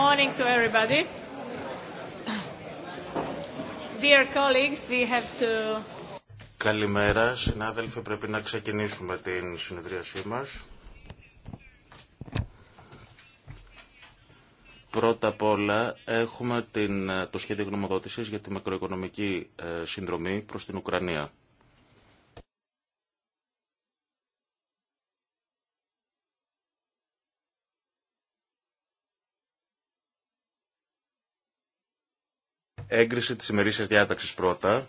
morning to everybody. Dear we have to... Καλημέρα, συνάδελφοι, πρέπει να ξεκινήσουμε την συνεδρίασή μας. Πρώτα απ' όλα έχουμε την, το σχέδιο γνωμοδότησης για τη μακροοικονομική ε, συνδρομή προς την Ουκρανία. Έγκριση της ημερήσιας διάταξης πρώτα.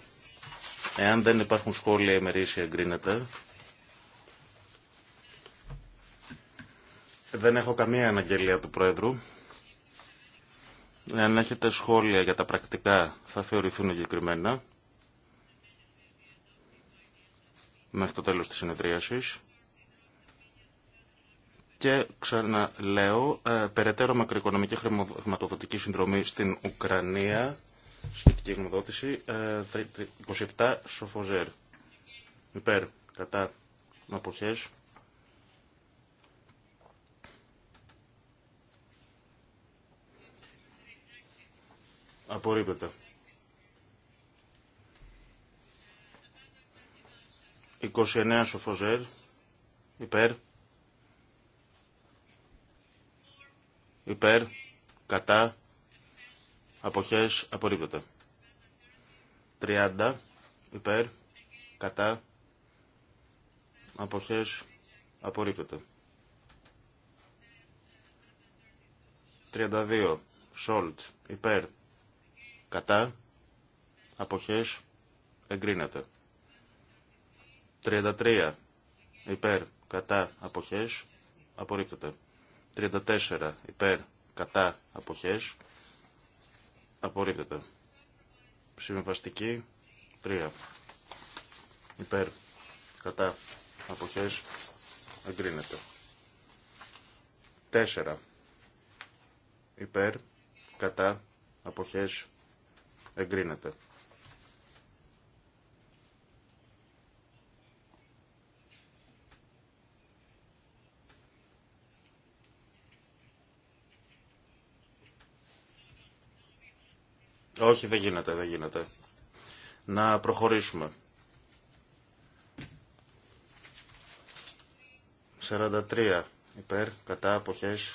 Εάν δεν υπάρχουν σχόλια, η ημερήσια εγκρίνεται. Δεν έχω καμία αναγγελία του Πρόεδρου. Εάν έχετε σχόλια για τα πρακτικά, θα θεωρηθούν εγκεκριμένα μέχρι το τέλος της συνεδρίασης. Και ξαναλέω, ε, περαιτέρω μακροοικονομική χρηματοδοτική συνδρομή στην Ουκρανία Σχετική γνωμοδότηση. 27 ε, Σοφοζέρ. Υπέρ. Κατά. Αποχές. Απορρίπτεται. 29 Σοφοζέρ. Υπέρ. Υπέρ. Κατά. Αποχές απορρίπτεται. 30 υπέρ κατά αποχές απορρίπτεται. 32 σόλτ υπέρ κατά αποχές εγκρίνεται. 33 υπέρ κατά αποχές απορρίπτεται. 34 υπέρ κατά αποχές Απορρίπτεται. Συμβαστική 3. Υπέρ. Κατά. Αποχές. Εγκρίνεται. τέσσερα, Υπέρ. Κατά. Αποχές. Εγκρίνεται. Όχι, δεν γίνεται, δεν γίνεται. Να προχωρήσουμε. 43 υπέρ, κατά αποχές,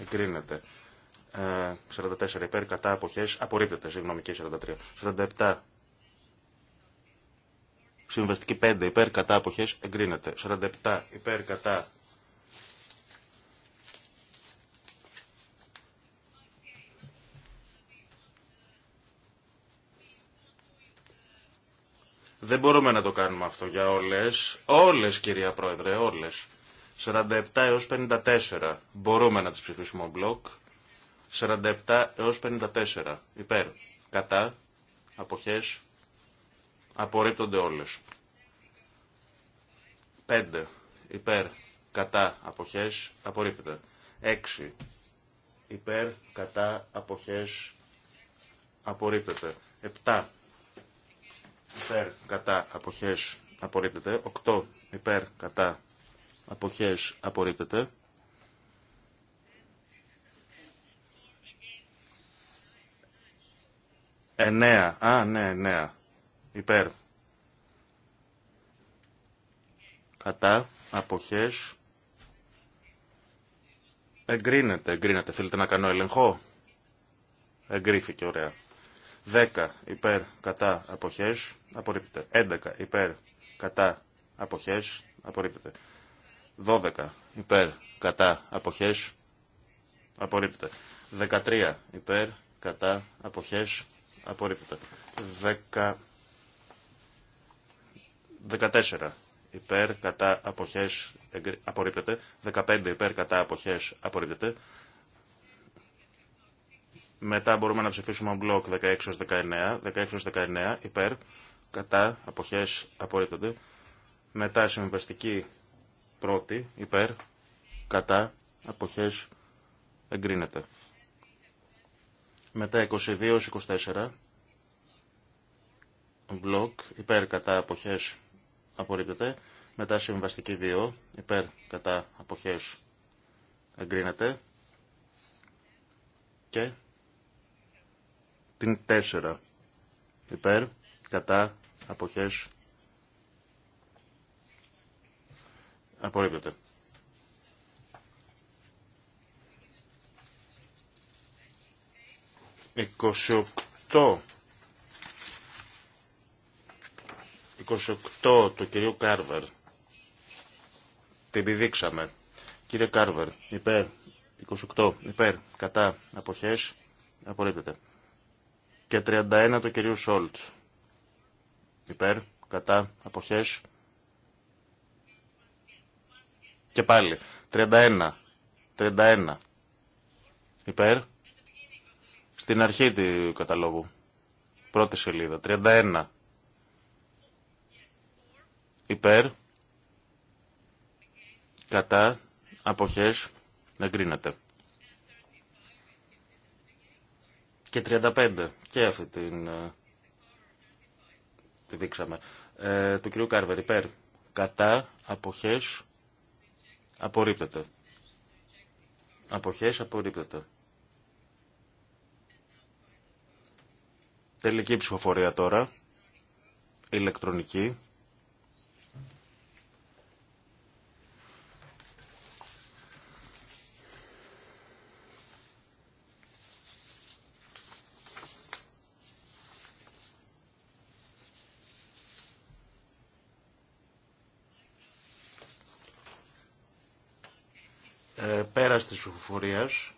εγκρίνεται. 44 ε, υπέρ, κατά αποχές, απορρίπτεται, συγγνώμη και 43. 47 Συμβαστική 5 υπέρ κατά αποχές εγκρίνεται. 47 υπέρ κατά Δεν μπορούμε να το κάνουμε αυτό για όλες. Όλες κυρία Πρόεδρε, όλες. 47 έως 54 μπορούμε να τις ψηφίσουμε μπλοκ. 47 έως 54 υπέρ. Κατά. Αποχές. Απορρίπτονται όλες. 5 υπέρ. Κατά. Αποχές. Απορρίπτεται. 6 υπέρ. Κατά. Αποχές. Απορρίπτεται. 7 υπέρ κατά αποχές απορρίπτεται. 8 υπέρ κατά αποχές απορρίπτεται. 9. Α, ναι, εννέα. Υπέρ. Κατά, αποχές. Εγκρίνεται, εγκρίνεται. Θέλετε να κάνω έλεγχο. Εγκρίθηκε, ωραία. 10. Υπέρ, κατά, αποχές απορρίπτεται. 11 υπέρ κατά αποχές απορρίπτεται. 12 υπέρ κατά αποχές απορρίπτεται. 13 υπέρ κατά αποχές απορρίπτεται. 10... 14 υπέρ κατά αποχέ απορρίπτεται. 15 υπέρ κατά αποχές απορρίπτεται. Μετά μπορούμε να ψηφίσουμε μπλοκ 16-19, 16-19 υπέρ κατά, αποχές, απορρίπτονται. Μετά συμβαστική πρώτη, υπέρ, κατά, αποχές, εγκρίνεται. Μετά 22-24, μπλοκ, υπέρ, κατά, αποχές, Απορρίπτονται. Μετά συμβαστική 2, υπέρ, κατά, αποχές, εγκρίνεται. Και την 4, υπέρ, κατά, Αποχές. Απορρίπτεται. Εκοσιοκτώ 28 του κυρίου Κάρβερ. Την πηδήξαμε. Κύριε Κάρβερ, υπέρ, 28, υπέρ, κατά, αποχές, απορρίπτεται. Και 31 του κυρίου Σόλτς υπέρ, κατά, αποχές. Και πάλι, 31, 31, υπέρ, στην αρχή του καταλόγου, πρώτη σελίδα, 31, υπέρ, κατά, αποχές, εγκρίνεται. Και 35, και αυτή την ε, τη δείξαμε, ε, του κυρίου Κάρβερ, υπέρ, κατά, αποχές, απορρίπτεται. Αποχές, απορρίπτεται. Τελική ψηφοφορία τώρα, ηλεκτρονική. της ψηφοφορίας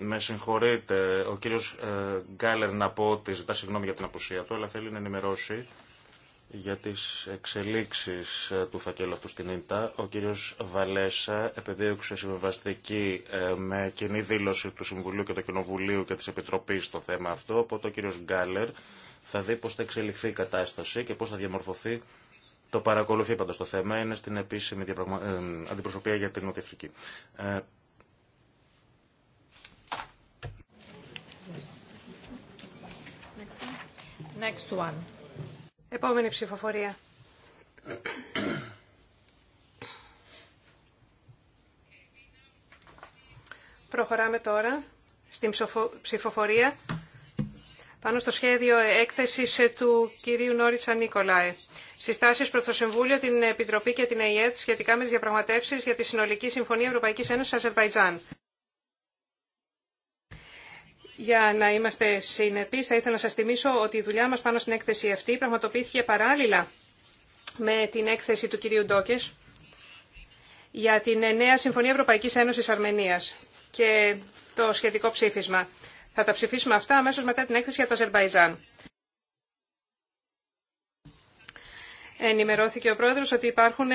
Με συγχωρείτε, ο κύριος ε, Γκάλερ να πω ότι ζητά συγγνώμη για την απουσία του, αλλά θέλει να ενημερώσει για τις εξελίξεις ε, του φακέλου αυτού στην ΙΝΤΑ. Ο κύριος Βαλέσα επεδίωξε συμβαστική ε, με κοινή δήλωση του Συμβουλίου και του Κοινοβουλίου και της Επιτροπής στο θέμα αυτό, οπότε ο κύριος Γκάλερ θα δει πώς θα εξελιχθεί η κατάσταση και πώς θα διαμορφωθεί το παρακολουθεί πάντω το θέμα, είναι στην επίσημη διαπραγμα... Ε, αντιπροσωπεία για την Νότια ε, Next one. Επόμενη ψηφοφορία. Προχωράμε τώρα στην ψηφοφορία πάνω στο σχέδιο έκθεση ε, του κυρίου Νόριτσα Νίκολαε. Συστάσει προ το Συμβούλιο, την Επιτροπή και την ΕΙΕΤ σχετικά με τι διαπραγματεύσει για τη Συνολική Συμφωνία Ευρωπαϊκή Ένωση Αζερβαϊτζάν. Για να είμαστε συνεπεί, θα ήθελα να σα θυμίσω ότι η δουλειά μα πάνω στην έκθεση αυτή πραγματοποιήθηκε παράλληλα με την έκθεση του κυρίου Ντόκε για την νέα Συμφωνία Ευρωπαϊκή Ένωση Αρμενία και το σχετικό ψήφισμα. Θα τα ψηφίσουμε αυτά αμέσως μετά την έκθεση για το Αζερβαϊτζάν. Ενημερώθηκε ο πρόεδρος ότι υπάρχουν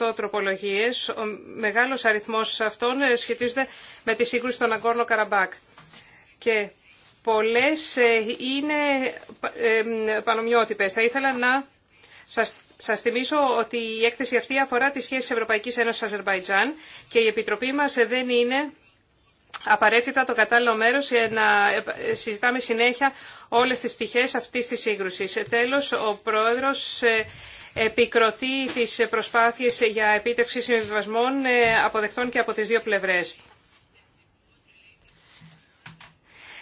268 τροπολογίες. Ο μεγάλος αριθμός αυτών σχετίζεται με τη σύγκρουση των Αγκόρνο Καραμπάκ. Και πολλές ε, είναι ε, πανομοιότυπες. Θα ήθελα να σας, σας θυμίσω ότι η έκθεση αυτή αφορά τις σχέσεις Ευρωπαϊκής Ένωσης Αζερβαϊτζάν και η Επιτροπή μας δεν είναι απαραίτητα το κατάλληλο μέρο για να συζητάμε συνέχεια όλες τις πτυχές αυτής της σύγκρουση. Τέλο, ο Πρόεδρος ε, επικροτεί τι προσπάθειες για επίτευξη συμβιβασμών ε, αποδεκτών και από τις δύο πλευρές.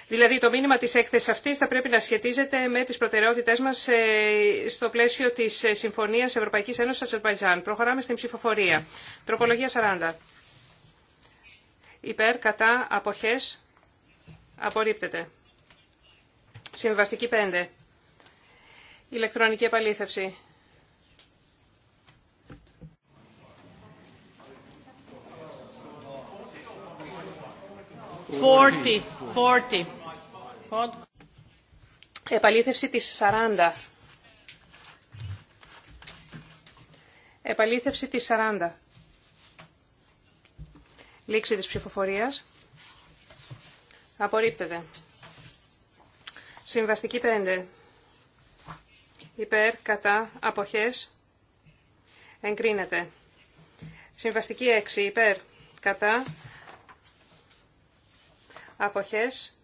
Δηλαδή το μήνυμα της έκθεσης αυτής θα πρέπει να σχετίζεται με τις προτεραιότητές μας ε, στο πλαίσιο της Συμφωνίας Ευρωπαϊκής Ένωσης Αζερβαϊτζάν. Προχωράμε στην ψηφοφορία. Τροπολογία 40 υπέρ, κατά, αποχές, απορρίπτεται. Συμβαστική 5. Ηλεκτρονική επαλήθευση. Forty. Forty. Επαλήθευση της 40. Επαλήθευση της 40. Λήξη της ψηφοφορίας. Απορρίπτεται. Συμβαστική 5. Υπέρ, κατά, αποχές. Εγκρίνεται. Συμβαστική 6. Υπέρ, κατά, αποχές.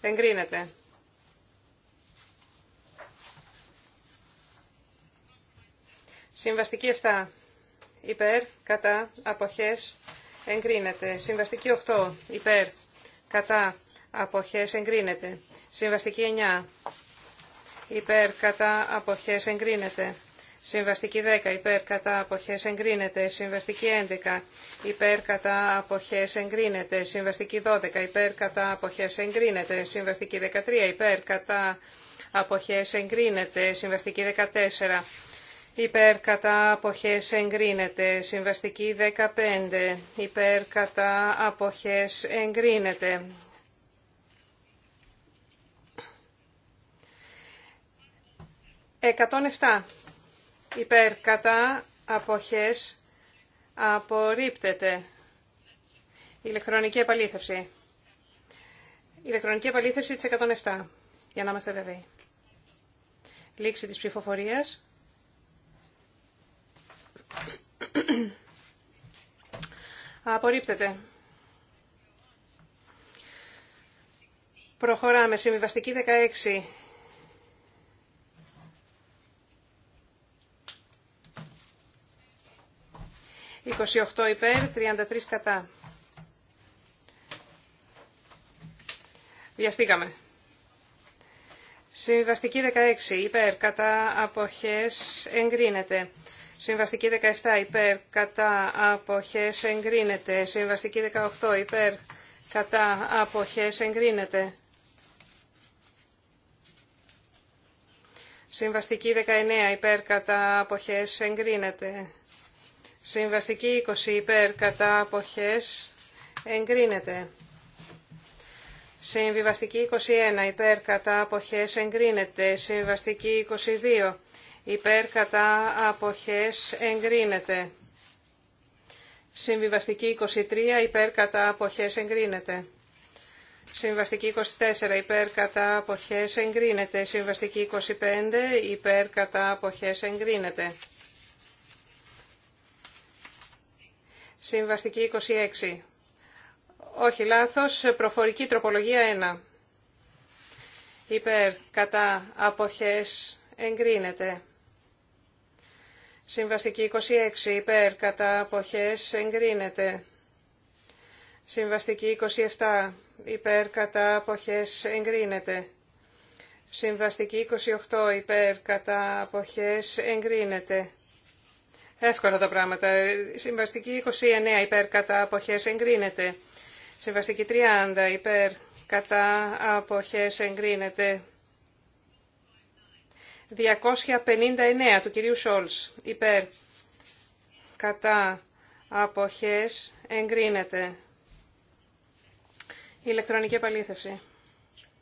Εγκρίνεται. Συμβαστική 7 υπέρ, κατά, αποχές, εγκρίνεται. Συμβαστική 8, υπέρ, κατά, αποχές, εγκρίνεται. Συμβαστική 9, υπέρ, κατά, αποχές, εγκρίνεται. Συμβαστική 10, υπέρ, κατά, αποχές, εγκρίνεται. Συμβαστική 11, υπέρ, κατά, αποχές, εγκρίνεται. Συμβαστική 12, υπέρ, κατά, αποχές, εγκρίνεται. Συμβαστική 13, υπέρ, κατά, αποχές, εγκρίνεται. Συμβαστική 14, υπέρ κατά αποχές εγκρίνεται. Συμβαστική 15 υπέρ κατά αποχές εγκρίνεται. 107 υπέρ κατά αποχές απορρίπτεται. Ηλεκτρονική επαλήθευση. Ηλεκτρονική επαλήθευση της 107, για να είμαστε βέβαιοι. Λήξη της ψηφοφορία. Απορρίπτεται. Προχωράμε. Συμβιβαστική 16. «28 υπέρ, 33 κατά». Βιαστήκαμε. Συμβιβαστική 16 υπέρ, κατά αποχές εγκρίνεται. Συμβαστική 17 υπέρ κατά αποχές εγκρίνεται. Συμβαστική 18 υπέρ κατά αποχές εγκρίνεται. Συμβαστική 19 υπέρ κατά αποχές εγκρίνεται. Συμβαστική 20 υπέρ κατά αποχές εγκρίνεται. Συμβιβαστική 21 υπέρ κατά αποχές εγκρίνεται. Συμβαστική 22 υπέρ κατά αποχές εγκρίνεται. Συμβιβαστική 23 υπέρ κατά αποχές εγκρίνεται. Συμβαστική 24 υπέρ κατά αποχές εγκρίνεται. Συμβαστική 25 υπέρ κατά αποχές εγκρίνεται. Συμβαστική 26. Όχι λάθος, προφορική τροπολογία 1. Υπέρ κατά αποχές εγκρίνεται. Συμβαστική 26 υπέρ κατά αποχές εγκρίνεται. Συμβαστική 27 υπέρ κατά αποχές εγκρίνεται. Συμβαστική 28 υπέρ κατά αποχές εγκρίνεται. Εύκολα τα πράγματα. Συμβαστική 29 υπέρ κατά αποχές εγκρίνεται. Συμβαστική 30 υπέρ κατά αποχές εγκρίνεται. 259 του κυρίου Σόλς υπέρ κατά αποχές εγκρίνεται. η Ηλεκτρονική επαλήθευση.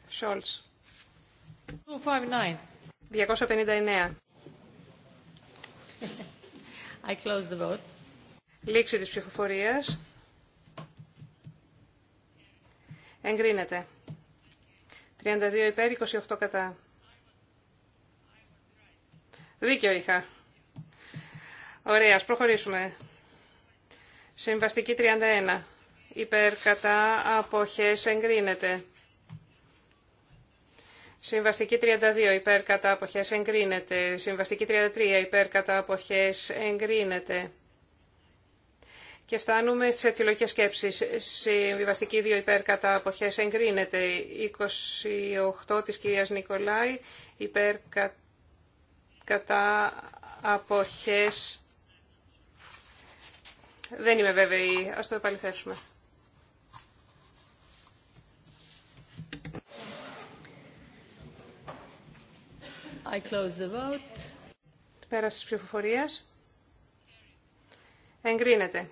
Σόλτς. 259. I close the vote. Λήξη της ψηφοφορίας. Εγκρίνεται. 32 υπέρ, 28 κατά. Δίκιο είχα. Ωραία, ας προχωρήσουμε. Συμβαστική 31. Υπέρ κατά αποχές εγκρίνεται. Συμβαστική 32 υπέρ κατά αποχές εγκρίνεται. Συμβαστική 33 υπέρ κατά αποχές εγκρίνεται. Και φτάνουμε στις αιτιολογικές σκέψεις. Συμβαστική 2 υπέρ κατά αποχές εγκρίνεται. 28 της κυρίας Νικολάη υπέρ κατά κατά αποχές. Δεν είμαι βέβαιη. Ας το επαληθεύσουμε. I close the vote. πέρασε ψηφοφορίες. Εγκρίνεται.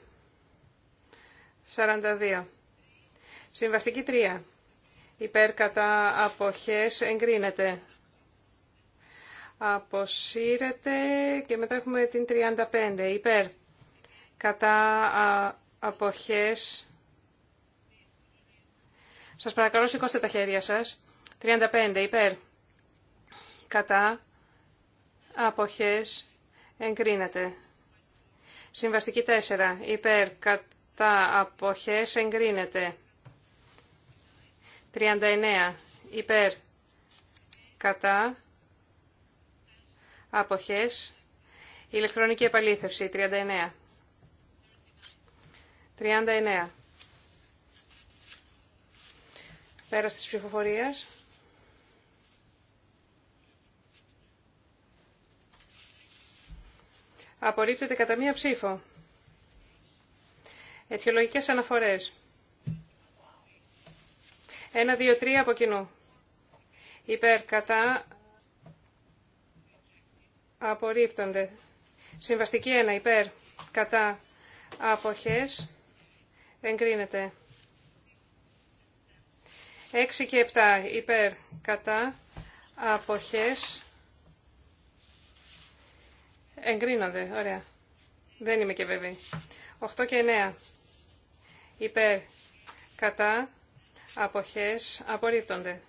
42. Συμβαστική 3. Υπέρ κατά αποχές εγκρίνεται αποσύρεται και μετά έχουμε την 35 υπέρ κατά αποχές σας παρακαλώ σηκώστε τα χέρια σας 35 υπέρ κατά αποχές εγκρίνεται συμβαστική 4 υπέρ κατά αποχές εγκρίνεται 39 υπέρ κατά Αποχές. Ηλεκτρονική επαλήθευση. 39. 39. Πέρας της ψηφοφορίας. Απορρίπτεται κατά μία ψήφο. Αιτιολογικές αναφορές. 1, 2, 3 από κοινού. Υπέρ, κατά, απορρίπτονται. Συμβαστική 1 υπέρ κατά αποχές εγκρίνεται. 6 και 7 υπέρ κατά αποχές εγκρίνονται. Ωραία. Δεν είμαι και βέβαιη. 8 και 9 υπέρ κατά αποχές απορρίπτονται.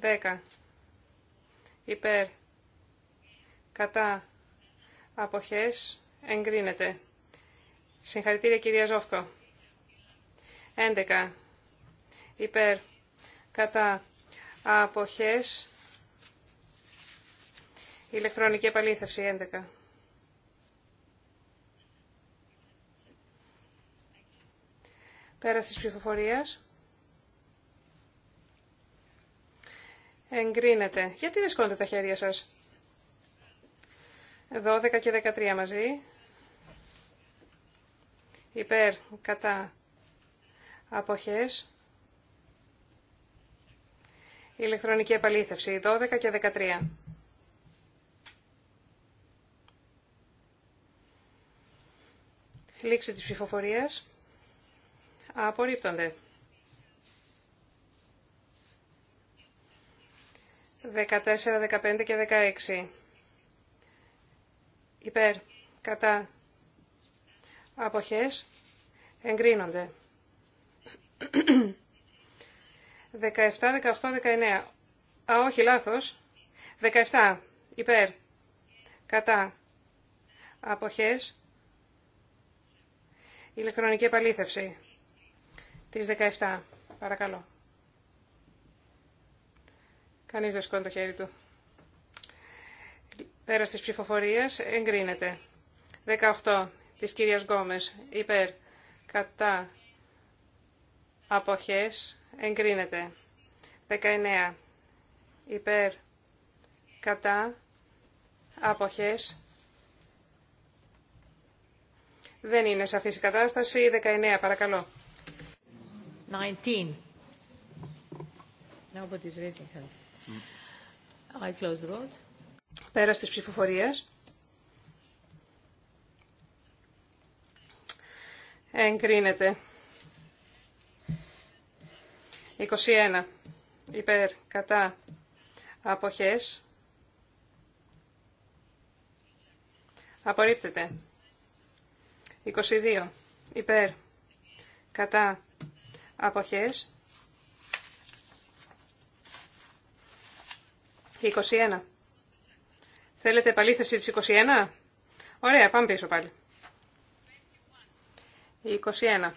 10 υπέρ κατά αποχές εγκρίνεται. Συγχαρητήρια κυρία Ζόφκο. 11. Υπέρ κατά αποχές ηλεκτρονική επαλήθευση 11. Πέρα της ψηφοφορίας. Εγκρίνεται. Γιατί δεν τα χέρια σας. 12 και 13 μαζί. Υπέρ, κατά, αποχές. Ηλεκτρονική επαλήθευση, 12 και 13. Λήξη της ψηφοφορίας. Απορρίπτονται. 14, 15 και 16 υπέρ, κατά, αποχές, εγκρίνονται. 17, 18, 19. Α, όχι, λάθος. 17, υπέρ, κατά, αποχές, ηλεκτρονική επαλήθευση. Τις 17, παρακαλώ. Κανείς δεν σκόνει το χέρι του. Πέρα στις ψηφοφορίες, εγκρίνεται. 18 της κυρίας Γκόμες υπέρ κατά αποχές εγκρίνεται. 19 υπέρ κατά αποχές δεν είναι σαφής η κατάσταση. 19 παρακαλώ. 19. Nobody's raising hands. I close the vote. Πέρα της ψηφοφορίας. Εγκρίνεται. 21. Υπέρ, κατά, αποχές. Απορρίπτεται. 22. Υπέρ, κατά, αποχές. 21. Θέλετε επαλήθευση της 21? Ωραία, πάμε πίσω πάλι. 21.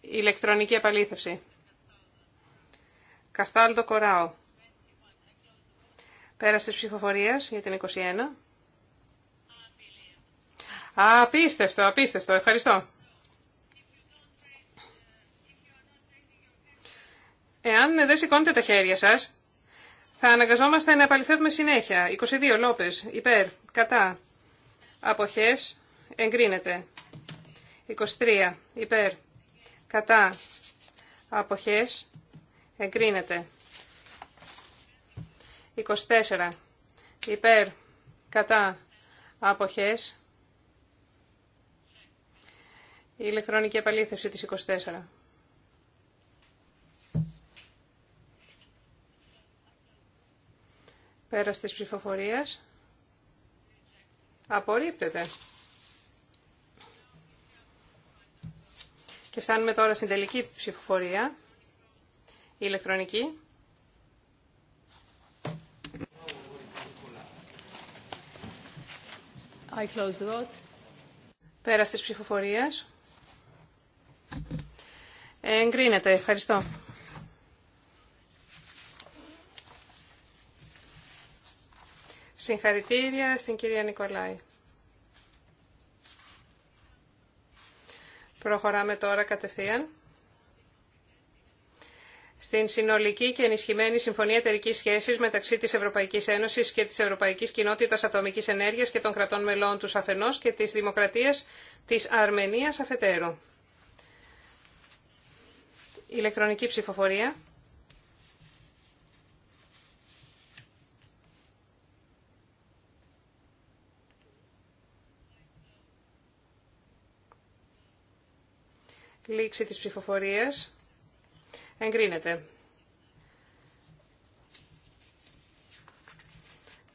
Ηλεκτρονική επαλήθευση. Καστάλτο Κοράο. Πέρασε ψηφοφορία για την 21. Απίστευτο, απίστευτο. Ευχαριστώ. Εάν δεν σηκώνετε τα χέρια σας, θα αναγκαζόμαστε να επαληθεύουμε συνέχεια. 22 λόπε, υπέρ, κατά, Αποχέ, εγκρίνεται. 23 υπέρ, κατά, Αποχέ. εγκρίνεται. 24 υπέρ, κατά, Αποχέ. η ηλεκτρονική επαλήθευση της 24. Πέρας της ψηφοφορίας. Απορρίπτεται. Και φτάνουμε τώρα στην τελική ψηφοφορία, η ηλεκτρονική. I close the vote. Πέρας της ψηφοφορίας. Εγκρίνεται. Ευχαριστώ. Συγχαρητήρια στην κυρία Νικολάη. Προχωράμε τώρα κατευθείαν στην συνολική και ενισχυμένη συμφωνία εταιρική σχέση μεταξύ τη Ευρωπαϊκή Ένωση και τη Ευρωπαϊκή Κοινότητα Ατομική Ενέργεια και των κρατών μελών του αφενό και τη Δημοκρατία τη Αρμενία αφετέρου. Ηλεκτρονική ψηφοφορία. Λήξη της ψηφοφορίας. Εγκρίνεται.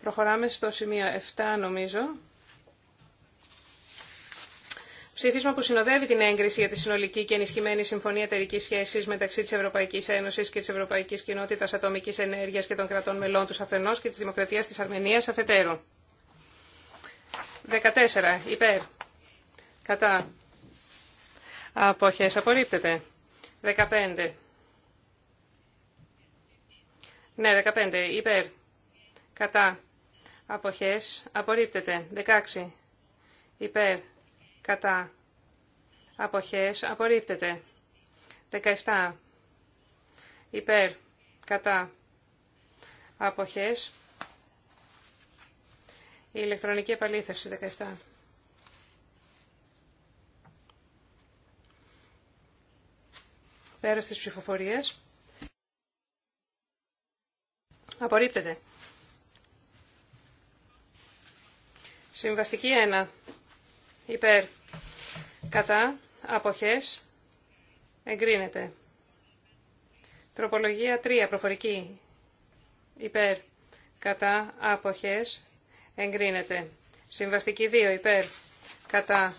Προχωράμε στο σημείο 7 νομίζω. Ψήφισμα που συνοδεύει την έγκριση για τη συνολική και ενισχυμένη συμφωνία εταιρική σχέση μεταξύ τη Ευρωπαϊκή Ένωση και τη Ευρωπαϊκή Κοινότητα Ατομική Ενέργεια και των κρατών μελών του αφενό και τη Δημοκρατία τη Αρμενία αφετέρου. 14. Υπέρ. Κατά. Αποχές απορρίπτεται. 15. Ναι, 15. Υπέρ. Κατά. Αποχές απορρίπτεται. 16. Υπέρ. Κατά. Αποχές απορρίπτεται. 17. Υπέρ. Κατά. Αποχές. Η ηλεκτρονική επαλήθευση 17. Πέρα στις ψηφοφορίες. Απορρίπτεται. Συμβαστική 1. Υπέρ. Κατά. Αποχές. Εγκρίνεται. Τροπολογία 3. Προφορική. Υπέρ. Κατά. Αποχές. Εγκρίνεται. Συμβαστική 2. Υπέρ. Κατά.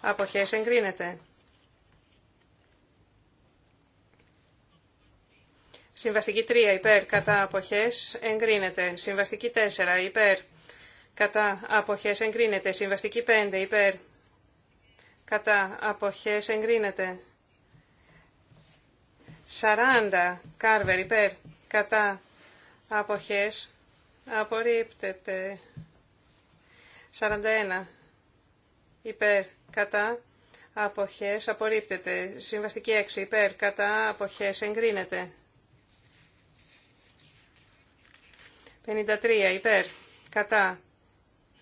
Αποχές. Εγκρίνεται. Συμβαστική 3 υπέρ κατά αποχές εγκρίνεται. Συμβαστική 4 υπέρ κατά αποχές εγκρίνεται. Συμβαστική 5 υπέρ κατά αποχές εγκρίνεται. 40 κάρβερ υπέρ κατά αποχές απορρίπτεται. 41 υπέρ κατά αποχές απορρίπτεται. Συμβαστική 6 υπέρ κατά αποχές εγκρίνεται. 53 υπέρ κατά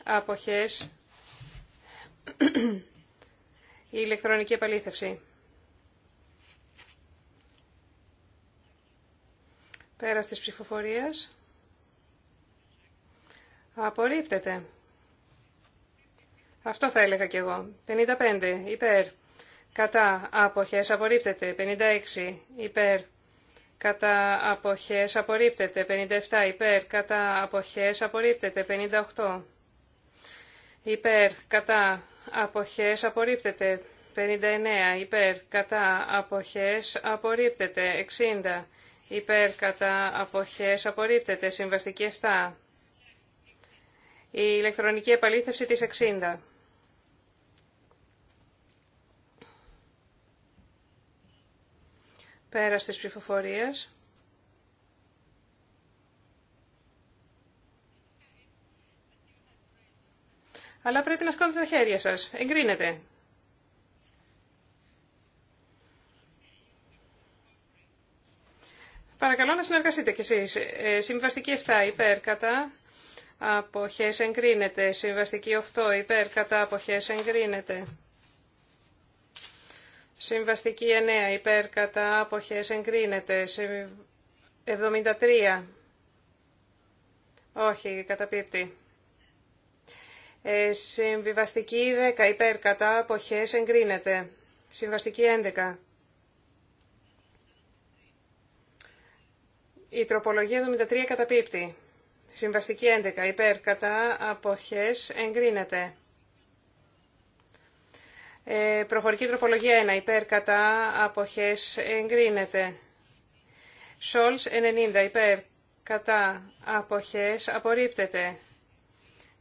αποχές η ηλεκτρονική επαλήθευση. Πέρας της ψηφοφορίας απορρίπτεται. Αυτό θα έλεγα κι εγώ. 55 υπέρ κατά αποχές απορρίπτεται. 56 υπέρ κατά αποχές απορρίπτεται 57 υπέρ κατά αποχές απορρίπτεται 58 υπέρ κατά αποχές απορρίπτεται 59 υπέρ κατά αποχές απορρίπτεται 60 υπέρ κατά αποχές απορρίπτεται συμβαστική 7 η ηλεκτρονική επαλήθευση της 60 Πέρα στις ψηφοφορίες. Αλλά πρέπει να σκόνετε τα χέρια σας. Εγκρίνετε. Παρακαλώ να συνεργαστείτε κι εσείς. Ε, συμβαστική 7 υπέρ κατά αποχές εγκρίνεται. Συμβαστική 8 υπέρ κατά αποχές εγκρίνεται. Συμβαστική 9 υπέρ κατά αποχές εγκρίνεται. 73. Όχι, καταπίπτει. Ε, συμβιβαστική 10 υπέρ κατά αποχές εγκρίνεται. Συμβαστική 11. Η τροπολογία 73 καταπίπτει. Συμβαστική 11 υπέρ κατά αποχές εγκρίνεται. Ε, προφορική τροπολογία 1. Υπέρ κατά αποχές εγκρίνεται. Σόλς 90. Υπέρ κατά αποχές απορρίπτεται.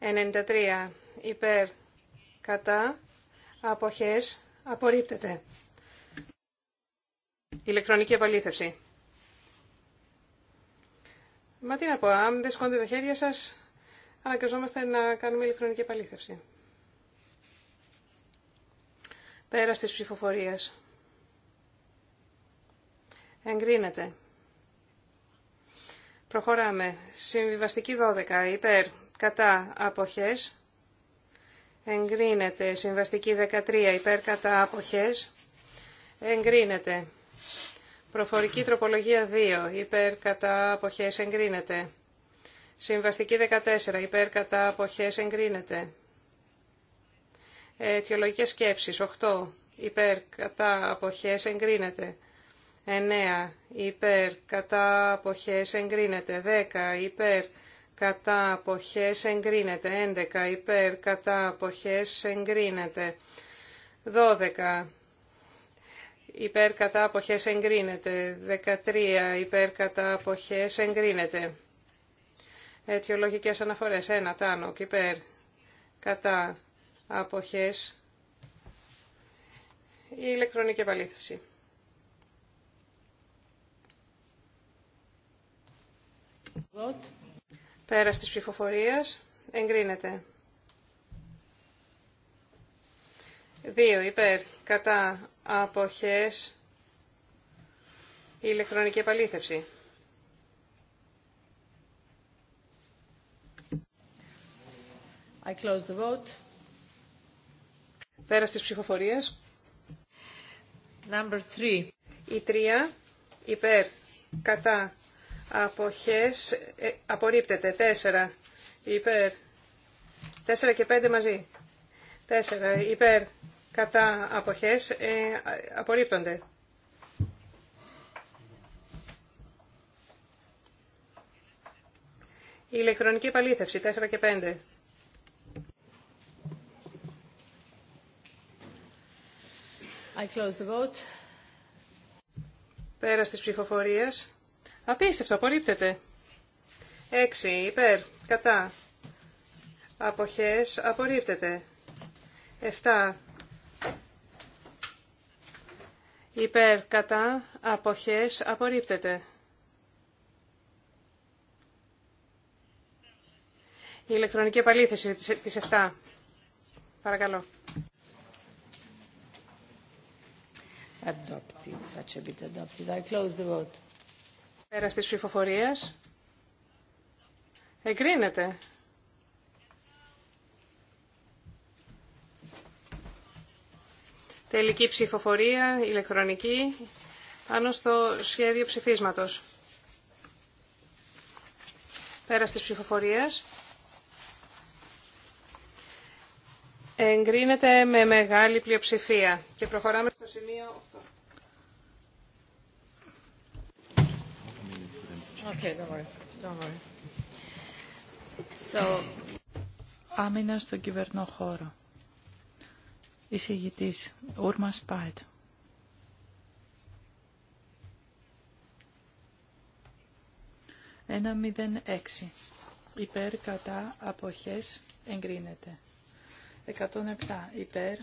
93. Υπέρ κατά αποχές απορρίπτεται. Ηλεκτρονική επαλήθευση. Μα τι να πω, αν δεν σκόνται τα χέρια σας, αναγκαζόμαστε να κάνουμε ηλεκτρονική επαλήθευση. Πέρα της ψηφοφορίας. Εγκρίνεται. Προχωράμε. Συμβιβαστική 12. Υπέρ. Κατά. Αποχές. Εγκρίνεται. Συμβαστική 13. Υπέρ. Κατά. Αποχές. Εγκρίνεται. Προφορική τροπολογία 2. Υπέρ. Κατά. Αποχές. Εγκρίνεται. Συμβαστική 14. Υπέρ. Κατά. Αποχές. Εγκρίνεται. Αιτιολογικέ σκέψει. 8. Υπέρ κατά αποχέ εγκρίνεται. 9. Υπέρ κατά αποχέ εγκρίνεται. 10. Υπέρ κατά αποχέ εγκρίνεται. 11. Υπέρ κατά αποχέ εγκρίνεται. 12. Υπέρ κατά αποχές εγκρίνεται. 13. Υπέρ κατά αποχές εγκρίνεται. Αιτιολογικές αναφορές. 1. Τάνοκ. Υπέρ κατά αποχές η ηλεκτρονική επαλήθευση. Πέρα Πέρας της εγκρίνεται. Δύο υπέρ κατά αποχές η ηλεκτρονική επαλήθευση. I close the vote. Πέρα στις ψυχοφορίες. Number three. Η τρία υπέρ κατά αποχές ε, απορρίπτεται. Τέσσερα υπέρ. Τέσσερα και πέντε μαζί. Τέσσερα υπέρ κατά αποχές ε, απορρίπτονται. Η ηλεκτρονική επαλήθευση. Τέσσερα και πέντε. I close the vote. Πέρα στις ψηφοφορίες. Απίστευτο, απορρίπτεται. 6. Υπέρ. Κατά. Αποχές. Απορρίπτεται. 7. Υπέρ. Κατά. Αποχές. Απορρίπτεται. Η ηλεκτρονική επαλήθεση της 7. Παρακαλώ. adopted, such a bit close the vote. ψηφοφορίας. Εγκρίνεται. Τελική ψηφοφορία, ηλεκτρονική, πάνω στο σχέδιο ψηφίσματος. Πέρα τη ψηφοφορίας. Εγκρίνεται με μεγάλη πλειοψηφία. Και προχωράμε στο σημείο Okay, don't worry. Don't worry. So... Άμυνα στον κυβερνό χώρο. Εισηγητής Ούρμα Σπάιτ. Ένα Υπέρ κατά αποχές εγκρίνεται. 107. Υπέρ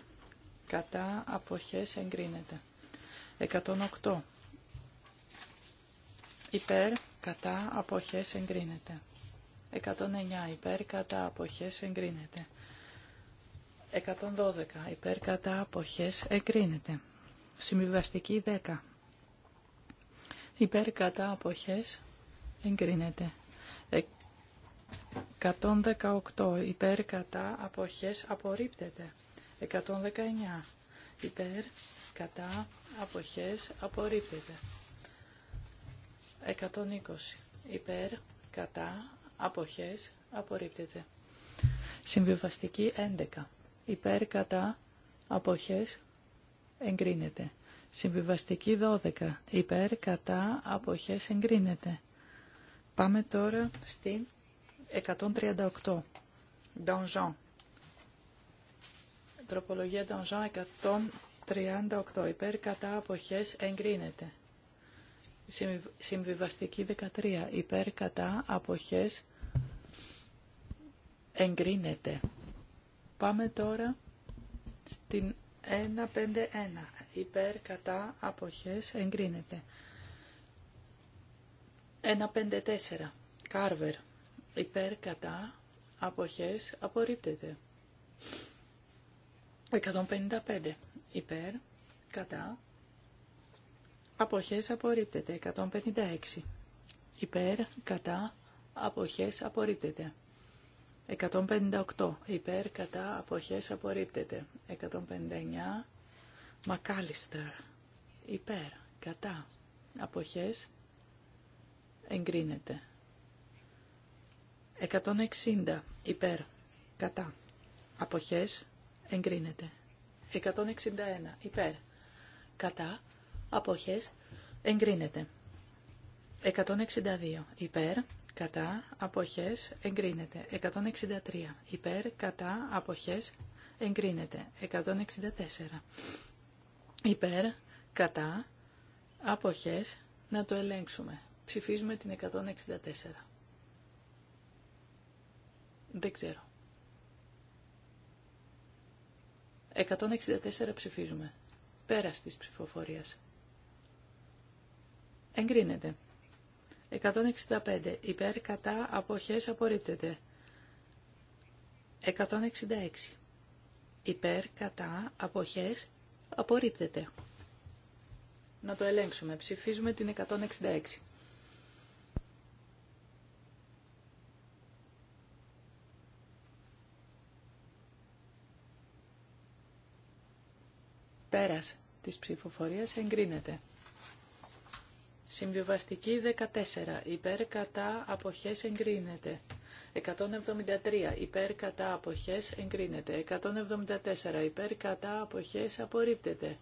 κατά αποχές εγκρίνεται. 108. Υπέρ κατά αποχές εγκρίνεται. 109 υπέρ κατά αποχές εγκρίνεται. 112 υπέρ κατά αποχές εγκρίνεται. Συμβιβαστική 10 υπέρ κατά αποχές εγκρίνεται. 118 υπέρ κατά αποχές απορρίπτεται. 119 υπέρ κατά αποχές απορρίπτεται. 120 υπέρ, κατά, αποχές, απορρίπτεται. Συμβιβαστική 11 υπέρ, κατά, αποχές, εγκρίνεται. Συμβιβαστική 12 υπέρ, κατά, αποχές, εγκρίνεται. Πάμε τώρα στην 138. Donjon. Τροπολογία Donjon 138. Υπέρ κατά αποχές εγκρίνεται. Συμβιβαστική 13. Υπέρ κατά αποχές εγκρίνεται. Πάμε τώρα στην 151. Υπέρ κατά αποχές εγκρίνεται. 154. Κάρβερ. Υπέρ κατά αποχές απορρίπτεται. 155. Υπέρ κατά αποχές απορρίπτεται. 156 υπέρ, κατά, αποχές απορρίπτεται. 158 υπέρ, κατά, αποχές απορρίπτεται. 159 Μακάλιστερ υπέρ, κατά, αποχές εγκρίνεται. 160 υπέρ, κατά, αποχές εγκρίνεται. 161 υπέρ, κατά, αποχές εγκρίνεται. 162 υπέρ, κατά, αποχές εγκρίνεται. 163 υπέρ, κατά, αποχές εγκρίνεται. 164 υπέρ, κατά, αποχές να το ελέγξουμε. Ψηφίζουμε την 164. Δεν ξέρω. 164 ψηφίζουμε. Πέρας της ψηφοφορίας. Εγκρίνεται. 165. Υπέρ κατά αποχές απορρίπτεται. 166. Υπέρ κατά αποχές απορρίπτεται. Να το ελέγξουμε. Ψηφίζουμε την 166. Πέρας της ψηφοφορίας εγκρίνεται. Συμβιβαστική 14. Υπέρ κατά αποχές εγκρίνεται. 173. Υπέρ κατά αποχές εγκρίνεται. 174. Υπέρ κατά αποχές απορρίπτεται.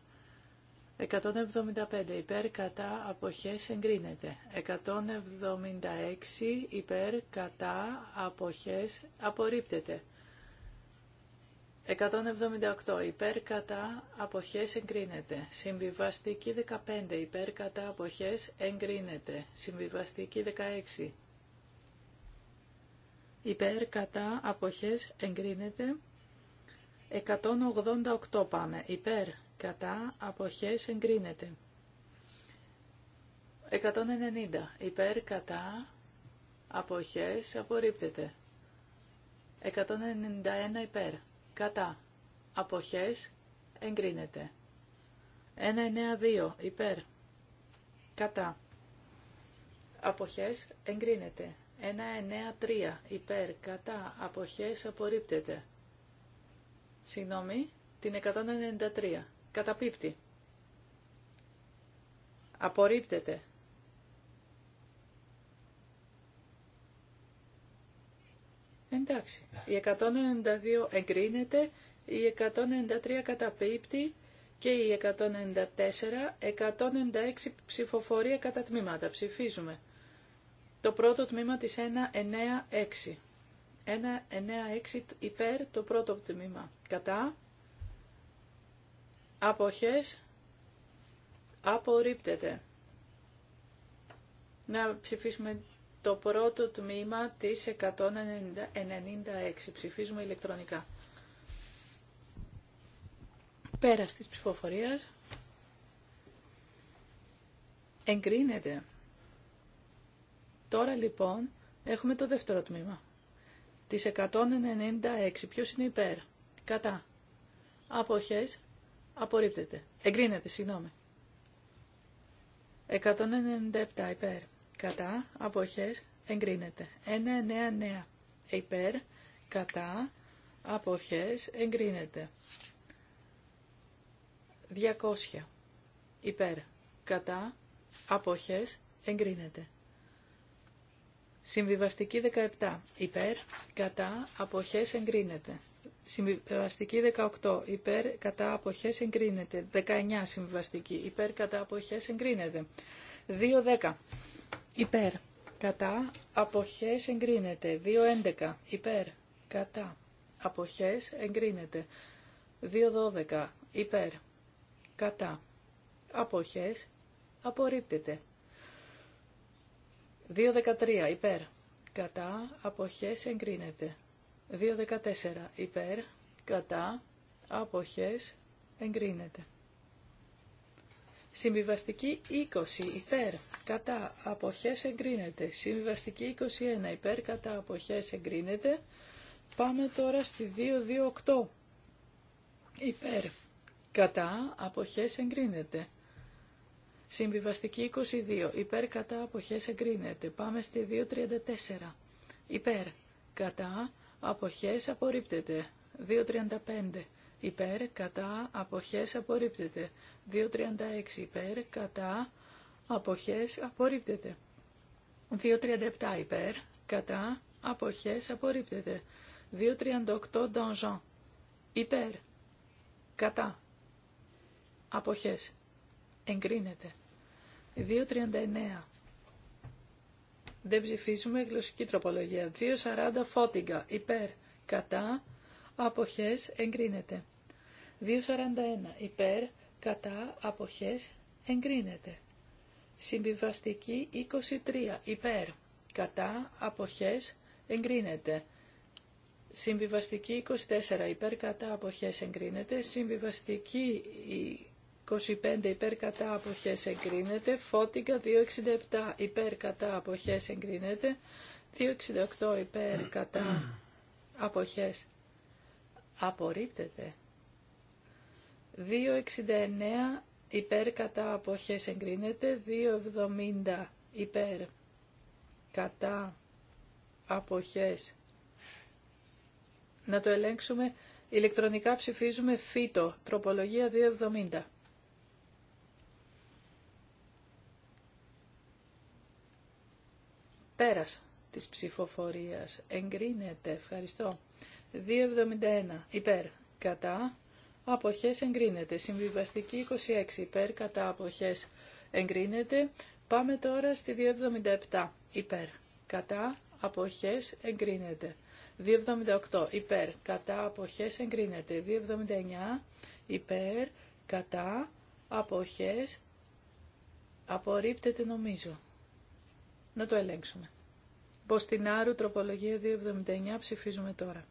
175. Υπέρ κατά αποχές εγκρίνεται. 176. Υπέρ κατά αποχές απορρίπτεται. 178 υπέρ κατά αποχές εγκρίνεται. Συμβιβαστική 15 υπέρ κατά αποχές εγκρίνεται. Συμβιβαστική 16 υπέρ κατά αποχές εγκρίνεται. 188 πάμε υπέρ κατά αποχές εγκρίνεται. 190 υπέρ κατά αποχές απορρίπτεται. 191 υπέρ κατά, αποχές, εγκρίνεται. 192 υπέρ, κατά, αποχές, εγκρίνεται. 193 υπέρ, κατά, αποχές, απορρίπτεται. Συγγνώμη, την 193, καταπίπτει. Απορρίπτεται. Εντάξει. Η 192 εγκρίνεται, η 193 καταπίπτει και η 194, 196 ψηφοφορία κατά τμήματα. Ψηφίζουμε. Το πρώτο τμήμα της 196. 196 υπέρ το πρώτο τμήμα. Κατά. Αποχές. Απορρίπτεται. Να ψηφίσουμε το πρώτο τμήμα της 196. Ψηφίζουμε ηλεκτρονικά. Πέρα της ψηφοφορίας εγκρίνεται. Τώρα λοιπόν έχουμε το δεύτερο τμήμα. Της 196. Ποιος είναι υπέρ. Κατά. Αποχές. Απορρίπτεται. Εγκρίνεται, συγγνώμη. 197 υπέρ κατά, αποχές, εγκρίνεται. 9, υπέρ, κατά, αποχές, εγκρίνεται. 200 υπέρ, κατά, αποχές, εγκρίνεται. Συμβιβαστική 17 υπέρ, κατά, αποχές, εγκρίνεται. Συμβιβαστική 18. Υπέρ κατά αποχές εγκρίνεται. 19. Συμβιβαστική. Υπέρ κατά αποχές εγκρίνεται. 2.10 υπέρ κατά αποχές εγκρίνεται. 2.11 υπέρ κατά αποχές εγκρίνεται. 2.12 υπέρ κατά αποχές απορρίπτεται. 2.13 υπέρ κατά αποχές εγκρίνεται. 2.14 υπέρ κατά αποχές εγκρίνεται. Συμβιβαστική 20 υπέρ κατά αποχές εγκρίνεται. Συμβιβαστική 21 υπέρ κατά αποχές εγκρίνεται. Πάμε τώρα στη 228 υπέρ κατά αποχές εγκρίνεται. Συμβιβαστική 22 υπέρ κατά αποχές εγκρίνεται. Πάμε στη 234 υπέρ κατά αποχές απορρίπτεται. 235 υπέρ, κατά, αποχές, απορρίπτεται. 2.36 υπέρ, κατά, αποχές, απορρίπτεται. 2.37 υπέρ, κατά, αποχές, απορρίπτεται. 2.38 Donjon, υπέρ, κατά, αποχές, εγκρίνεται. 2.39 δεν ψηφίζουμε γλωσσική τροπολογία. 2.40 φώτιγκα, υπέρ, κατά, αποχές, εγκρίνεται. 2.41 υπέρ κατά αποχές εγκρίνεται. Συμβιβαστική 23 υπέρ κατά αποχές εγκρίνεται. Συμβιβαστική 24 υπέρ κατά αποχές εγκρίνεται. Συμβιβαστική 25 υπέρ κατά αποχές εγκρίνεται. Φώτικα 267 υπέρ κατά αποχές εγκρίνεται. 268 υπέρ κατά αποχές απορρίπτεται. 2,69 υπέρ κατά αποχές εγκρίνεται, 2,70 υπέρ κατά αποχές. Να το ελέγξουμε. Ηλεκτρονικά ψηφίζουμε φύτο, τροπολογία 2,70. Πέρας της ψηφοφορίας εγκρίνεται, ευχαριστώ. 2,71 υπέρ κατά αποχές εγκρίνεται. Συμβιβαστική 26 υπέρ κατά αποχές εγκρίνεται. Πάμε τώρα στη 277 υπέρ κατά αποχές εγκρίνεται. 278 υπέρ κατά αποχές εγκρίνεται. 279 υπέρ κατά αποχές απορρίπτεται νομίζω. Να το ελέγξουμε. Μποστινάρου τροπολογία 279 ψηφίζουμε τώρα.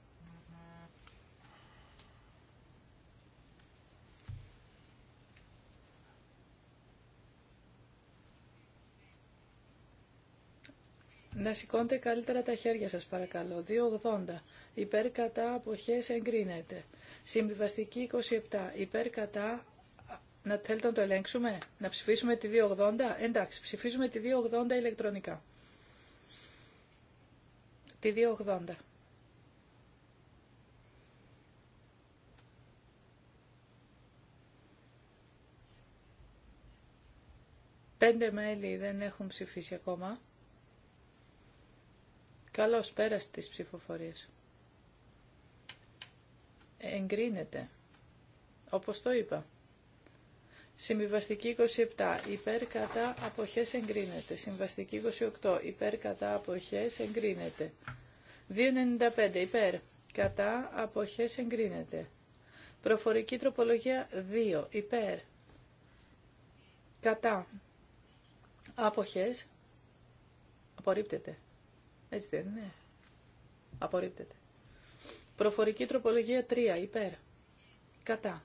Να σηκώνετε καλύτερα τα χέρια σας παρακαλώ. 2.80. Υπέρ κατά αποχές εγκρίνεται. Συμβιβαστική 27. Υπέρ κατά... Να θέλετε να το ελέγξουμε. Να ψηφίσουμε τη 2.80. Εντάξει, ψηφίζουμε τη 2.80 ηλεκτρονικά. Τη 2.80. Πέντε μέλη δεν έχουν ψηφίσει ακόμα. Καλώς πέρας της ψηφοφορίας. Εγκρίνεται. Όπως το είπα. Συμβιβαστική 27. Υπέρ κατά αποχές εγκρίνεται. Συμβαστική 28. Υπέρ κατά αποχές εγκρίνεται. 2.95. Υπέρ κατά αποχές εγκρίνεται. Προφορική τροπολογία 2. Υπέρ κατά αποχές απορρίπτεται. Έτσι δεν είναι. Απορρίπτεται. Προφορική τροπολογία 3. Υπέρ. Κατά.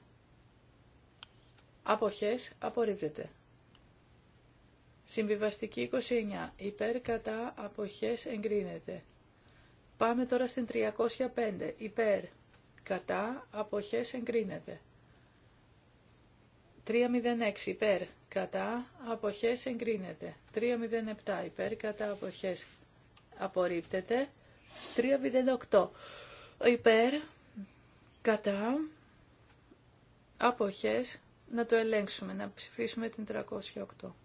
Αποχές. Απορρίπτεται. Συμβιβαστική 29. Υπέρ κατά αποχές εγκρίνεται. Πάμε τώρα στην 305. Υπέρ κατά αποχές εγκρίνεται. 306 υπέρ κατά αποχές εγκρίνεται. 307 υπέρ κατά αποχές απορρίπτεται. 3,58 υπέρ, κατά, αποχές, να το ελέγξουμε, να ψηφίσουμε την 308.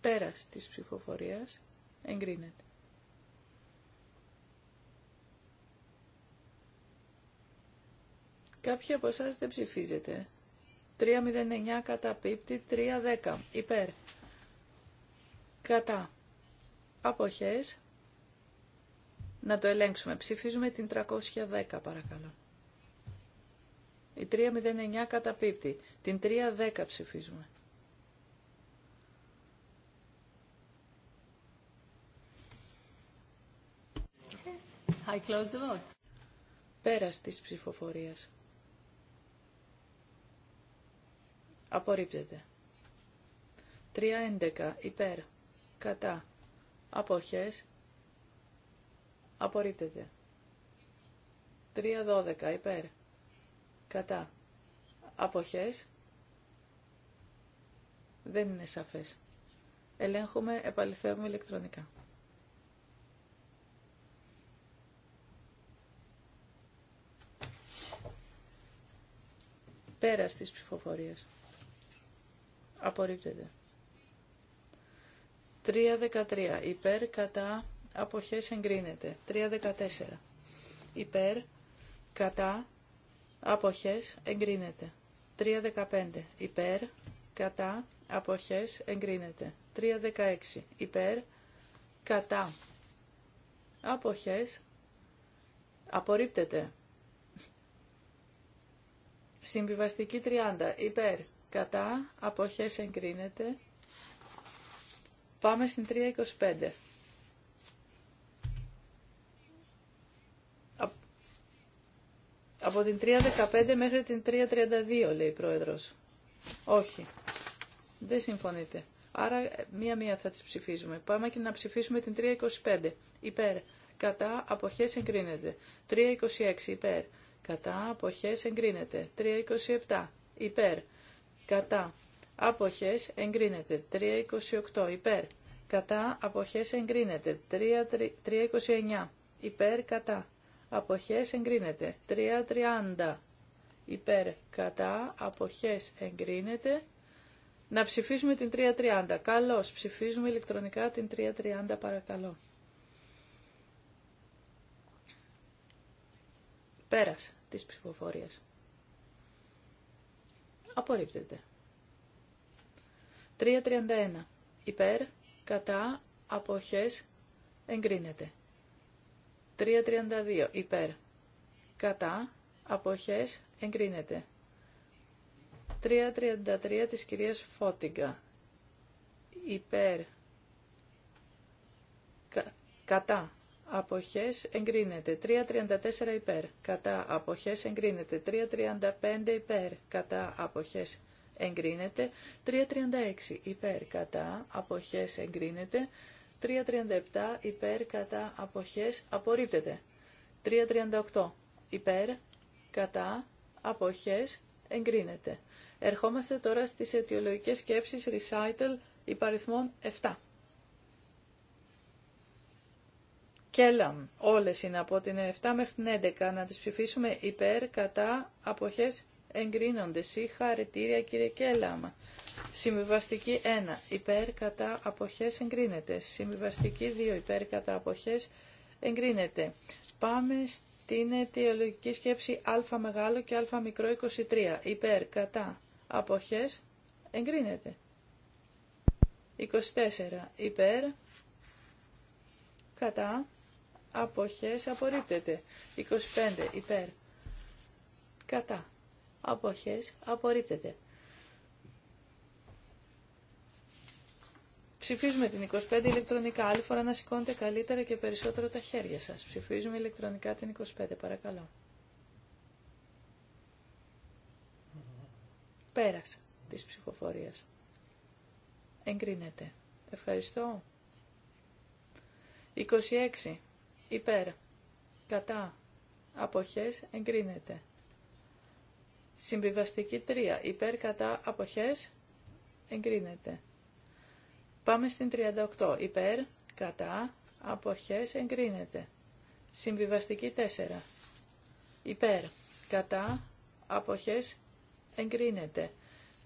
Πέρας της ψηφοφορίας εγκρίνεται. Κάποιοι από εσά δεν ψηφίζετε. 309 κατά πίπτη 310 υπέρ κατά αποχές να το ελέγξουμε ψηφίζουμε την 310 παρακαλώ η 309 κατά πίπτη την 310 ψηφίζουμε I close the vote. ψηφοφορίας. Απορρίπτεται. 3.11. Υπέρ. Κατά. Αποχές. Απορρίπτεται. 3.12. Υπέρ. Κατά. Αποχές. Δεν είναι σαφές. Ελέγχουμε, επαληθεύουμε ηλεκτρονικά. Πέρα στις ψηφοφορίες. Απορρίπτεται. 3.13. Υπέρ κατά αποχές εγκρίνεται. 3.14. Υπέρ κατά αποχές εγκρίνεται. 3.15. Υπέρ κατά αποχές εγκρίνεται. 3.16. Υπέρ κατά αποχές απορρίπτεται. Συμβιβαστική 30. Υπέρ κατά, αποχές εγκρίνεται. Πάμε στην 325. Από την 3.15 μέχρι την 3.32 λέει η Πρόεδρος. Όχι. Δεν συμφωνείτε. Άρα μία-μία θα τις ψηφίζουμε. Πάμε και να ψηφίσουμε την 3.25. Υπέρ. Κατά αποχές εγκρίνεται. 3.26 υπέρ. Κατά αποχές εγκρίνεται. 3.27 υπέρ κατά αποχές εγκρίνεται 328 υπέρ κατά αποχές εγκρίνεται 329 υπέρ κατά αποχές εγκρίνεται 330 υπέρ κατά αποχές εγκρίνεται να ψηφίσουμε την 330 καλώς ψηφίζουμε ηλεκτρονικά την 330 παρακαλώ Πέρας της ψηφοφορίας Απορρίπτεται. 3.31. Υπέρ, κατά, αποχές, εγκρίνεται. 3.32. Υπέρ, κατά, αποχές, εγκρίνεται. 3.33 της κυρίας Φώτιγκα. Υπέρ, κα, κατά, αποχές εγκρίνεται 3.34 υπέρ, κατά αποχές εγκρίνεται 3.35 υπέρ, κατά αποχές εγκρίνεται 3.36 υπέρ, κατά αποχές εγκρίνεται 3.37 υπέρ, κατά αποχές απορρίπτεται 3.38 υπέρ, κατά αποχές εγκρίνεται. Ερχόμαστε τώρα στις αιτιολογικές σκέψεις recital υπαριθμών 7. Κέλαμ, όλες είναι από την 7 μέχρι την 11, να τις ψηφίσουμε υπέρ, κατά, αποχές, εγκρίνονται. Συγχαρητήρια κύριε Κέλαμ. Συμβιβαστική 1, υπέρ, κατά, αποχές, εγκρίνεται. Συμβιβαστική 2, υπέρ, κατά, αποχές, εγκρίνεται. Πάμε στην αιτιολογική σκέψη α μεγάλο και α μικρό 23, υπέρ, κατά, αποχές, εγκρίνεται. 24, υπέρ, κατά, αποχές απορρίπτεται. 25 υπέρ κατά αποχές απορρίπτεται. Ψηφίζουμε την 25 ηλεκτρονικά. Άλλη φορά να σηκώνετε καλύτερα και περισσότερο τα χέρια σας. Ψηφίζουμε ηλεκτρονικά την 25, παρακαλώ. Πέρασε της ψηφοφορίας. Εγκρίνεται. Ευχαριστώ. 26 υπέρ, κατά, αποχές, εγκρίνεται. Συμβιβαστική 3, υπέρ, κατά, αποχές, εγκρίνεται. Πάμε στην 38, υπέρ, κατά, αποχές, εγκρίνεται. Συμβιβαστική 4, υπέρ, κατά, αποχές, εγκρίνεται.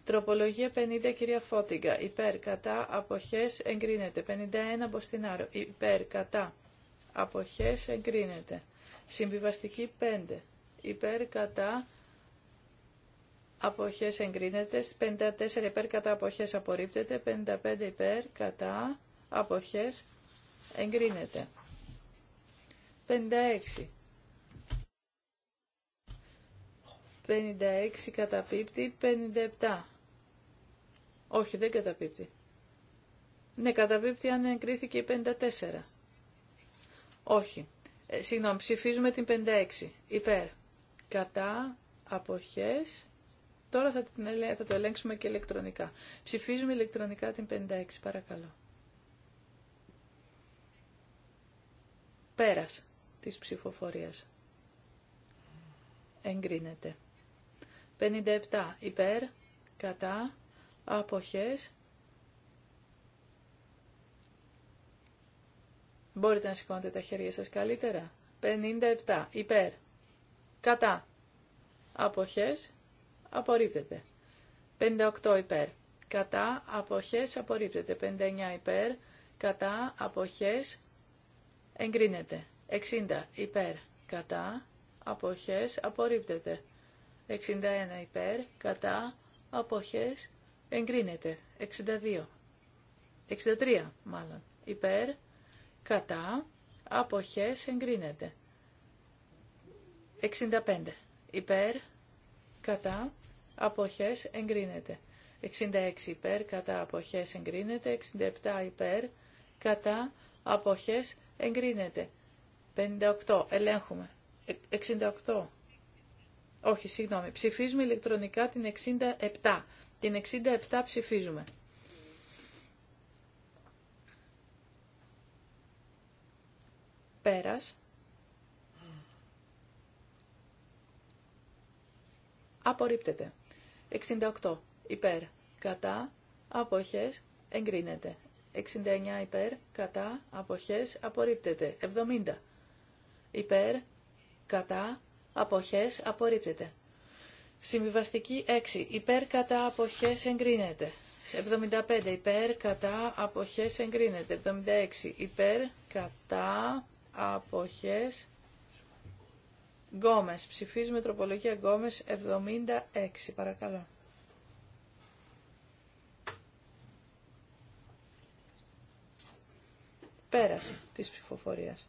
Τροπολογία 50 κυρία Φώτιγκα. Υπέρ, κατά, αποχές, εγκρίνεται. 51 Μποστινάρο. Υπέρ, κατά, αποχές εγκρίνεται. Συμβιβαστική 5 υπέρ κατά αποχές εγκρίνεται. 54 υπέρ κατά αποχές απορρίπτεται. 55 υπέρ κατά αποχές εγκρίνεται. 56 56 καταπίπτει, 57. Όχι, δεν καταπίπτει. Ναι, καταπίπτει αν εγκρίθηκε η 54. Όχι. Ε, συγγνώμη, ψηφίζουμε την 56. Υπέρ. Κατά. Αποχές. Τώρα θα, την, θα το ελέγξουμε και ηλεκτρονικά. Ψηφίζουμε ηλεκτρονικά την 56. Παρακαλώ. Πέρας της ψηφοφορίας. Εγκρίνεται. 57. Υπέρ. Κατά. Αποχές. Μπορείτε να σηκώνετε τα χέρια σας καλύτερα. 57. Υπέρ. Κατά. Αποχές. Απορρίπτεται. 58. Υπέρ. Κατά. Αποχές. Απορρίπτεται. 59. Υπέρ. Κατά. Αποχές. Εγκρίνεται. 60. Υπέρ. Κατά. Αποχές. Απορρίπτεται. 61. Υπέρ. Κατά. Αποχές. Εγκρίνεται. 62. 63 μάλλον. Υπέρ κατά, αποχές, εγκρίνεται. 65. Υπέρ, κατά, αποχές, εγκρίνεται. 66 υπέρ, κατά αποχές εγκρίνεται, 67 υπέρ, κατά αποχές εγκρίνεται. 58, ελέγχουμε. 68, όχι συγγνώμη, ψηφίζουμε ηλεκτρονικά την 67. Την 67 ψηφίζουμε. Πέρας. Απορρίπτεται. 68. Υπέρ. Κατά. Αποχές. Εγκρίνεται. 69 υπέρ, κατά, αποχές, απορρίπτεται. 70 υπέρ, κατά, αποχές, απορρίπτεται. Συμβιβαστική 6 υπέρ, κατά, αποχές, εγκρίνεται. 75 υπέρ, κατά, αποχές, εγκρίνεται. 76 υπέρ, κατά, αποχές Γκόμες. Ψηφίζουμε τροπολογία Γκόμες 76. Παρακαλώ. Πέρασε της ψηφοφορίας.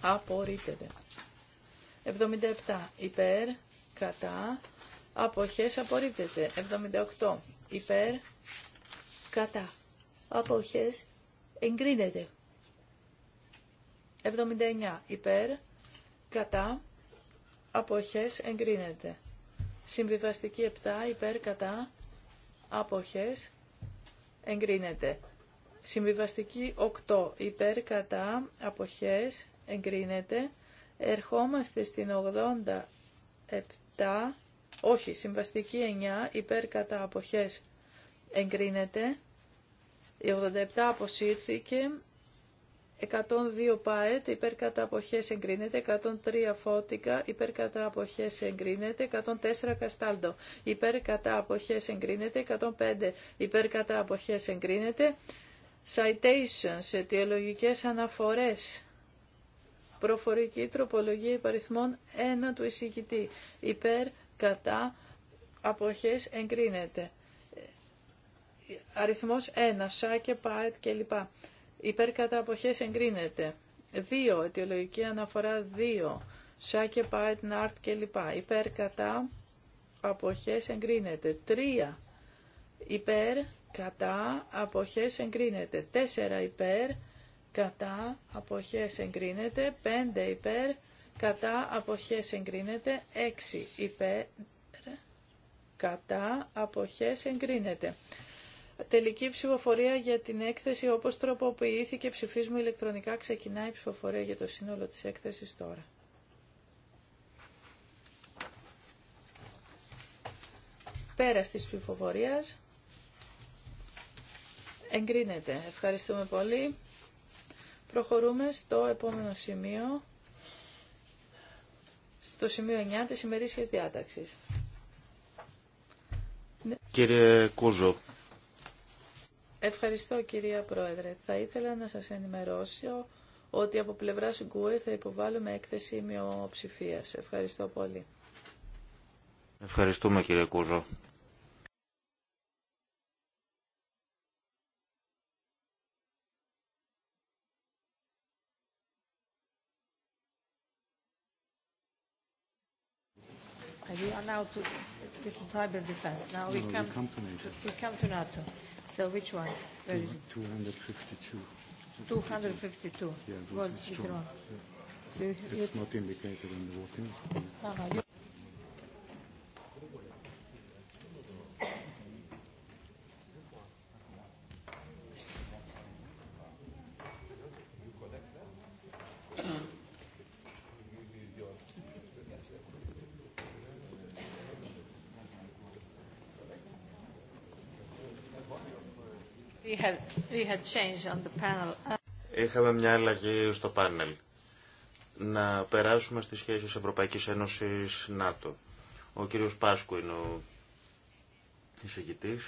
Απορρίπτεται. 77. Υπέρ, κατά, αποχές απορρίπτεται. 78. Υπέρ, κατά, αποχές εγκρίνεται. 79 υπέρ, κατά, αποχές εγκρίνεται. Συμβιβαστική 7 υπέρ, κατά, αποχές εγκρίνεται. Συμβιβαστική 8 υπέρ, κατά, αποχές εγκρίνεται. Ερχόμαστε στην 87, όχι, συμβαστική 9 υπέρ, κατά, αποχές εγκρίνεται. Η 87 αποσύρθηκε, 102 ΠΑΕΤ υπέρ κατά αποχές εγκρίνεται, 103 Φώτικα υπέρ κατά αποχές εγκρίνεται, 104 καστάλτο. υπέρ κατά αποχές εγκρίνεται, 105 υπέρ κατά αποχές εγκρίνεται, citations, αιτιολογικές αναφορές, προφορική τροπολογία υπαριθμών 1 του εισηγητή υπέρ κατά αποχές εγκρίνεται. Αριθμός 1, σάκε, πάετ κλπ. Υπέρ κατά αποχές εγκρίνεται. 2. Αιτιολογική αναφορά 2. Σάκε, Πάιτν, και κλπ. Υπέρ κατά αποχές εγκρίνεται. 3. Υπέρ κατά αποχές εγκρίνεται. 4. Υπέρ κατά αποχές εγκρίνεται. 5. Υπέρ κατά αποχές εγκρίνεται. 6. Υπέρ κατά αποχές εγκρίνεται. Τελική ψηφοφορία για την έκθεση όπως τροποποιήθηκε ψηφίσμου ηλεκτρονικά. Ξεκινάει η ψηφοφορία για το σύνολο της έκθεσης τώρα. Πέρας της ψηφοφορίας εγκρίνεται. Ευχαριστούμε πολύ. Προχωρούμε στο επόμενο σημείο, στο σημείο 9 της ημερήσιας διάταξης. Κύριε Κούζο, Ευχαριστώ κυρία Πρόεδρε. Θα ήθελα να σας ενημερώσω ότι από πλευρά Γκουε θα υποβάλουμε έκθεση μειοψηφίας. Ευχαριστώ πολύ. Ευχαριστούμε κύριε Κούζο. now to this cyber defense. Now we come we come to NATO. So which one? Where is it? 252. 252. Yeah, was it? it's not indicated in the voting. Είχαμε μια αλλαγή στο πάνελ. Να περάσουμε στις σχέσεις Ευρωπαϊκής Ένωσης ΝΑΤΟ. Ο κύριος Πάσκου είναι ο εισηγητής.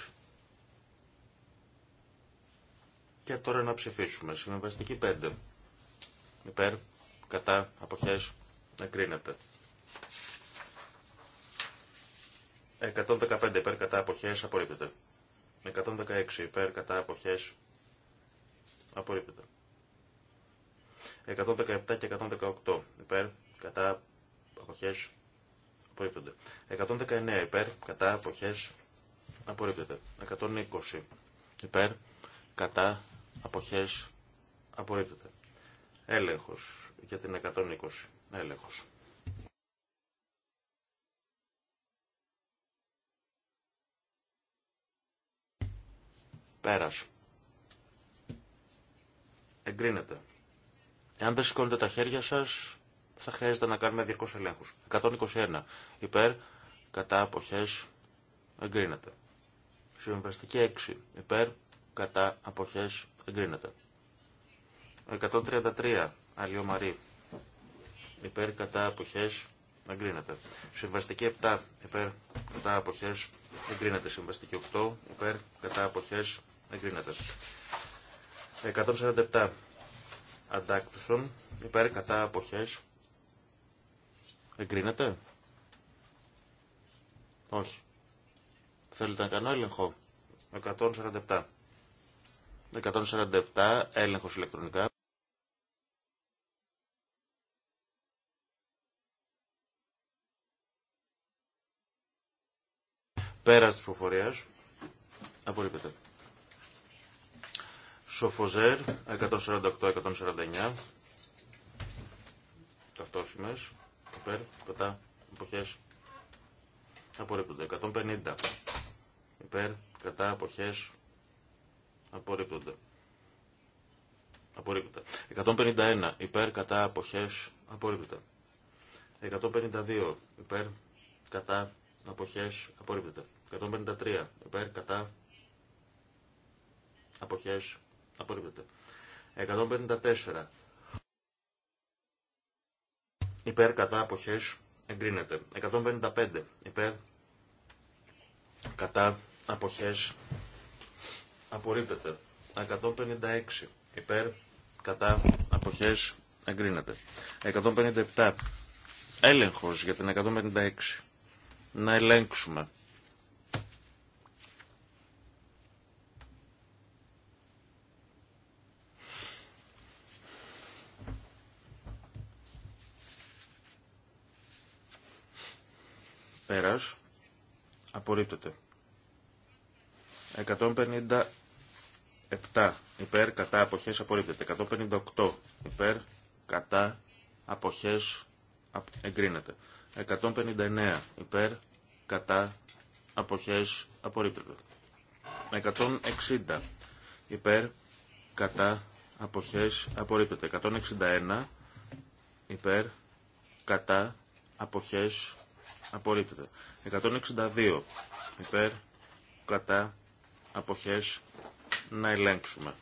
Και τώρα να ψηφίσουμε. Συμβαστική 5. Υπέρ, κατά, αποχές, να κρίνεται. 115 υπέρ κατά αποχές απορρίπτεται. 116 υπέρ κατά αποχές Απορρίπτεται. 117 και 118 υπέρ, κατά, αποχές, απορρίπτονται. 119 υπέρ, κατά, αποχές, απορρίπτεται. 120 υπέρ, κατά, αποχές, απορρίπτεται. Έλεγχος για την 120. Έλεγχος. Πέρασε. Εγκρίνεται. Εάν δεν σηκώνετε τα χέρια σα, θα χρειάζεται να κάνουμε διαρκώ ελέγχου. 121. Υπέρ, κατά αποχέ, εγκρίνεται. Συμβαστική 6. Υπέρ, κατά αποχέ, εγκρίνεται. 133. Μαρί. Υπέρ, κατά αποχέ, εγκρίνεται. Συμβαστική 7. Υπέρ, κατά αποχέ, εγκρίνεται. Συμβαστική 8. Υπέρ, κατά αποχέ, εγκρίνεται. 147 αντάκτουσον υπέρ κατά αποχές εγκρίνεται όχι θέλετε να κάνω έλεγχο 147 147 έλεγχος ηλεκτρονικά πέρας της προφορίας απορρίπτεται Σοφοζέρ 148-149 Ταυτόσιμε. υπέρ, κατά, εποχέ, απορρίπτονται 150 υπέρ, κατά, εποχέ. απορρίπτονται Απορρίπτονται. 151 υπέρ, κατά, εποχέ. Απορρίπτονται. 152 υπέρ, κατά, εποχές απορρίπτονται. 153 υπέρ, κατά, αποχές Απορρίπτεται. 154. Υπέρ κατά αποχές εγκρίνεται. 155. Υπέρ κατά αποχέ απορρίπτεται. 156. Υπέρ κατά αποχές εγκρίνεται. 157. Έλεγχος για την 156. Να ελέγξουμε. Πέρας. Απορρίπτεται. 157 υπέρ κατά αποχές απορρίπτεται. 158 υπέρ κατά αποχές εγκρίνεται. 159 υπέρ κατά αποχές απορρίπτεται. 160 υπέρ κατά αποχές απορρίπτεται. 161 υπέρ κατά αποχές απορρίπτεται. 162 υπέρ, κατά, αποχές, να ελέγξουμε.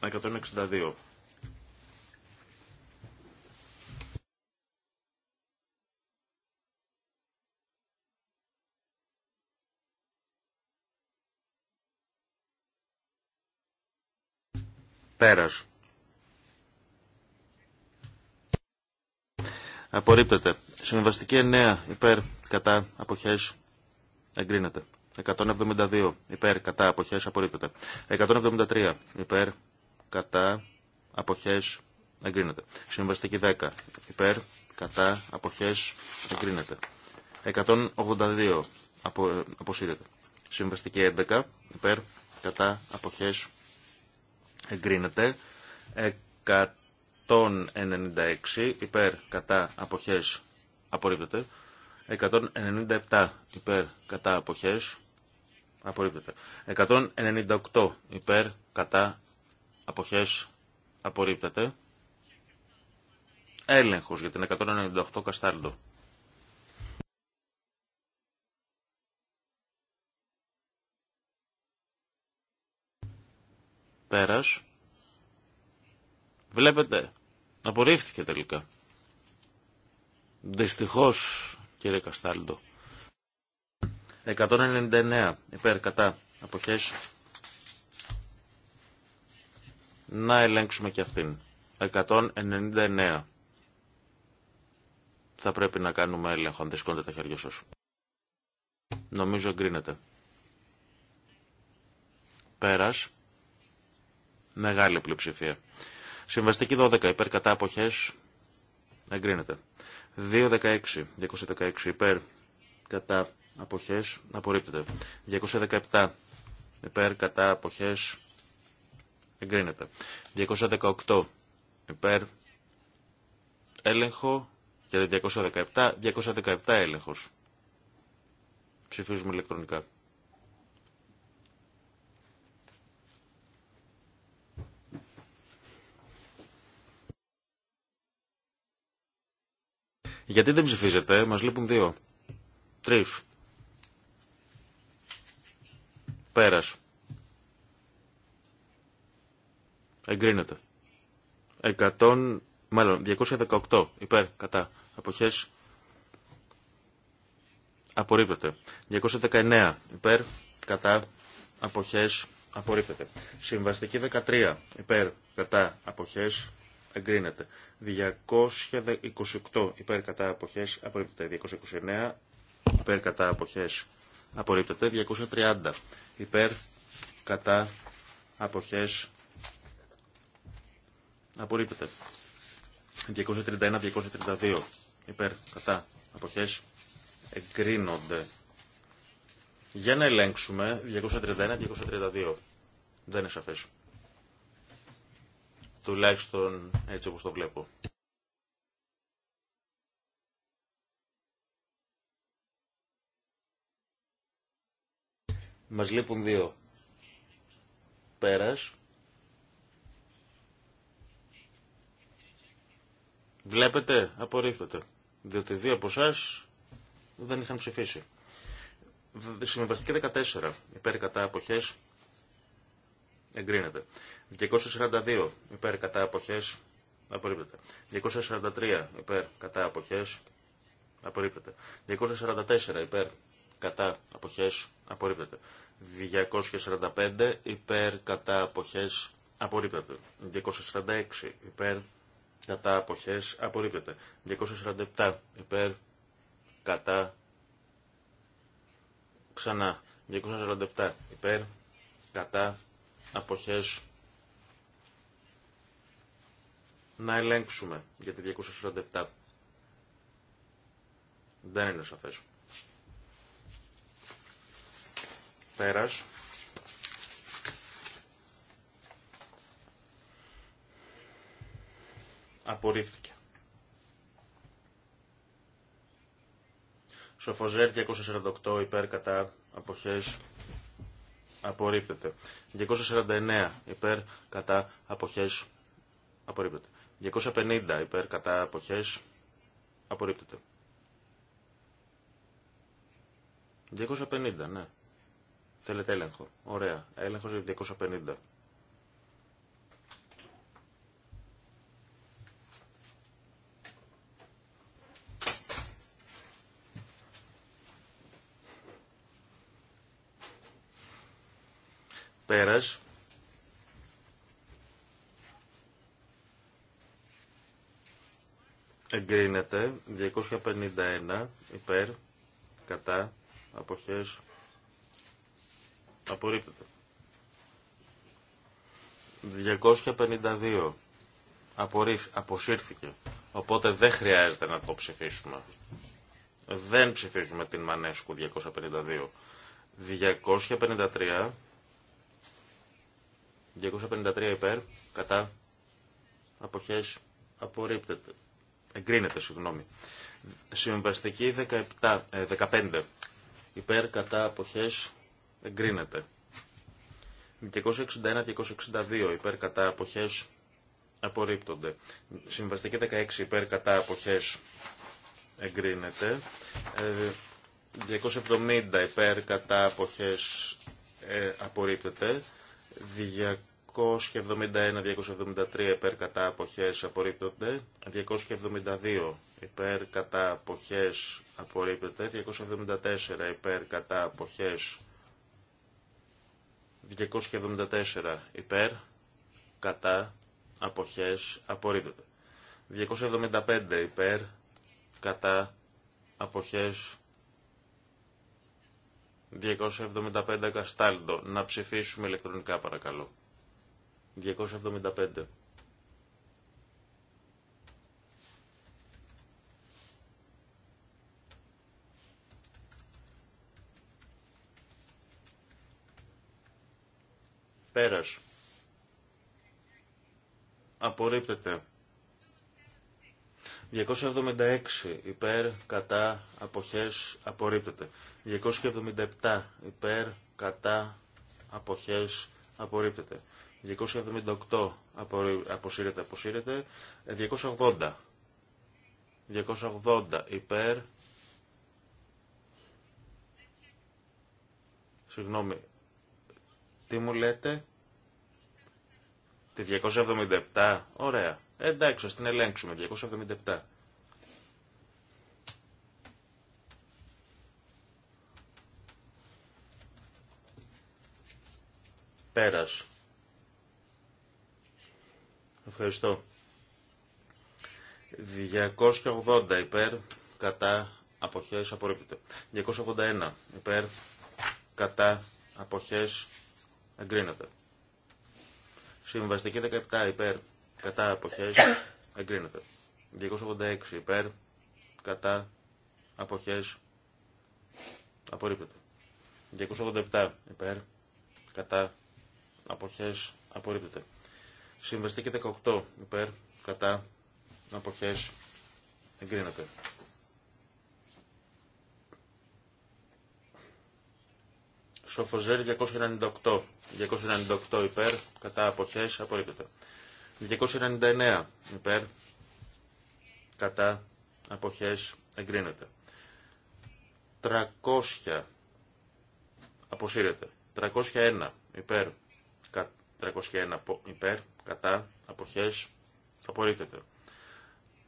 162. Πέρας. Απορρίπτεται. Συμβαστική 9 υπέρ κατά αποχές εγκρίνεται. 172 υπέρ κατά αποχές απορρίπτεται. 173 υπέρ κατά αποχές εγκρίνεται. Συμβαστική 10 υπέρ κατά αποχές εγκρίνεται. 182 απο, αποσύρεται. Συμβαστική 11 υπέρ κατά αποχές εγκρίνεται. 100 196 υπέρ κατά αποχές απορρίπτεται. 197 υπέρ κατά αποχές απορρίπτεται. 198 υπέρ κατά αποχές απορρίπτεται. Έλεγχος για την 198 Καστάλντο. Πέρας. Βλέπετε, Απορρίφθηκε τελικά. Δυστυχώ, κύριε Καστάλντο. 199 υπέρ κατά αποχές. Να ελέγξουμε και αυτήν. 199. Θα πρέπει να κάνουμε έλεγχο αν δυσκόνται τα χέρια σας. Νομίζω εγκρίνεται. Πέρας. Μεγάλη πλειοψηφία. Συμβαστική 12 υπέρ κατά αποχές εγκρίνεται. 2.16, 216 υπέρ κατά αποχές απορρίπτεται. 217 υπέρ κατά αποχές εγκρίνεται. 218 υπέρ έλεγχο και 217, 217 έλεγχος. Ψηφίζουμε ηλεκτρονικά. Γιατί δεν ψηφίζετε, μας λείπουν δύο. Τρίφ. Πέρας. Εγκρίνεται. 100, μάλλον 218 υπέρ, κατά, αποχές. Απορρίπτεται. 219 υπέρ, κατά, αποχές. Απορρίπτεται. Συμβαστική 13 υπέρ, κατά, αποχές εγκρίνεται. 228 υπέρ κατά αποχές απορρίπτεται. 229 υπέρ κατά αποχές απορρίπτεται. 230 υπέρ κατά αποχές απορρίπτεται. 231-232 υπέρ κατά αποχές εγκρίνονται. Για να ελέγξουμε 231-232. Δεν είναι σαφές. Τουλάχιστον έτσι όπως το βλέπω. Μας λείπουν δύο. Πέρας. Βλέπετε, απορρίφτεται. Διότι δύο από εσά δεν είχαν ψηφίσει. Συμβαστική 14. Υπέρ κατά αποχές εγκρίνεται. 242 υπέρ κατά αποχές απορρίπτεται. 243 υπέρ κατά αποχές απορρίπτεται. 244 υπέρ κατά αποχές απορρίπτεται. 245 υπέρ κατά αποχές απορρίπτεται. 246 υπέρ κατά αποχές απορρίπτεται. 247 υπέρ κατά ξανά. 247 υπέρ κατά αποχές να ελέγξουμε για τη 247. Δεν είναι σαφές. Πέρας. Απορρίφθηκε. Σοφοζέρ 248 υπέρ κατά αποχές απορρίπτεται. 249 υπέρ κατά αποχές απορρίπτεται. 250 υπέρ κατά αποχές απορρίπτεται. 250, ναι. Θέλετε έλεγχο. Ωραία. Έλεγχος για 250. Πέρας. Εγκρίνεται 251 υπέρ, κατά, αποχές, απορρίπτεται. 252 απορρίφ, αποσύρθηκε, οπότε δεν χρειάζεται να το ψηφίσουμε. Δεν ψηφίζουμε την Μανέσκου 252. 253 253 υπέρ, κατά, αποχές, απορρίπτεται. Εγκρίνεται, συγγνώμη. Συμβαστική 17, 15. Ε, υπέρ, κατά, αποχές, εγκρίνεται. 261-262 υπέρ, κατά, αποχές, απορρίπτονται. Συμβαστική 16 υπέρ, κατά, αποχές, εγκρίνεται. 270 ε, υπέρ, κατά, αποχές, απορρίπτονται. Ε, απορρίπτεται. 271-273 υπέρ κατά αποχές απορρίπτονται, 272 υπέρ κατά αποχές απορρίπτονται. 274 υπέρ κατά αποχές 274 υπέρ κατά αποχές απορρίπτονται. 275 υπέρ κατά αποχές 275 Καστάλντο. Να ψηφίσουμε ηλεκτρονικά παρακαλώ. 275. Πέρας. Απορρίπτεται. 276 υπέρ, κατά, αποχές, απορρίπτεται. 277 υπέρ, κατά, αποχές, απορρίπτεται. 278 αποσύρεται, αποσύρεται. 280. Ε, 280 υπέρ. Συγγνώμη. Τι μου λέτε. Τη 277. Ωραία. Ε, εντάξει, ας την ελέγξουμε. 277. Πέρας. Ευχαριστώ. 280 υπέρ, κατά, αποχές, απορρίπτεται. 281 υπέρ, κατά, αποχές, εγκρίνεται. Συμβαστική 17 υπέρ, κατά, αποχές, εγκρίνεται. 286 υπέρ, κατά, αποχές, απορρίπτεται. 287 υπέρ, κατά, αποχές, απορρίπτεται. Συμβαστική 18 υπέρ, κατά, αποχές, εγκρίνεται. Σοφοζέρ 298. 298 υπέρ, κατά αποχές, απορρίπτεται. 299 υπέρ, κατά αποχές, εγκρίνεται. 300 αποσύρεται. 301 υπέρ, 301 υπέρ, κατά, αποχές, απορρίπτεται.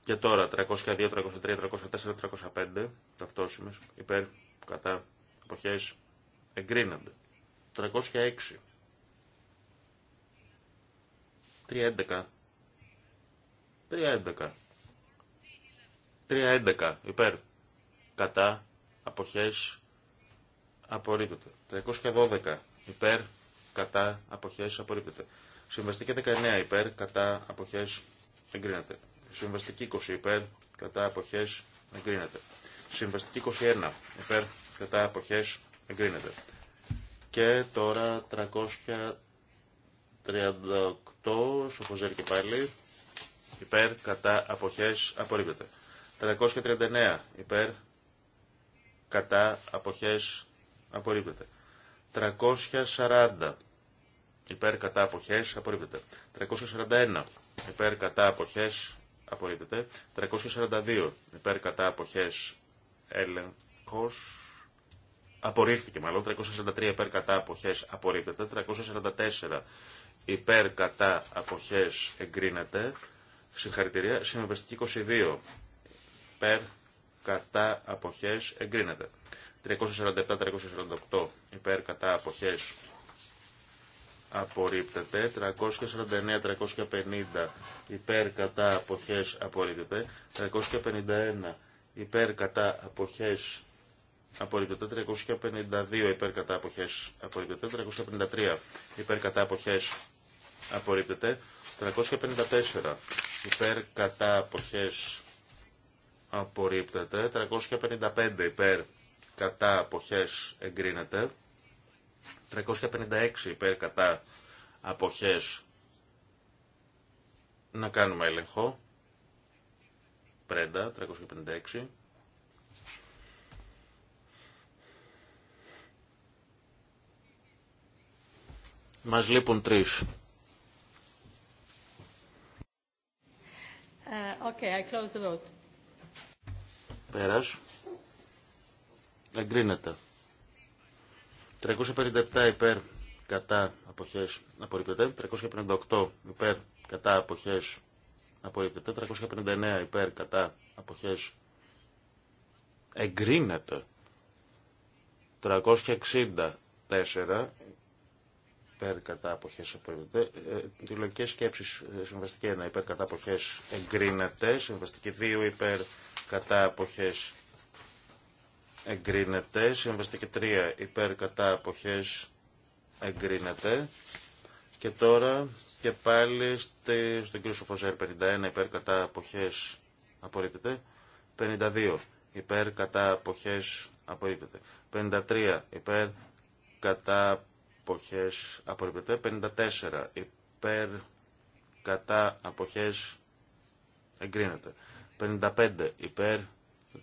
Και τώρα 302, 303, 304, 305 ταυτόσιμες υπέρ, κατά, αποχές, εγκρίνονται. 306. 311. 311. 311 υπέρ. Κατά. Αποχές. Απορρίπτεται. 312 υπέρ κατά αποχές απορρίπτεται. Συμβαστική 19 υπέρ, κατά αποχέ, εγκρίνεται. Συμβαστική 20 υπέρ, κατά αποχέ, εγκρίνεται. Συμβαστική 21 υπέρ, κατά αποχέ, εγκρίνεται. Και τώρα 338, σοφοζέρ και πάλι, υπέρ, κατά αποχές απορρίπτεται. 339 υπέρ, κατά αποχές απορρίπτεται. 340 υπέρ κατά αποχές απορρίπτεται. 341 υπέρ κατά αποχές απορρίπτεται. 342 υπέρ κατά αποχές έλεγχος απορρίφθηκε μάλλον. 343 υπέρ κατά αποχές απορρίπτεται. 344 υπέρ κατά αποχές εγκρίνεται. Συγχαρητηρία. Συμβεστική 22 υπέρ κατά αποχές εγκρίνεται. 347-348 υπέρ κατά αποχές απορρίπτεται. 349-350 υπέρ κατά αποχές απορρίπτεται. 351 υπέρ κατά αποχές απορρίπτεται. 352 υπέρ κατά αποχές απορρίπτεται. 353 υπέρ κατά αποχές απορρίπτεται. 354 υπέρ κατά αποχές απορρίπτεται. 355 υπέρ κατά αποχές εγκρίνεται. 356 υπέρ κατά αποχές να κάνουμε έλεγχο. Πρέντα, 356. Μας λείπουν τρεις. Ε, okay, I close the vote. Πέρας. Εγκρίνεται. 357 υπέρ κατά αποχές απορρίπτεται. 358 υπέρ κατά αποχές απορρίπτεται. 359 υπέρ κατά αποχές εγκρίνεται. 364 υπέρ κατά αποχές απορρίπτεται. Ε, λογική σκέψη ε, συμβαστική 1 υπέρ κατά αποχές εγκρίνεται. Συμβαστική 2 υπέρ κατά αποχές εγκρίνεται. Συμβαστική 3 υπέρ κατά αποχές εγκρίνεται. Και τώρα και πάλι στη, στον κύριο Σοφοζέρ 51 υπέρ κατά αποχές απορρίπτεται. 52 υπέρ κατά αποχές απορρίπτεται. 53 υπέρ κατά αποχές απορρίπτεται. 54 υπέρ κατά αποχές εγκρίνεται. 55 υπέρ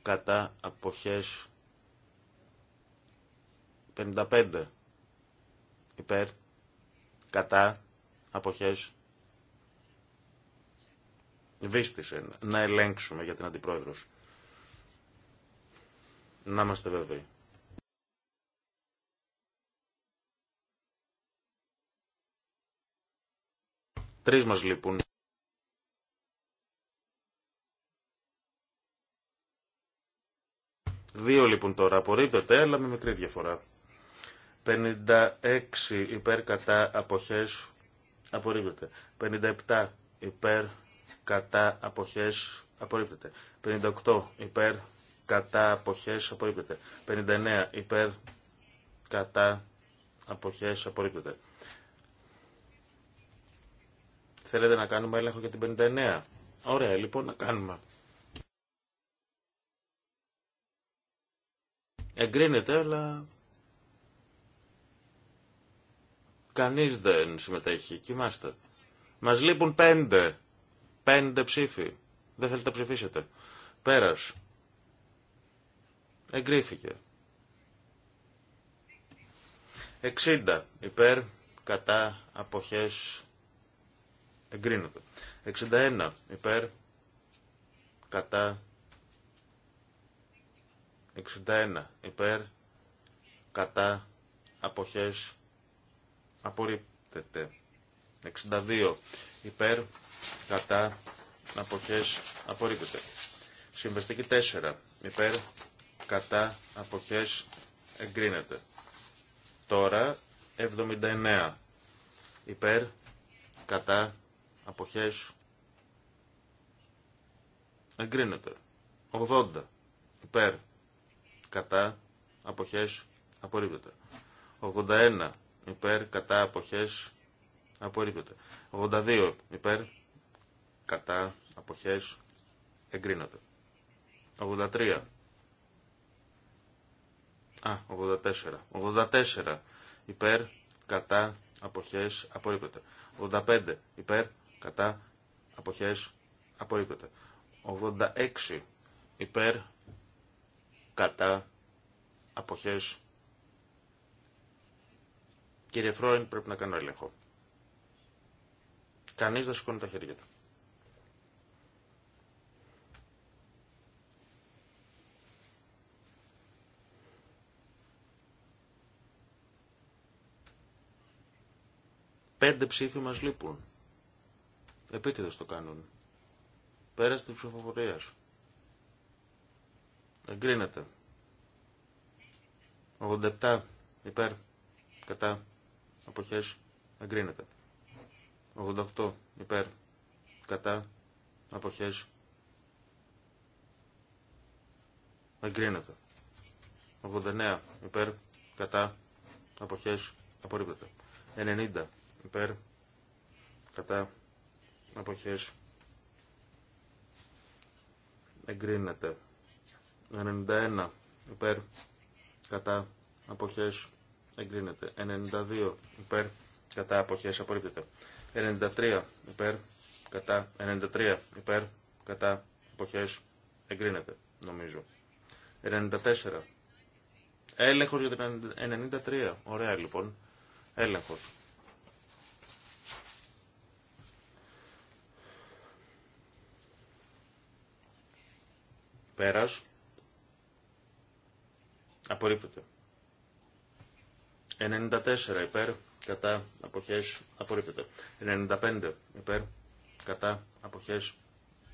κατά αποχές 55 υπέρ, κατά, αποχές, βίστησε να ελέγξουμε για την Αντιπρόεδρος. Να είμαστε βέβαιοι. Τρεις μας λείπουν. Δύο λείπουν τώρα απορρίπτεται, αλλά με μικρή διαφορά. 56 υπέρ κατά αποχές απορρίπτεται. 57 υπέρ κατά αποχές απορρίπτεται. 58 υπέρ κατά αποχές απορρίπτεται. 59 υπέρ κατά αποχές απορρίπτεται. Θέλετε να κάνουμε έλεγχο για την 59. Ωραία, λοιπόν, να κάνουμε. Εγκρίνεται, αλλά Κανείς δεν συμμετέχει. Κοιμάστε. Μας λείπουν πέντε. Πέντε ψήφοι. Δεν θέλετε να ψηφίσετε. Πέρας. Εγκρίθηκε. 60 υπέρ, κατά, αποχές, εγκρίνεται. 61 υπέρ, κατά, 61 υπέρ, κατά, αποχές, απορρίπτεται. 62 υπέρ, κατά, αποχές, απορρίπτεται. Συμβαστική 4 υπέρ, κατά, αποχές, εγκρίνεται. Τώρα 79 υπέρ, κατά, αποχές, εγκρίνεται. 80 υπέρ, κατά, αποχές, απορρίπτεται. 81 υπέρ, κατά, αποχές, απορρίπτεται. 82 υπέρ, κατά, αποχές, εγκρίνεται. 83. Α, 84. 84 υπέρ, κατά, αποχές, απορρίπτεται. 85 υπέρ, κατά, αποχές, απορρίπτεται. 86 υπέρ, κατά, αποχές, Κύριε Φρόιν, πρέπει να κάνω έλεγχο. Κανείς δεν σηκώνει τα χέρια του. Πέντε ψήφοι μας λείπουν. Επίτηδες το κάνουν. Πέρασε τη ψηφοφορία σου. Εγκρίνεται. 87 υπέρ κατά αποχές εγκρίνεται. 88 υπέρ κατά αποχές εγκρίνεται. 89 υπέρ κατά αποχές απορρίπτεται. 90 υπέρ κατά αποχές εγκρίνεται. 91 υπέρ κατά αποχές εγκρίνεται. 92 υπέρ κατά αποχές απορρίπτεται. 93 υπέρ κατά 93 υπέρ κατά αποχές εγκρίνεται νομίζω. 94 έλεγχος για την 93 ωραία λοιπόν έλεγχος. Πέρας. Απορρίπτεται. 94 υπέρ, κατά, αποχές, απορρίπτεται. 95 υπέρ, κατά, αποχές,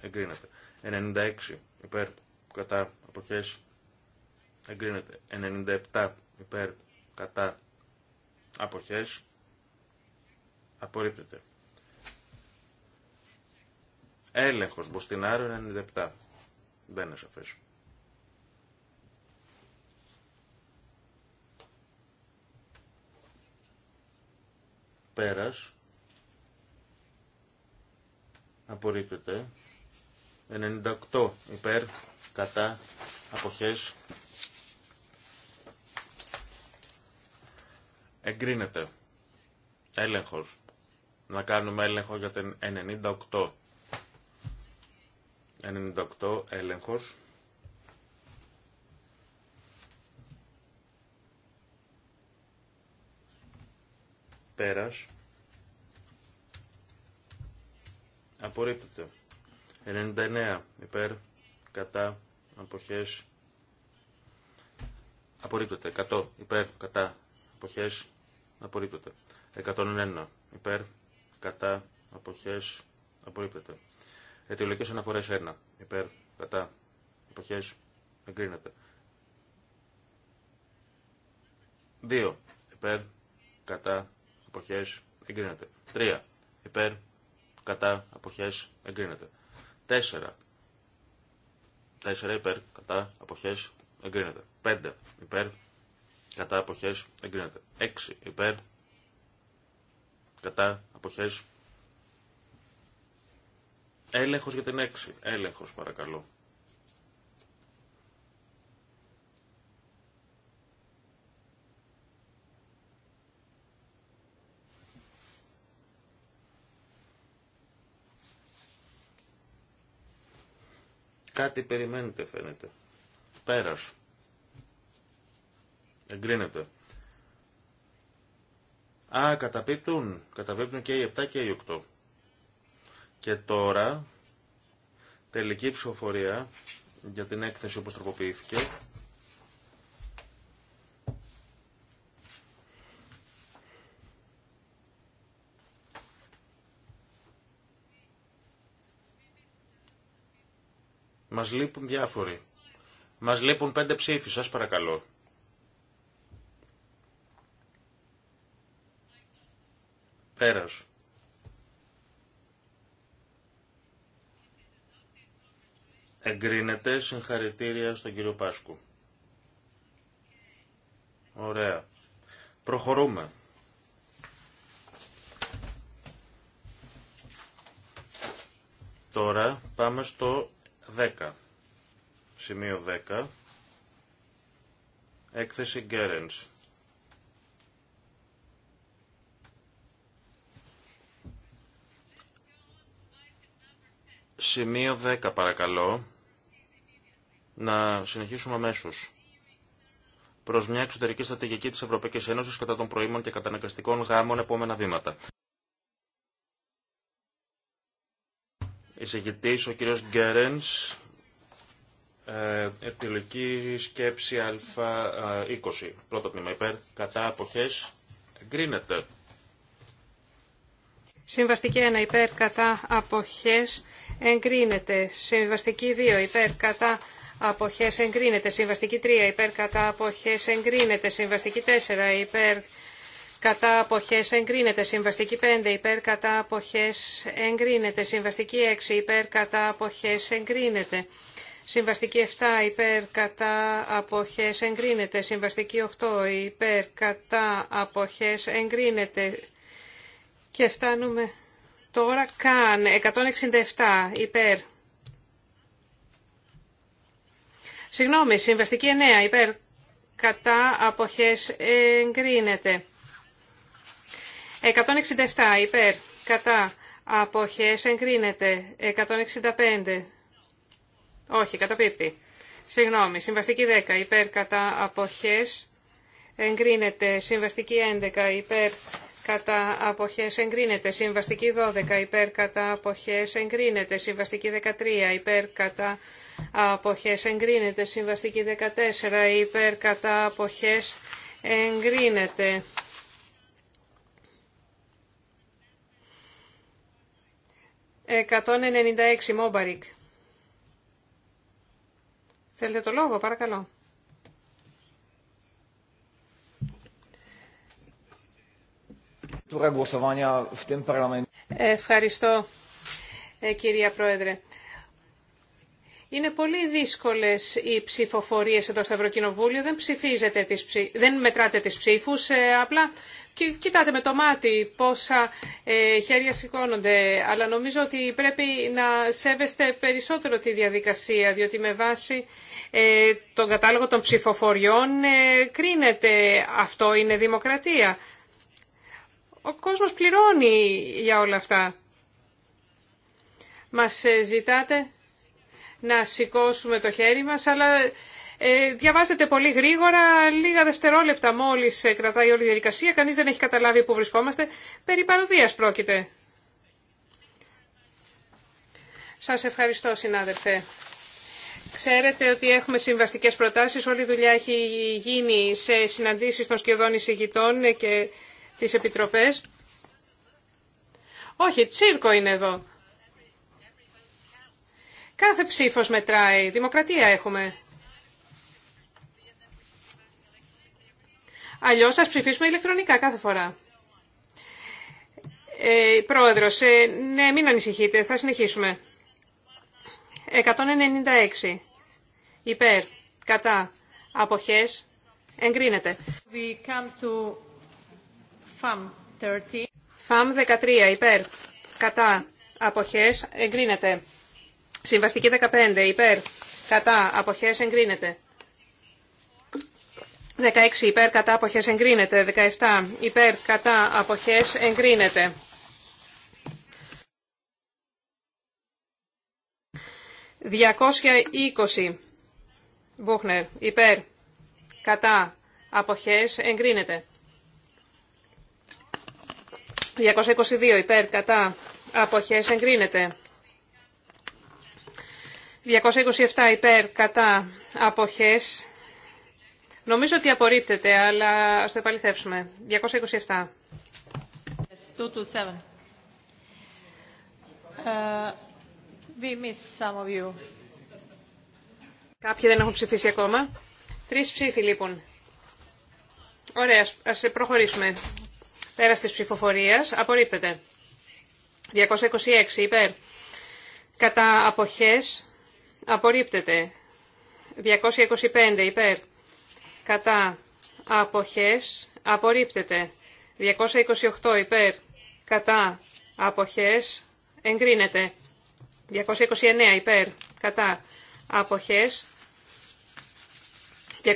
εγκρίνεται. 96 υπέρ, κατά, αποχές, εγκρίνεται. 97 υπέρ, κατά, αποχές, απορρίπτεται. Έλεγχος Μποστινάρου 97. Δεν είναι σαφές. Πέρας. Απορρίπτεται. 98 υπέρ. Κατά. Αποχές. Εγκρίνεται. Έλεγχος. Να κάνουμε έλεγχο για την 98. 98 έλεγχος. Πέρας. Απορρίπτεται. 99 υπέρ, κατά, αποχές. Απορρίπτεται. 100 υπέρ, κατά, αποχές. Απορρίπτεται. 101 υπέρ, κατά, αποχές. Απορρίπτεται. Αιτιολογικές αναφορές 1 υπέρ, κατά, αποχές. Εγκρίνεται. 2 υπέρ, κατά, αποχέ, εγκρίνεται. 3 υπέρ κατά αποχέ, εγκρίνεται. 4 4 υπέρ κατά αποχέ, εγκρίνεται. 5 υπέρ κατά αποχέ, εγκρίνεται. 6 υπέρ κατά αποχές Έλεγχος για την 6. Έλεγχος παρακαλώ. Κάτι περιμένετε φαίνεται. Πέρας. Εγκρίνεται. Α, καταπίπτουν. Καταπίπτουν και οι 7 και οι 8. Και τώρα, τελική ψηφοφορία για την έκθεση όπως τροποποιήθηκε. Μας λείπουν διάφοροι. Μας λείπουν πέντε ψήφοι, σας παρακαλώ. Πέρας. Εγκρίνεται συγχαρητήρια στον κύριο Πάσκου. Ωραία. Προχωρούμε. Τώρα πάμε στο 10. Σημείο 10. Έκθεση Γκέρενς. Σημείο 10 παρακαλώ. Να συνεχίσουμε αμέσω. Προ μια εξωτερική στρατηγική τη Ευρωπαϊκή Ένωση κατά των προήμων και καταναγκαστικών γάμων, επόμενα βήματα. εισηγητή ο κ. Γκέρεν. ε, σκεψη σκέψη α20. Πρώτο τμήμα υπέρ, κατά αποχέ. εγκρίνεται. Συμβαστική 1 υπέρ, κατά αποχές, εγκρίνεται. Συμβαστική 2 υπέρ, κατά αποχές, εγκρίνεται. Συμβαστική 3 υπέρ, κατά αποχές, εγκρίνεται. Συμβαστική 4 υπέρ, κατά αποχές εγκρίνεται. Συμβαστική 5 υπέρ κατά αποχές εγκρίνεται. Συμβαστική 6 υπέρ κατά αποχές εγκρίνεται. Συμβαστική 7 υπέρ κατά αποχές εγκρίνεται. Συμβαστική 8 υπέρ κατά αποχές εγκρίνεται. Και φτάνουμε τώρα καν 167 υπέρ. Συγγνώμη, συμβαστική 9 υπέρ κατά αποχές εγκρίνεται. 167 υπέρ, κατά, αποχές εγκρίνεται. 165, όχι, καταπίπτει. Συγγνώμη, συμβαστική 10 υπέρ, κατά, αποχές εγκρίνεται. Συμβαστική 11 υπέρ, κατά αποχές εγκρίνεται. Συμβαστική 12 υπέρ κατά αποχές εγκρίνεται. Συμβαστική 13 υπέρ κατά αποχές εγκρίνεται. Συμβαστική 14 υπέρ κατά αποχές εγκρίνεται. 196 Μόμπαρικ. Θέλετε το λόγο, παρακαλώ. Ευχαριστώ, ε, κυρία Πρόεδρε. Είναι πολύ δύσκολε οι ψηφοφορίε εδώ στο Ευρωκοινοβούλιο, δεν ψηφίζετε τις δεν μετράτε τις ψήφους, ε, απλά κοιτάτε με το μάτι πόσα ε, χέρια σηκώνονται. Αλλά νομίζω ότι πρέπει να σέβεστε περισσότερο τη διαδικασία, διότι με βάση ε, τον κατάλογο των ψηφοφοριών κρίνεται αυτό είναι δημοκρατία. Ο κόσμος πληρώνει για όλα αυτά. Μας ζητάτε να σηκώσουμε το χέρι μας, αλλά ε, διαβάζεται πολύ γρήγορα, λίγα δευτερόλεπτα μόλις ε, κρατάει όλη η διαδικασία, κανείς δεν έχει καταλάβει που βρισκόμαστε. Περί παροδίας πρόκειται. Σας ευχαριστώ συνάδελφε. Ξέρετε ότι έχουμε συμβαστικέ προτάσει. Όλη η δουλειά έχει γίνει σε συναντήσει των σχεδόν εισηγητών ε, και τι επιτροπέ. Όχι, τσίρκο είναι εδώ. Κάθε ψήφος μετράει. Δημοκρατία έχουμε. Αλλιώς θα ψηφίσουμε ηλεκτρονικά κάθε φορά. Ε, πρόεδρος, ε, ναι, μην ανησυχείτε, θα συνεχίσουμε. 196. Υπέρ, κατά, αποχές, εγκρίνεται. ΦΑΜ 13. 13, υπέρ, κατά, αποχές, εγκρίνεται. Συμβαστική 15 υπέρ κατά αποχέ εγκρίνεται. 16 υπέρ κατά αποχέ εγκρίνεται. 17 υπέρ κατά αποχέ εγκρίνεται. 220 είκοσι. Μπούχνερ. Υπέρ. Κατά. Αποχές. Εγκρίνεται. 222. Υπέρ. Κατά. Αποχές. Εγκρίνεται. 227 υπέρ κατά αποχές. Νομίζω ότι απορρίπτεται, αλλά ας το επαληθεύσουμε. 227. Uh, we miss some Κάποιοι δεν έχουν ψηφίσει ακόμα. Τρεις ψήφοι λοιπόν. Ωραία, ας προχωρήσουμε. πέρα τη ψηφοφορία. απορρίπτεται. 226 υπέρ. Κατά αποχές, Απορρίπτεται. 225 υπέρ. Κατά. Αποχές. Απορρίπτεται. 228 υπέρ. Κατά. Αποχές. Εγκρίνεται. 229 υπέρ. Κατά. Αποχές. 229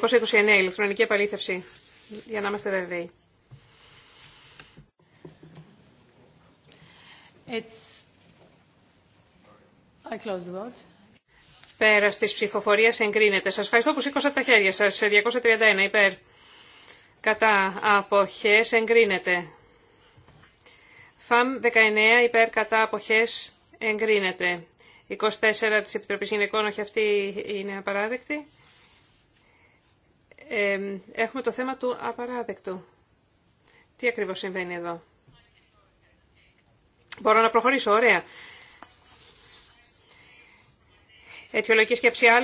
ηλεκτρονική επαλήθευση. Για να είμαστε βέβαιοι. It's... I close the vote. Πέρα τη ψηφοφορία εγκρίνεται. Σα ευχαριστώ που σήκωσα τα χέρια σα. 231 υπέρ. Κατά αποχέ εγκρίνεται. ΦΑΜ 19 υπέρ κατά αποχέ εγκρίνεται. 24 της Επιτροπής Γυναικών, όχι αυτή είναι απαράδεκτη. Ε, έχουμε το θέμα του απαράδεκτου. Τι ακριβώς συμβαίνει εδώ. Μπορώ να προχωρήσω, ωραία. Αιτιολογική σκέψη α,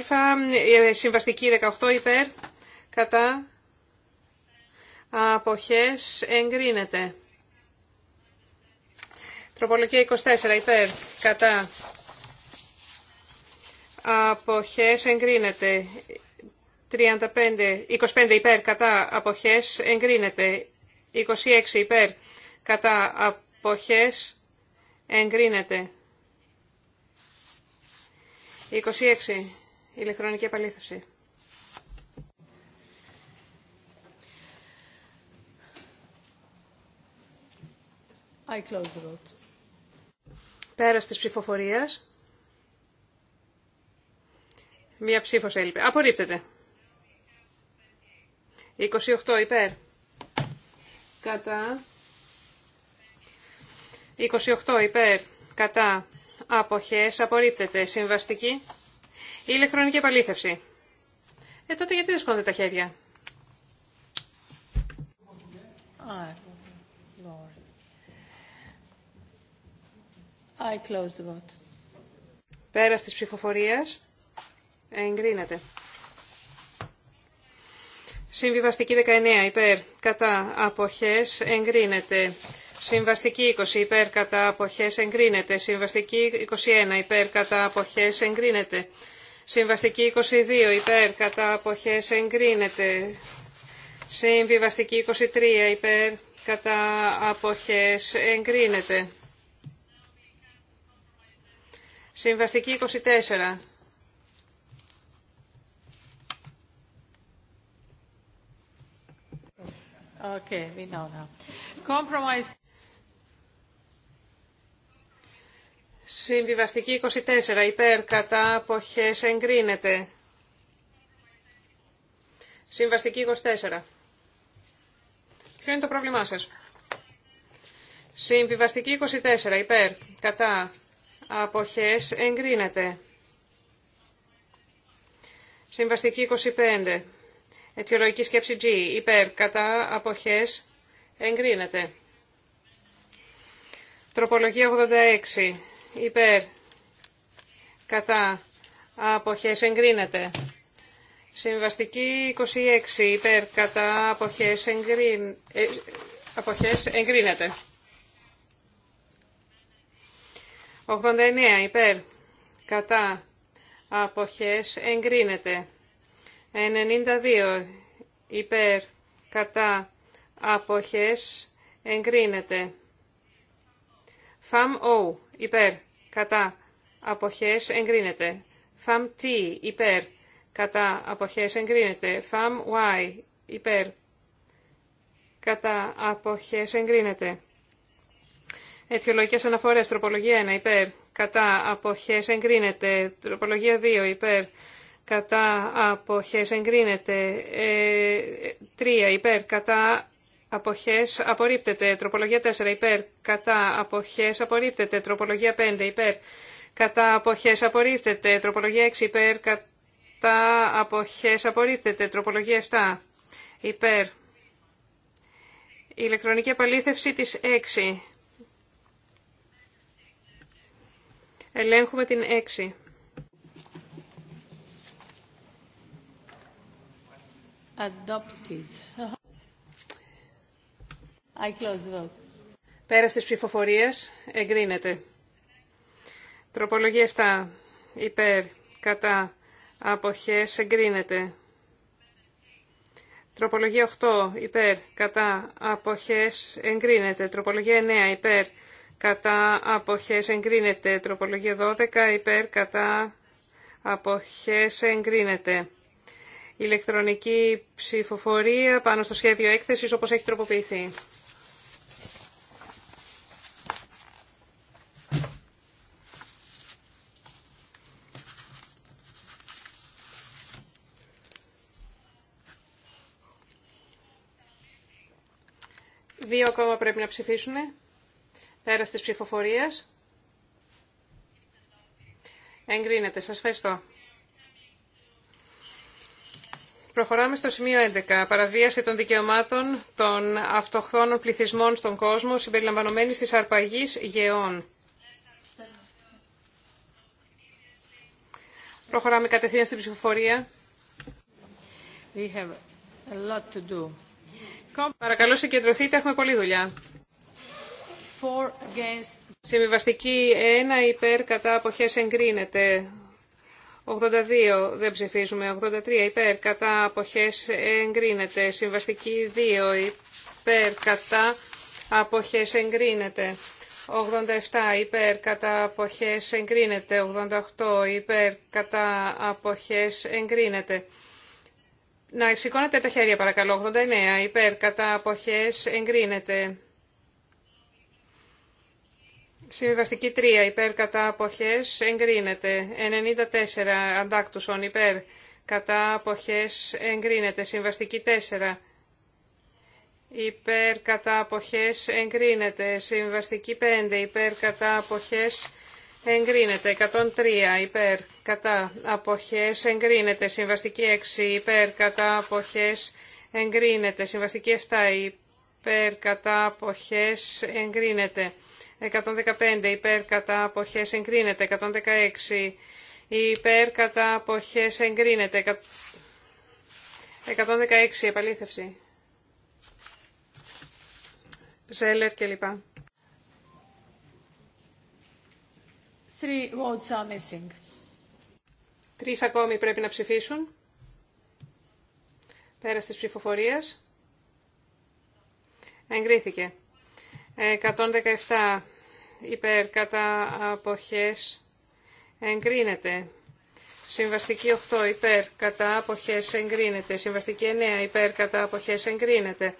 ε, συμβαστική 18 υπέρ, κατά, αποχές, εγκρίνεται. Τροπολογία 24 υπέρ, κατά, αποχές, εγκρίνεται. 35, 25 υπέρ, κατά, αποχές, εγκρίνεται. 26 υπέρ, κατά, αποχές, εγκρίνεται. 26. Ηλεκτρονική επαλήθευση. I close the vote. Πέρας της ψηφοφορίας. Μία ψήφος έλειπε. Απορρίπτεται. 28 υπέρ. Κατά. 28 υπέρ. Κατά. Αποχές απορρίπτεται. Συμβαστική. Η ηλεκτρονική επαλήθευση. Ε, τότε γιατί δεν τα χέρια. ψηφοφορία. close the vote. Πέρας της ψηφοφορίας εγκρίνεται. Συμβιβαστική 19 υπέρ κατά αποχές εγκρίνεται. Συμβαστική 20 υπέρ κατά αποχές εγκρίνεται. Συμβαστική 21 υπέρ κατά αποχές εγκρίνεται. Συμβαστική 22 υπέρ κατά αποχές εγκρίνεται. Συμβιβαστική 23 υπέρ κατά αποχές εγκρίνεται. Συμβαστική 24. Okay, we know now. Compromise. Συμβιβαστική 24 υπέρ κατά αποχές εγκρίνεται. Συμβαστική 24. Ποιο είναι το πρόβλημά σας. Συμβιβαστική 24 υπέρ κατά αποχές εγκρίνεται. Συμβαστική 25. Αιτιολογική σκέψη G. Υπέρ κατά αποχές εγκρίνεται. Τροπολογία 86 υπέρ, κατά, αποχές εγκρίνεται. Συμβαστική 26 υπέρ, κατά, αποχές, εγκρίν, ε, αποχές εγκρίνεται. 89 υπέρ, κατά, αποχές εγκρίνεται. 92 υπέρ, κατά, αποχές εγκρίνεται. Φαμ ο, υπέρ, κατά αποχές εγκρίνεται. Φαμ τ, υπέρ κατά αποχές εγκρίνεται. Φαμ Y υπέρ κατά αποχές εγκρίνεται. Αιτιολογικές αναφορές, τροπολογία 1 υπέρ κατά αποχές εγκρίνεται. Τροπολογία 2 υπέρ κατά αποχές εγκρίνεται. Ε, 3 υπέρ κατά Αποχές απορρίπτεται. Τροπολογία 4 υπέρ. Κατά αποχές απορρίπτεται. Τροπολογία 5 υπέρ. Κατά αποχές απορρίπτεται. Τροπολογία 6 υπέρ. Κατά αποχές απορρίπτεται. Τροπολογία 7 υπέρ. Ηλεκτρονική επαλήθευση της 6. Ελέγχουμε την 6. Adopted. I close the vote. Πέρα στις ψηφοφορίες εγκρίνεται. Τροπολογία 7. Υπέρ. Κατά. Αποχές εγκρίνεται. Τροπολογία 8. Υπέρ. Κατά. Αποχές εγκρίνεται. Τροπολογία 9. Υπέρ. Κατά. Αποχές εγκρίνεται. Τροπολογία 12. Υπέρ. Κατά. Αποχές εγκρίνεται. Ηλεκτρονική ψηφοφορία πάνω στο σχέδιο έκθεσης όπως έχει τροποποιηθεί. Δύο ακόμα πρέπει να ψηφίσουν. πέρα τη ψηφοφορία. Εγκρίνεται. Σας ευχαριστώ. Προχωράμε στο σημείο 11. Παραβίαση των δικαιωμάτων των αυτοχθόνων πληθυσμών στον κόσμο συμπεριλαμβανομένης της αρπαγής γεών. Προχωράμε κατευθείαν στην ψηφοφορία. We have a lot to do. Παρακαλώ συγκεντρωθείτε, έχουμε πολλή δουλειά. Συμβιβαστική 1 υπέρ κατά αποχές εγκρίνεται. 82 δεν ψηφίζουμε. 83 υπέρ κατά αποχές εγκρίνεται. Συμβαστική 2 υπέρ κατά αποχές εγκρίνεται. 87 υπέρ κατά αποχές εγκρίνεται. 88 υπέρ κατά αποχές εγκρίνεται. Να σηκώνετε τα χέρια παρακαλώ. 89 υπέρ κατά αποχές εγκρίνεται. Συμβιβαστική 3 υπέρ κατά αποχές εγκρίνεται. 94 αντάκτουσον υπέρ κατά αποχές εγκρίνεται. Συμβαστική 4 υπέρ κατά αποχές εγκρίνεται. Συμβαστική 5 υπέρ κατά αποχές εγκρίνεται 103 υπέρ κατά αποχές εγκρίνεται συμβαστική 6 υπέρ κατά αποχές εγκρίνεται συμβαστική 7 υπέρ κατά αποχές εγκρίνεται 115 υπέρ κατά αποχές εγκρίνεται 116 υπέρ κατά αποχές εγκρίνεται 116 επαλήθευση Ζέλερ κλπ. three Τρεις ακόμη πρέπει να ψηφίσουν. Πέρα της ψηφοφορίας. Εγκρίθηκε. 117 υπέρ κατά αποχές εγκρίνεται. Συμβαστική 8 υπέρ κατά αποχές εγκρίνεται. Συμβαστική 9 υπέρ κατά αποχές εγκρίνεται.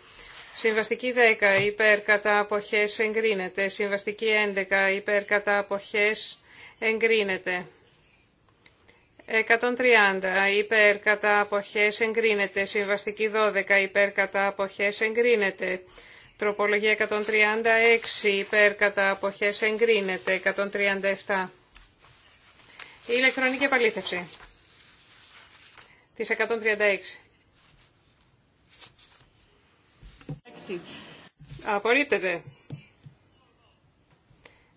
Συμβαστική 10 υπέρ κατά αποχές εγκρίνεται. Συμβαστική 11 υπέρ κατά αποχές εγκρίνεται. 130 υπέρ κατά αποχές εγκρίνεται. Συμβαστική 12 υπέρ κατά αποχές εγκρίνεται. Τροπολογία 136 υπέρ κατά αποχές εγκρίνεται. 137. Η ηλεκτρονική επαλήθευση της 136. Απορρίπτεται.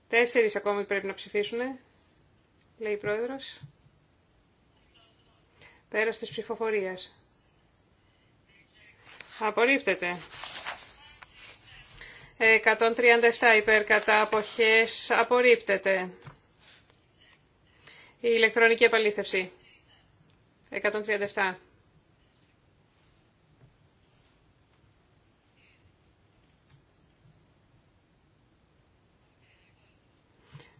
Τέσσερις ακόμη πρέπει να ψηφίσουνε λέει η πρόεδρος. Πέρας της ψηφοφορίας. Απορρίπτεται. 137 υπέρ κατά αποχές απορρίπτεται. Η ηλεκτρονική επαλήθευση. 137.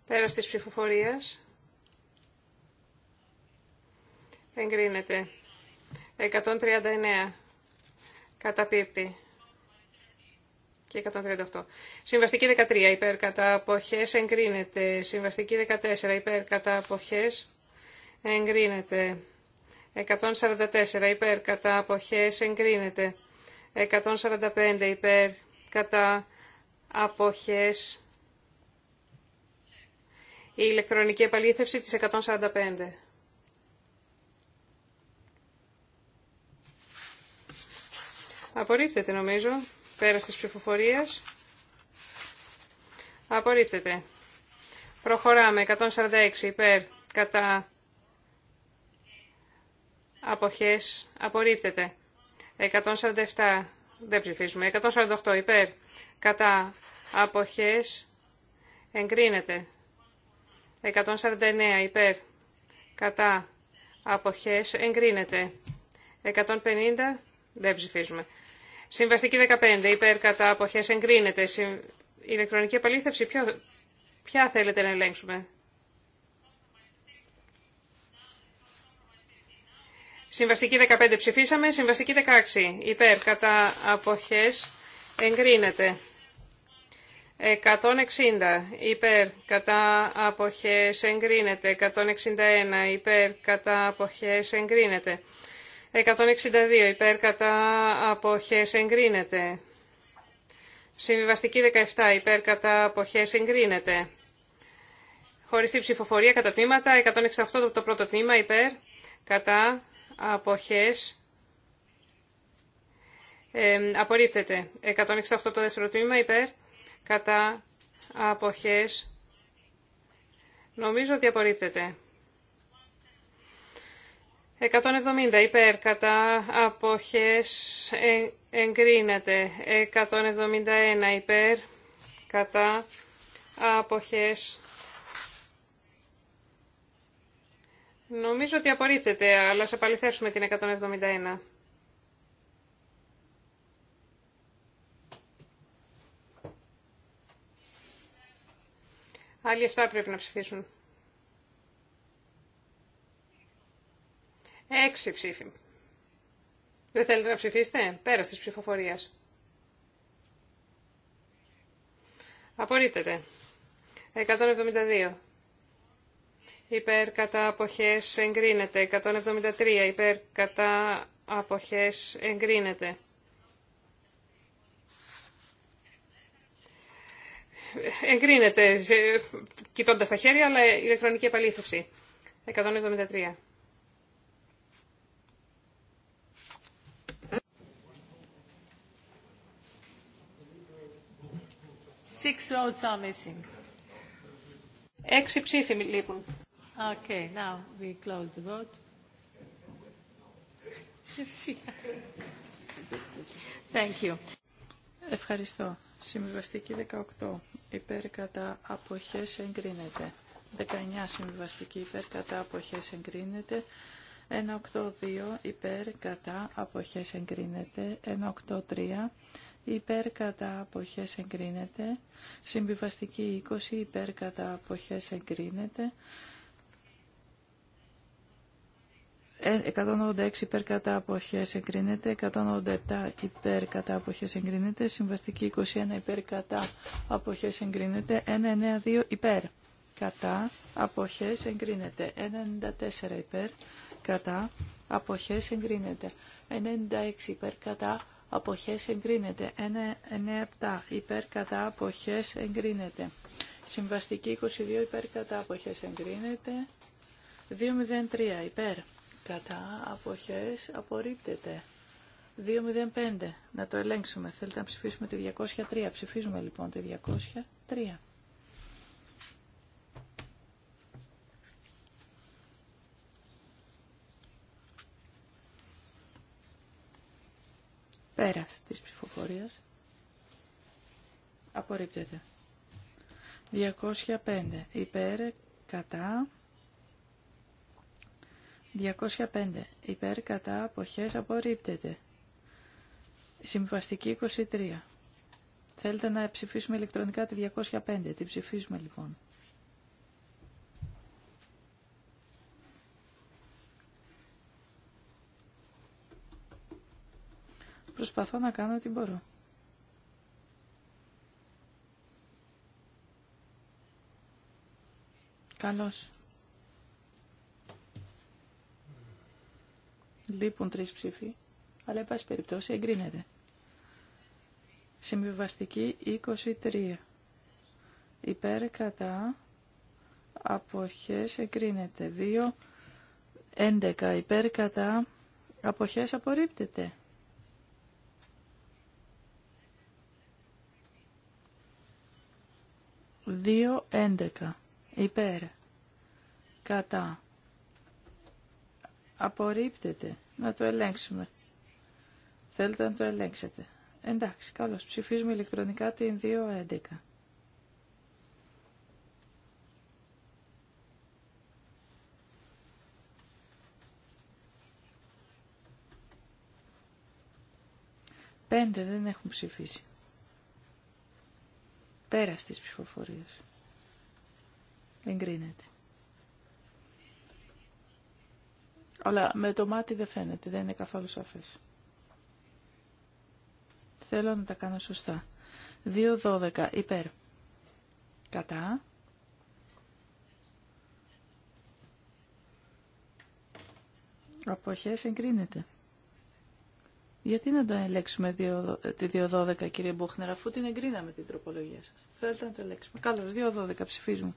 Πέρας της ψηφοφορίας. Εγκρίνεται. 139. Καταπίπτει. Και 138. Συμβαστική 13. Υπέρ κατά αποχές. Εγκρίνεται. Συμβαστική 14. Υπέρ κατά αποχές. Εγκρίνεται. 144. Υπέρ κατά αποχές. Εγκρίνεται. 145. Υπέρ κατά αποχές. Η ηλεκτρονική επαλήθευση της 145. Απορρίπτεται νομίζω. πέρα της ψηφοφορίας. Απορρίπτεται. Προχωράμε. 146 υπέρ κατά αποχές. Απορρίπτεται. 147 δεν ψηφίζουμε. 148 υπέρ κατά αποχές. Εγκρίνεται. 149 υπέρ κατά αποχές εγκρίνεται. 150 δεν ψηφίζουμε. Συμβαστική 15. Υπέρ κατά αποχές εγκρίνεται. Η ηλεκτρονική επαλήθευση. Ποιο... Ποια θέλετε να ελέγξουμε. Συμβαστική 15 ψηφίσαμε. Συμβαστική 16. Υπέρ κατά αποχές εγκρίνεται. 160 υπέρ κατά αποχές εγκρίνεται. 161 υπέρ κατά αποχές εγκρίνεται. 162 υπέρ κατά αποχές εγκρίνεται. Συμβιβαστική 17 υπέρ κατά αποχές εγκρίνεται. Χωριστή ψηφοφορία κατά τμήματα 168 το πρώτο τμήμα υπέρ κατά αποχές ε, απορρίπτεται. 168 το δεύτερο τμήμα υπέρ κατά αποχές νομίζω ότι απορρίπτεται. 170 υπέρ κατά αποχές ε, εγκρίνεται. 171 υπέρ κατά αποχές Νομίζω ότι απορρίπτεται, αλλά σε παληθεύσουμε την 171. Άλλοι 7 πρέπει να ψηφίσουν. Έξι ψήφοι. Δεν θέλετε να ψηφίσετε. Πέρα τη ψηφοφορία. Απορρίπτεται. 172. Υπέρ κατά αποχές εγκρίνεται. 173. Υπέρ κατά αποχές εγκρίνεται. Εγκρίνεται ε, κοιτώντας τα χέρια, αλλά ηλεκτρονική επαλήθευση. 173. Six votes are missing. Έξι ψήφοι λείπουν. Okay, now we close the vote. Thank you. Ευχαριστώ. Συμβιβαστική 18. Υπέρ κατά αποχές εγκρίνεται. 19. Συμβιβαστική υπέρ κατά αποχές εγκρίνεται. 182. Υπέρ κατά αποχές εγκρίνεται. 183 υπέρ κατά αποχές εγκρίνεται. Συμβιβαστική 20 υπέρ κατά αποχές εγκρίνεται. 186 ε, υπέρ κατά αποχές εγκρίνεται, 187 υπέρ κατά αποχές εγκρίνεται, συμβαστική 21 υπέρ κατά αποχές εγκρίνεται, 192 υπέρ κατά αποχές εγκρίνεται, 94 υπέρ κατά αποχές εγκρίνεται, 96 υπέρ κατά αποχές εγκρίνεται. 197 υπέρ κατά αποχές εγκρίνεται. Συμβαστική 22 υπέρ κατά αποχές εγκρίνεται. 203 υπέρ κατά αποχές απορρίπτεται. 205 να το ελέγξουμε. Θέλετε να ψηφίσουμε τη 203. Ψηφίζουμε λοιπόν τη 203. Πέρας της ψηφοφορίας. Απορρίπτεται. 205 υπέρ κατά 205 υπέρ κατά αποχές απορρίπτεται. Συμβαστική 23. Θέλετε να ψηφίσουμε ηλεκτρονικά τη 205. Την ψηφίσουμε λοιπόν. Προσπαθώ να κάνω ό,τι μπορώ. Καλώς. Λείπουν τρεις ψήφοι, αλλά εν περιπτώσει εγκρίνεται. Συμβιβαστική 23. Υπέρ κατά αποχές εγκρίνεται. 2. 11. Υπέρ κατά αποχές απορρίπτεται. 2.11 υπέρ κατά απορρίπτεται να το ελέγξουμε θέλετε να το ελέγξετε εντάξει καλώς ψηφίζουμε ηλεκτρονικά την 2.11 Πέντε δεν έχουν ψηφίσει. Πέρας της ψηφοφορίας. Εγκρίνεται. Αλλά με το μάτι δεν φαίνεται, δεν είναι καθόλου σαφές. Θέλω να τα κάνω σωστά. σωστά. 2-12 υπέρ. Κατά. Αποχές εγκρίνεται. Γιατί να το ελέγξουμε ε, τη 2.12 κύριε Μπούχνερ αφού την εγκρίναμε την τροπολογία σας. Θέλετε να το ελεξουμε Καλώς, 2.12 ψηφίζουμε.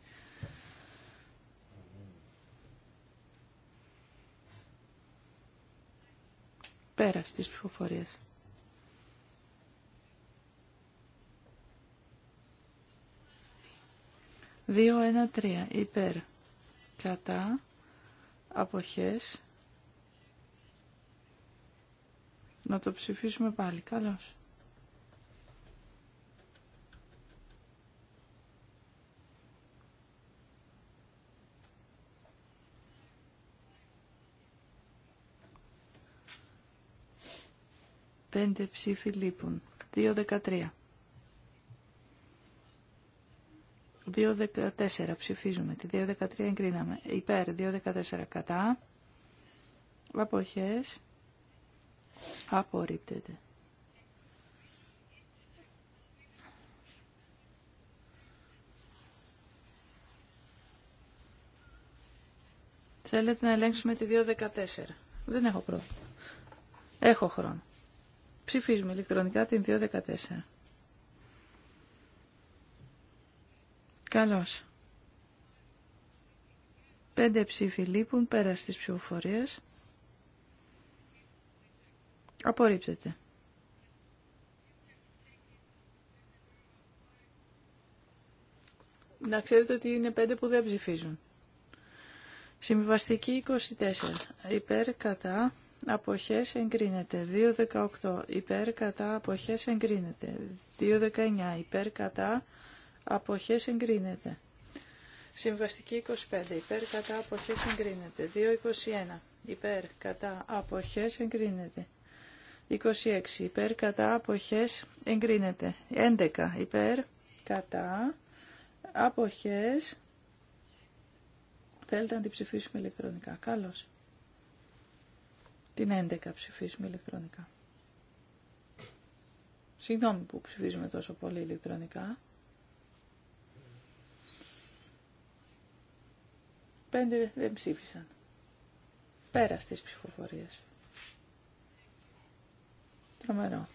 Πέρα στις ψηφοφορίες. Δύο, ένα, τρία. Υπέρ. Κατά. Αποχές. Να το ψηφίσουμε πάλι. Καλώς. Πέντε ψήφοι λείπουν. Δύο δεκατέσσερα ψηφίζουμε. Τη δύο δεκατρία εγκρίναμε. Υπέρ δύο δεκατέσσερα κατά. Αποχές. Απορρίπτεται. Θέλετε να ελέγξουμε τη 2.14. Δεν έχω πρόβλημα. Έχω χρόνο. Ψηφίζουμε ηλεκτρονικά την 2.14. Καλώς. Πέντε ψήφοι λείπουν πέρα στις ψηφοφορίες. Απορρίπτεται. Να ξέρετε ότι είναι πέντε που δεν ψηφίζουν. Συμβιβαστική 24. Υπέρ κατά αποχές εγκρίνεται. 2.18. Υπέρ κατά αποχές εγκρίνεται. 2.19. Υπέρ κατά αποχές εγκρίνεται. Συμβαστική 25. Υπέρ κατά αποχές εγκρίνεται. 2.21. Υπέρ κατά αποχές εγκρίνεται. 26 υπέρ κατά αποχές εγκρίνεται. 11 υπέρ κατά αποχές θέλετε να την ψηφίσουμε ηλεκτρονικά. Καλώς. Την 11 ψηφίσουμε ηλεκτρονικά. Συγγνώμη που ψηφίζουμε τόσο πολύ ηλεκτρονικά. 5 δεν ψήφισαν. Πέρα στις ψηφοφορίες. Τρομερό.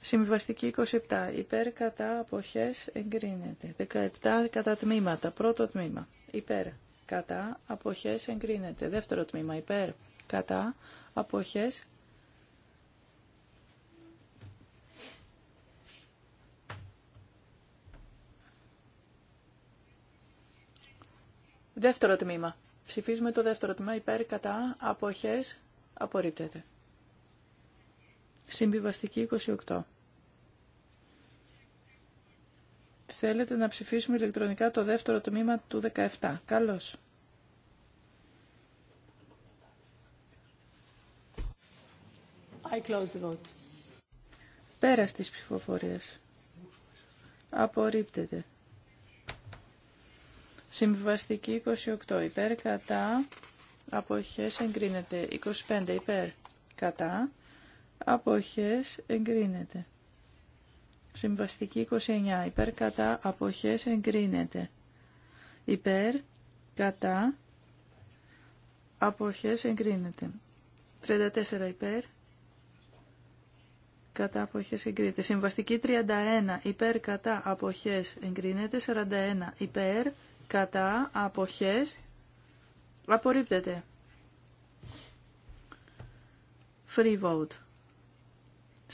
Συμβιβαστική 27. Υπέρ κατά αποχές εγκρίνεται. 17 κατά τμήματα. Πρώτο τμήμα. Υπέρ κατά αποχές εγκρίνεται. Δεύτερο τμήμα. Υπέρ κατά αποχές Δεύτερο τμήμα. Ψηφίζουμε το δεύτερο τμήμα υπέρ κατά αποχές απορρίπτεται. Συμβιβαστική 28. Θέλετε να ψηφίσουμε ηλεκτρονικά το δεύτερο τμήμα του 17. Καλώς. I close the vote. Πέρα στις ψηφοφορίες. Απορρίπτεται. Συμβιβαστική 28. Υπέρ κατά. Αποχές εγκρίνεται. 25. Υπέρ κατά αποχές εγκρίνεται. Συμβαστική 29. Υπέρ κατά αποχές εγκρίνεται. Υπέρ κατά αποχές εγκρίνεται. 34 υπέρ κατά αποχές εγκρίνεται. Συμβαστική 31 υπέρ κατά αποχές εγκρίνεται. 41 υπέρ κατά αποχές απορρίπτεται. Free vote.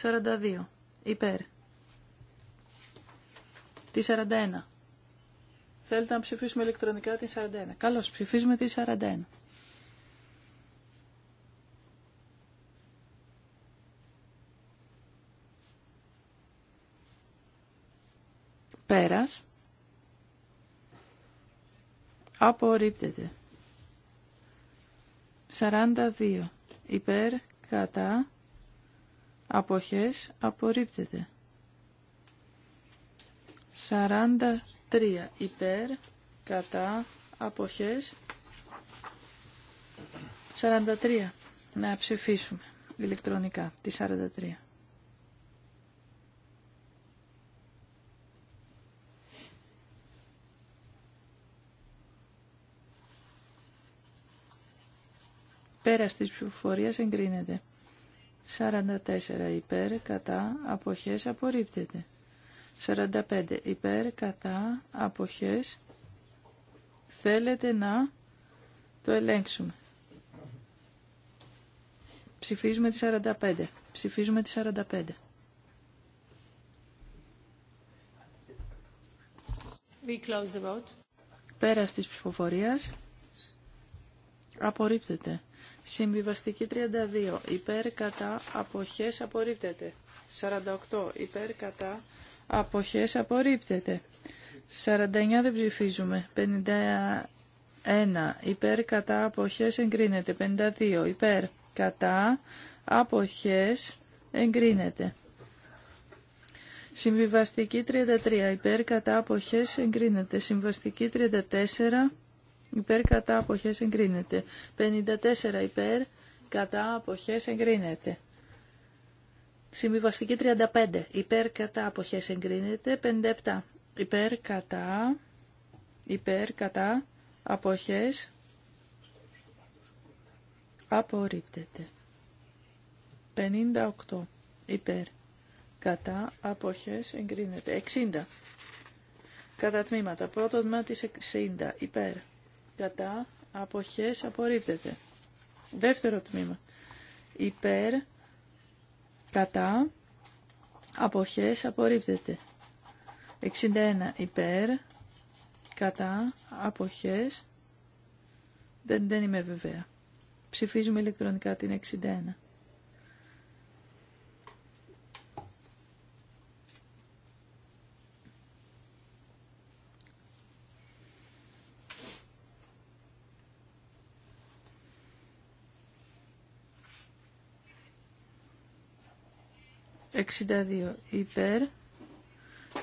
42. Υπέρ. Τη 41. Θέλετε να ψηφίσουμε ηλεκτρονικά τη 41. Καλώ ψηφίζουμε τη 41. Πέρας. Απορρίπτεται. 42. Υπέρ, κατά, αποχές απορρίπτεται. 43 υπέρ κατά αποχές 43 να ψηφίσουμε ηλεκτρονικά τη 43. Πέρα της ψηφοφορίας εγκρίνεται. 44 υπέρ κατά αποχές απορρίπτεται. 45 υπέρ κατά αποχές θέλετε να το ελέγξουμε. Ψηφίζουμε τη 45. Ψηφίζουμε τη 45. We close the vote. Πέρας της ψηφοφορίας απορρίπτεται. Συμβιβαστική 32. Υπέρ κατά αποχές απορρίπτεται. 48. Υπέρ κατά αποχές απορρίπτεται. 49 δεν ψηφίζουμε. 51. Υπέρ κατά αποχές εγκρίνεται. 52. Υπέρ κατά αποχές εγκρίνεται. Συμβιβαστική 33. Υπέρ κατά αποχές εγκρίνεται. Συμβαστική 34 υπέρ κατά αποχές εγκρίνεται. 54 υπέρ κατά αποχές εγκρίνεται. Συμβιβαστική 35 υπέρ κατά αποχές εγκρίνεται. 57 υπέρ κατά υπέρ κατά αποχές απορρίπτεται. 58 υπέρ κατά αποχές εγκρίνεται. 60 κατά τμήματα. Πρώτο τμήμα της 60 υπέρ κατά αποχές απορρίπτεται. Δεύτερο τμήμα. Υπέρ κατά αποχές απορρίπτεται. 61 υπέρ κατά αποχές δεν, δεν είμαι βεβαία. Ψηφίζουμε ηλεκτρονικά την 61. 62 υπέρ,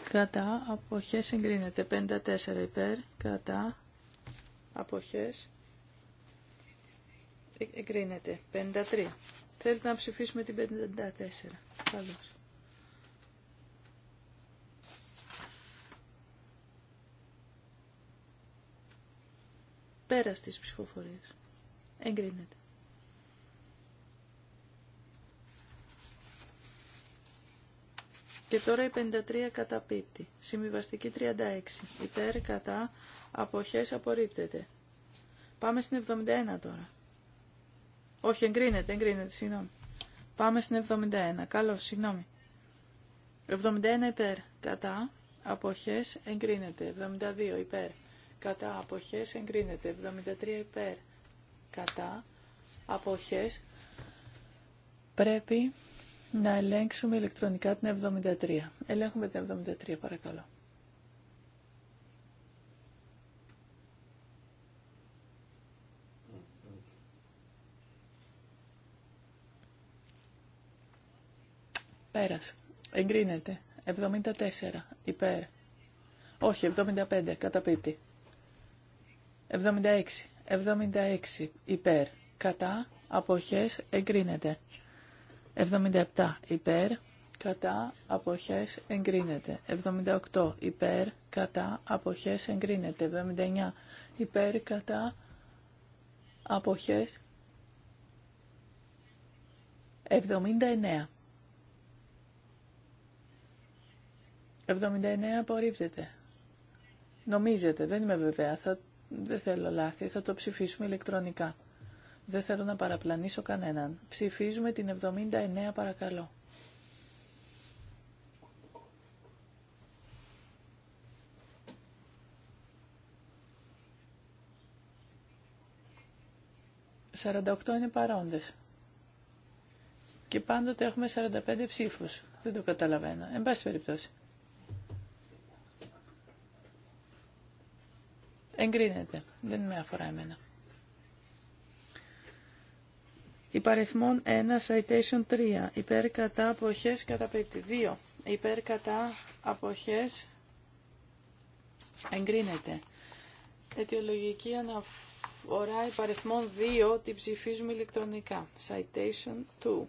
κατά, αποχές εγκρίνεται. 54 υπέρ, κατά, αποχές ε, εγκρίνεται. 53. Θέλετε να ψηφίσουμε την 54. Καλώς. Πέρα στις ψηφοφορίες. Εγκρίνεται. Και τώρα η 53 καταπίπτει. Συμβιβαστική 36. Υπέρ κατά αποχές απορρίπτεται. Πάμε στην 71 τώρα. Όχι, εγκρίνεται, εγκρίνεται, συγγνώμη. Πάμε στην 71. Καλώ, συγγνώμη. 71 υπέρ. Κατά αποχές εγκρίνεται. 72 υπέρ. Κατά αποχές εγκρίνεται. 73 υπέρ. Κατά αποχές πρέπει να ελέγξουμε ηλεκτρονικά την 73. Ελέγχουμε την 73 παρακαλώ. Πέρασε. Εγκρίνεται. 74. Υπέρ. Όχι, 75. Καταπίπτει. 76. 76. Υπέρ. Κατά. Αποχές. Εγκρίνεται. 77 υπέρ, κατά, αποχές, εγκρίνεται. 78 υπέρ, κατά, αποχές, εγκρίνεται. 79 υπέρ, κατά, αποχές, 79. 79 απορρίπτεται. Νομίζετε, δεν είμαι βεβαία, θα, δεν θέλω λάθη, θα το ψηφίσουμε ηλεκτρονικά. Δεν θέλω να παραπλανήσω κανέναν. Ψηφίζουμε την 79 παρακαλώ. «48 είναι παρόντες και πάντοτε έχουμε 45 ψήφους. Δεν το καταλαβαίνω. Εν πάση περιπτώσει. Εγκρίνεται. Δεν με αφορά εμένα. Υπαριθμόν 1, citation 3. Υπέρ κατά αποχές 2. Υπέρ κατά αποχές εγκρίνεται. Αιτιολογική αναφορά υπαριθμόν 2. Την ψηφίζουμε ηλεκτρονικά. Citation 2.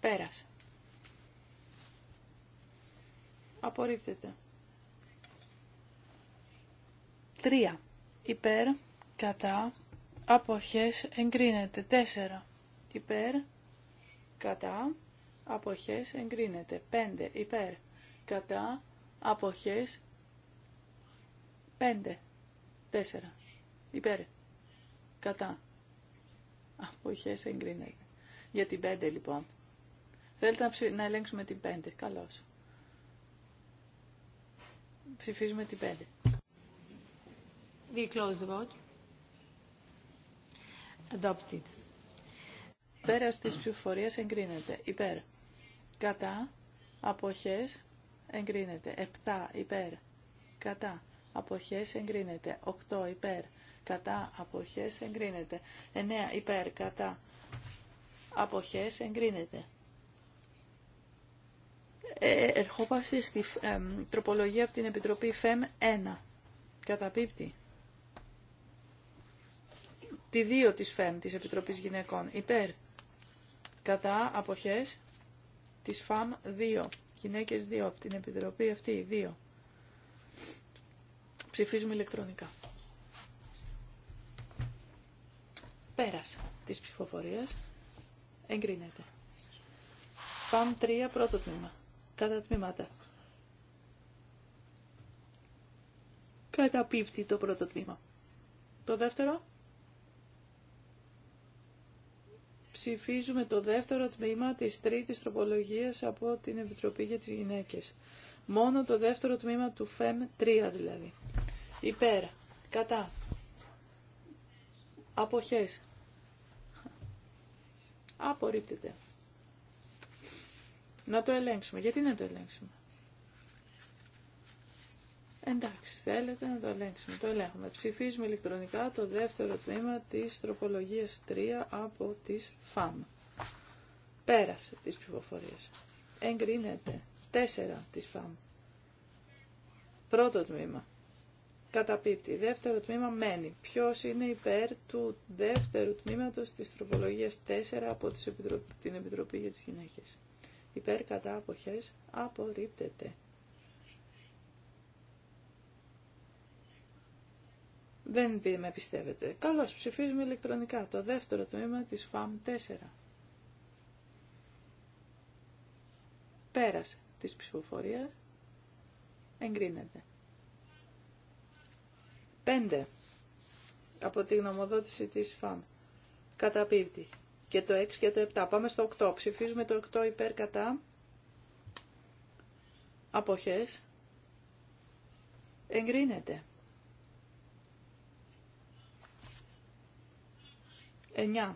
Πέρασε. απορρίπτεται. 3. Υπέρ, κατά, αποχές, εγκρίνεται. 4. Υπέρ, κατά, αποχές, εγκρίνεται. 5. Υπέρ, κατά, αποχές, 5. 4. Υπέρ, κατά, αποχές, εγκρίνεται. Για την 5 λοιπόν. Θέλετε να, ψη... να ελέγξουμε την 5. Καλώς. Ψηφίζουμε την 5. We close the vote. Adopted. Πέρας της ψηφοφορίας εγκρίνεται. Υπέρ. Κατά. Αποχές. Εγκρίνεται. 7. Υπέρ. Κατά. Αποχές. Εγκρίνεται. 8. Υπέρ. Κατά. Αποχές. Εγκρίνεται. 9. Υπέρ. Κατά. Αποχές. Εγκρίνεται. Ε, ερχόμαστε στη τροπολογία από την Επιτροπή ΦΕΜ 1. Καταπίπτει. Τη 2 της ΦΕΜ, της Επιτροπής Γυναικών. Υπέρ. Κατά αποχές της ΦΑΜ 2. Γυναίκες 2 από την Επιτροπή αυτή. 2. Ψηφίζουμε ηλεκτρονικά. Πέρασα της ψηφοφορίας. Εγκρίνεται. ΦΑΜ 3 πρώτο τμήμα κατά τμήματα. Καταπίπτει το πρώτο τμήμα. Το δεύτερο. Ψηφίζουμε το δεύτερο τμήμα της τρίτης τροπολογίας από την Επιτροπή για τις Γυναίκες. Μόνο το δεύτερο τμήμα του ΦΕΜ 3 δηλαδή. Υπέρ. Κατά. Αποχές. Απορρίπτεται. Να το ελέγξουμε. Γιατί να το ελέγξουμε. Εντάξει, θέλετε να το ελέγξουμε. Το ελέγχουμε. Ψηφίζουμε ηλεκτρονικά το δεύτερο τμήμα της τροπολογίας 3 από τις ΦΑΜ. Πέρασε τις ψηφοφορίες. Εγκρίνεται. 4 της ΦΑΜ. Πρώτο τμήμα. Καταπίπτει. Δεύτερο τμήμα μένει. Ποιος είναι υπέρ του δεύτερου τμήματος της τροπολογίας 4 από την Επιτροπή για τις Γυναίκες υπέρ κατά αποχές απορρίπτεται. Δεν με πιστεύετε. Καλώς, ψηφίζουμε ηλεκτρονικά το δεύτερο τμήμα της ΦΑΜ 4. Πέρας της ψηφοφορίας. Εγκρίνεται. 5. Από τη γνωμοδότηση της ΦΑΜ. Καταπίπτει και το 6 και το 7. Πάμε στο 8. Ψηφίζουμε το 8 υπέρ κατά αποχές. Εγκρίνεται. 9.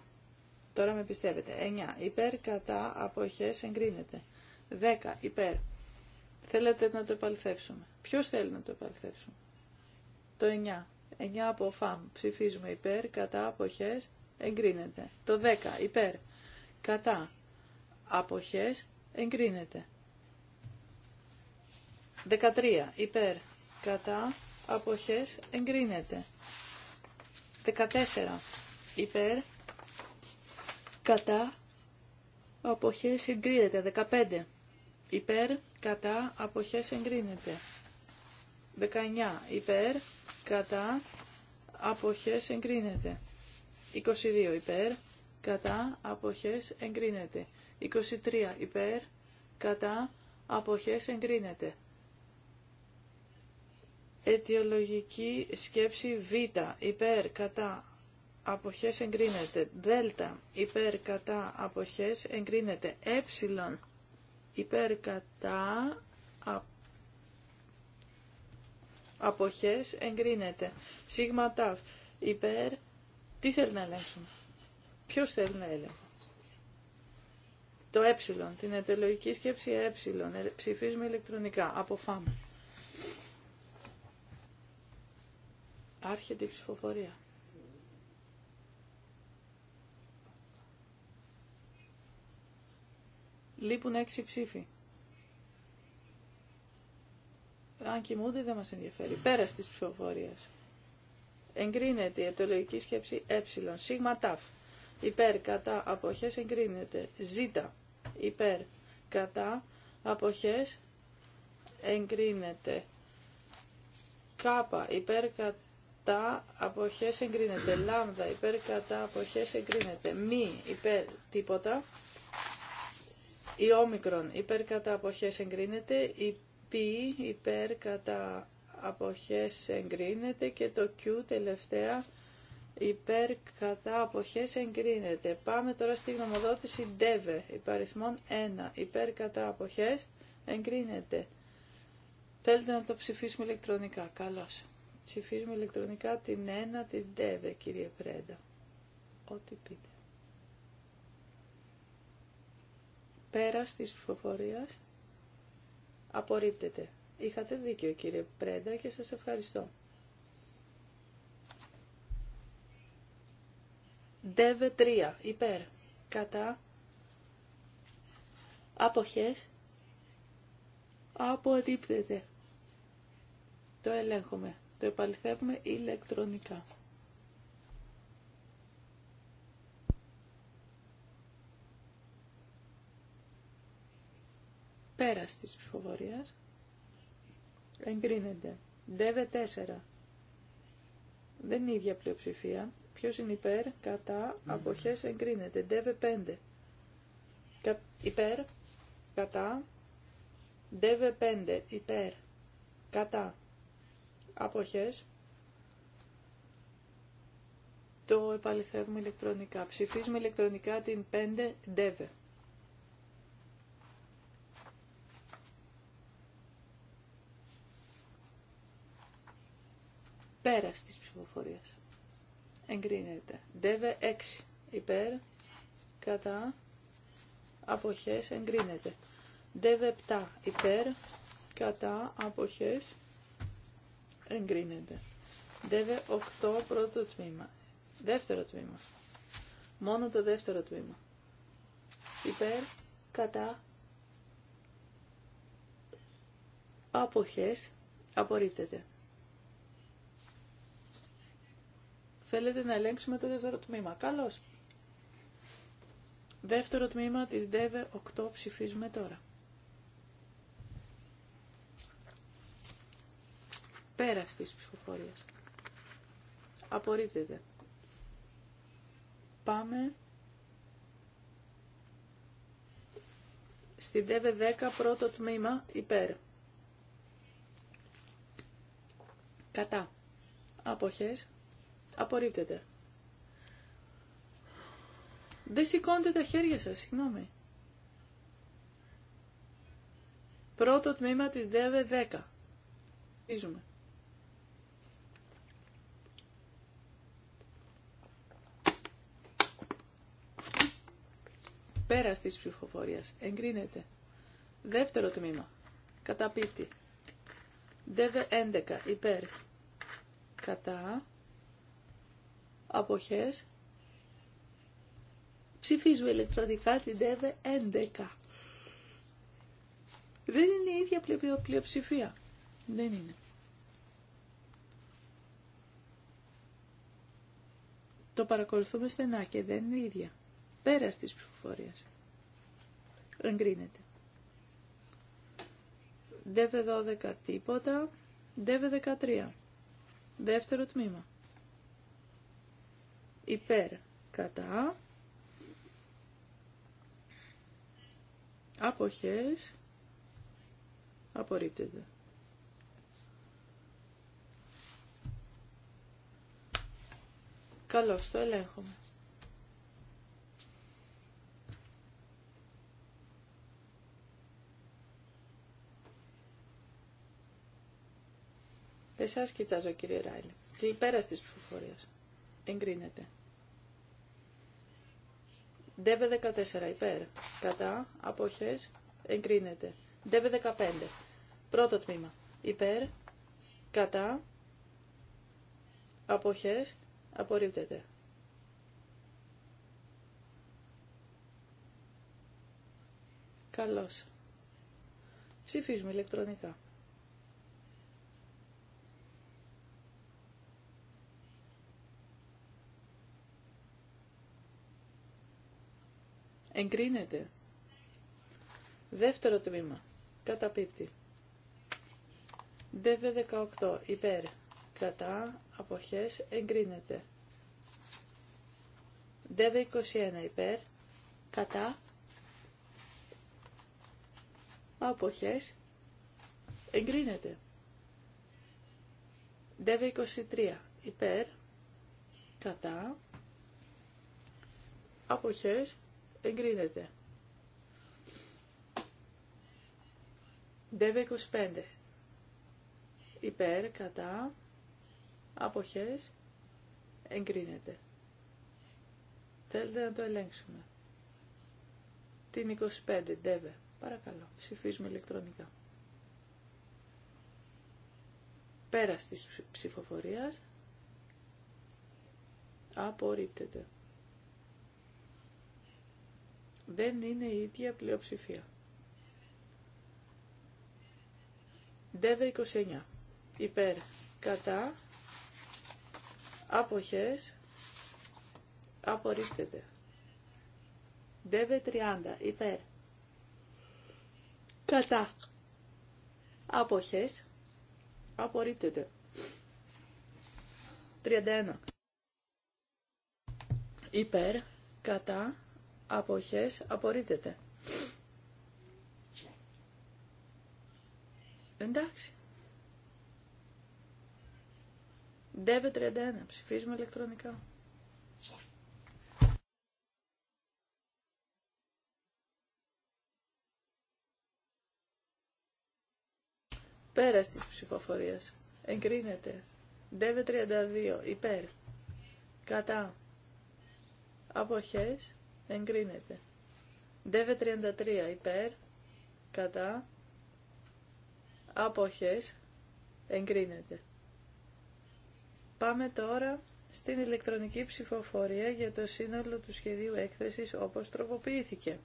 Τώρα με πιστεύετε. 9. Υπέρ κατά αποχές εγκρίνεται. 10. Υπέρ. Θέλετε να το επαληθεύσουμε. Ποιος θέλει να το επαληθεύσουμε. Το 9. 9 από φαμ. Ψηφίζουμε υπέρ κατά αποχές εγκρίνεται. Το 10 υπέρ κατά αποχές εγκρίνεται. 13 υπέρ κατά αποχές εγκρίνεται. 14 υπέρ κατά αποχές εγκρίνεται. 15 υπέρ κατά αποχές εγκρίνεται. 19 υπέρ κατά αποχές εγκρίνεται. 22 υπέρ, κατά, αποχές, εγκρίνεται. 23 υπέρ, κατά, αποχές, εγκρίνεται. Αιτιολογική σκέψη Β, υπέρ, κατά, αποχές, εγκρίνεται. Δ, υπέρ, κατά, αποχές, εγκρίνεται. Ε, υπέρ, κατά, αποχές εγκρίνεται. Σίγμα υπέρ, τι θέλει να ελέγξουν. Ποιο θέλει να έλεγξουν. Το ε, την εταιρεολογική σκέψη ε, ε, ψηφίζουμε ηλεκτρονικά, αποφάμε. Άρχεται η ψηφοφορία. Λείπουν έξι ψήφοι. Αν κοιμούνται δεν μας ενδιαφέρει. Πέρα της ψηφοφορίας. Εγκρίνεται η αιτιολογική σκέψη ε. Σίγμα ταφ. Υπέρ κατά αποχές εγκρίνεται. Ζ. Υπέρ κατά αποχές εγκρίνεται. Κάπα υπέρ κατά αποχές εγκρίνεται. Λάμδα υπέρ κατά αποχές εγκρίνεται. Μη υπέρ τίποτα. Η όμικρον υπέρ κατά αποχές εγκρίνεται. Η πι υπέρ κατά αποχές εγκρίνεται και το Q τελευταία υπέρ κατά αποχές εγκρίνεται. Πάμε τώρα στη γνωμοδότηση DEVE, υπαριθμών 1, υπέρ κατά αποχές εγκρίνεται. Θέλετε να το ψηφίσουμε ηλεκτρονικά, καλώς. Ψηφίζουμε ηλεκτρονικά την 1 της DEVE, κύριε Πρέντα. Ό,τι πείτε. Πέρας της ψηφοφορίας απορρίπτεται. Είχατε δίκιο κύριε Πρέντα και σας ευχαριστώ. ΔΕΒΕΤΡΙΑ, Υπέρ. Κατά. Αποχές. Απορρίπτεται. Το ελέγχουμε. Το επαληθεύουμε ηλεκτρονικά. Πέρας της ψηφοφορίας. Εγκρίνεται. ΔΕΒΕ 4. Δεν είναι η ίδια πλειοψηφία. Ποιο είναι υπέρ, κατά, αποχές, εγκρίνεται. ΔΕΒΕ 5. Κα, υπέρ, κατά. ΔΕΒΕ 5. Υπέρ, κατά. Αποχές. Το επαληθεύουμε ηλεκτρονικά. Ψηφίζουμε ηλεκτρονικά την 5 ΔΕΒΕ. Πέρας της ψηφοφορίας. Εγκρίνεται. Δεβε 6. Υπέρ. Κατά. Αποχές. Εγκρίνεται. Δεβε 7. Υπέρ. Κατά. Αποχές. Εγκρίνεται. Δεβε 8. Πρώτο τμήμα. Δεύτερο τμήμα. Μόνο το δεύτερο τμήμα. Υπέρ. Κατά. Αποχές. Απορρίπτεται. Θέλετε να ελέγξουμε το δεύτερο τμήμα. Καλώς. Δεύτερο τμήμα της ΔΕΒΕ 8 ψηφίζουμε τώρα. Πέρας της ψηφοφορίας. Απορρίπτεται. Πάμε στην ΔΕΒΕ 10 πρώτο τμήμα υπέρ. Κατά. Αποχές Απορρίπτεται. Δεν σηκώνετε τα χέρια σας, συγγνώμη. Πρώτο τμήμα της ΔΕΒΕ 10. Πίζουμε. Πέρα της ψηφοφορίας. Εγκρίνεται. Δεύτερο τμήμα. καταπίτη ΔΕΒΕ 11. Υπέρ. Κατά αποχές. Ψηφίζουμε ηλεκτρονικά την ΤΕΒΕ 11. Δεν είναι η ίδια πλειοψηφία. Δεν είναι. Το παρακολουθούμε στενά και δεν είναι η ίδια. Πέρα τη πληροφορία. Εγκρίνεται. ΔΕΒΕ 12 τίποτα. ΔΕΒΕ 13. Δεύτερο τμήμα υπέρ κατά αποχές απορρίπτεται. Καλώς, το ελέγχουμε. Εσάς κοιτάζω κύριε Ράιλι. Τι πέρα της ψηφοφορίας εγκρίνεται. ΔΕΒΕ 14 υπέρ, κατά, αποχές, εγκρίνεται. ΔΕΒΕ 15, πρώτο τμήμα, υπέρ, κατά, αποχές, απορρίπτεται. Καλώς. Ψηφίζουμε ηλεκτρονικά. Εγκρίνεται. Δεύτερο τμήμα. Καταπίπτει. ΔΕΒΕ 18. Υπέρ. Κατά. Αποχές. Εγκρίνεται. ΔΕΒΕ 21. Υπέρ. Κατά. Αποχές. Εγκρίνεται. ΔΕΒΕ 23. Υπέρ. Κατά. Αποχές εγκρίνεται. ΔΕΒΕ 25 υπέρ, κατά, αποχές, εγκρίνεται. Θέλετε να το ελέγξουμε. Την 25, ΔΕΒΕ. Παρακαλώ, ψηφίζουμε ηλεκτρονικά. Πέρας της ψηφοφορίας απορρίπτεται δεν είναι η ίδια πλειοψηφία. ΔΕΒΕ 29. Υπέρ. Κατά. Αποχές. Απορρίπτεται. ΔΕΒΕ 30. Υπέρ. Κατά. Αποχές. Απορρίπτεται. 31. Υπέρ. Κατά αποχές απορρίπτεται. Εντάξει. ΔΕΒΕ 31. Ψηφίζουμε ηλεκτρονικά. Πέρας της ψηφοφορίας. Εγκρίνεται. ΔΕΒΕ 32. Υπέρ. Κατά. Αποχές εγκρίνεται. ΔΕΒΕ 33 υπέρ, κατά, αποχές, εγκρίνεται. Πάμε τώρα στην ηλεκτρονική ψηφοφορία για το σύνολο του σχεδίου έκθεσης όπως τροποποιήθηκε.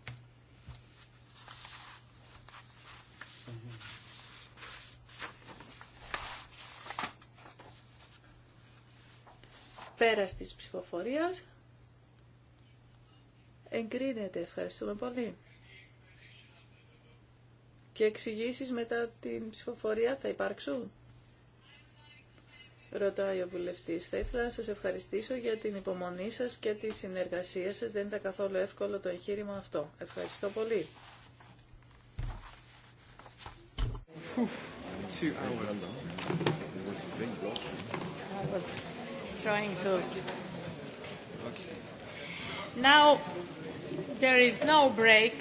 πέρα της ψηφοφορίας εγκρίνεται. Ευχαριστούμε πολύ. Και εξηγήσει μετά την ψηφοφορία θα υπάρξουν. Ρωτάει ο βουλευτή. Θα ήθελα να σα ευχαριστήσω για την υπομονή σα και τη συνεργασία σα. Δεν ήταν καθόλου εύκολο το εγχείρημα αυτό. Ευχαριστώ πολύ. Now there is no break.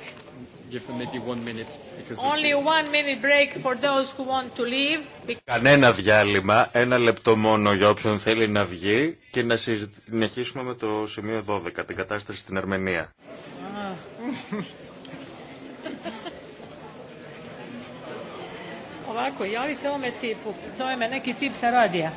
Give maybe one minute. Only one minute break for those who want to leave. Κανένα διάλειμμα, ένα λεπτό μόνο για όποιον θέλει να βγει και να συνεχίσουμε με το σημείο 12, την κατάσταση στην Αρμενία. Ovako, javi se ovome tipu, zove me neki tip sa radija.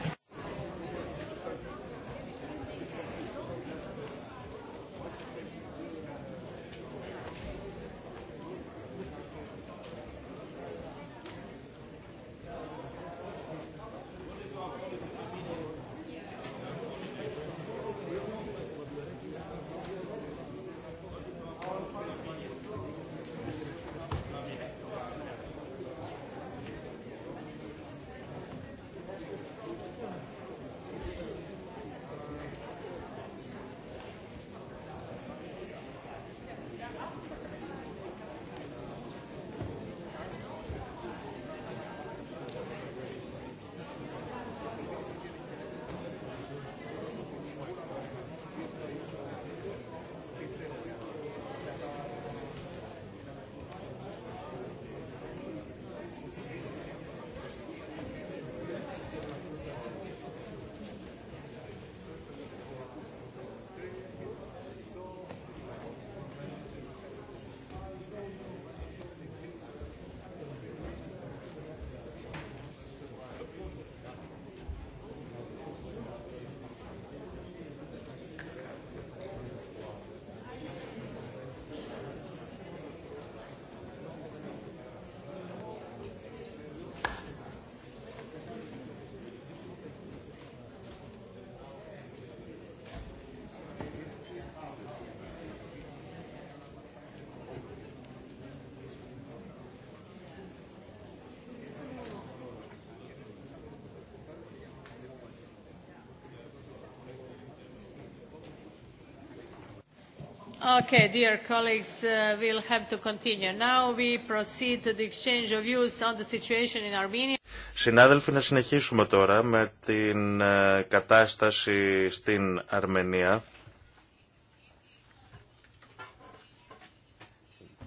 Okay, dear colleagues, uh, we'll have to continue. Now we proceed to the exchange of views on the situation in Armenia. Συνάδελφοι, να συνεχίσουμε τώρα με την ε, κατάσταση στην Αρμενία.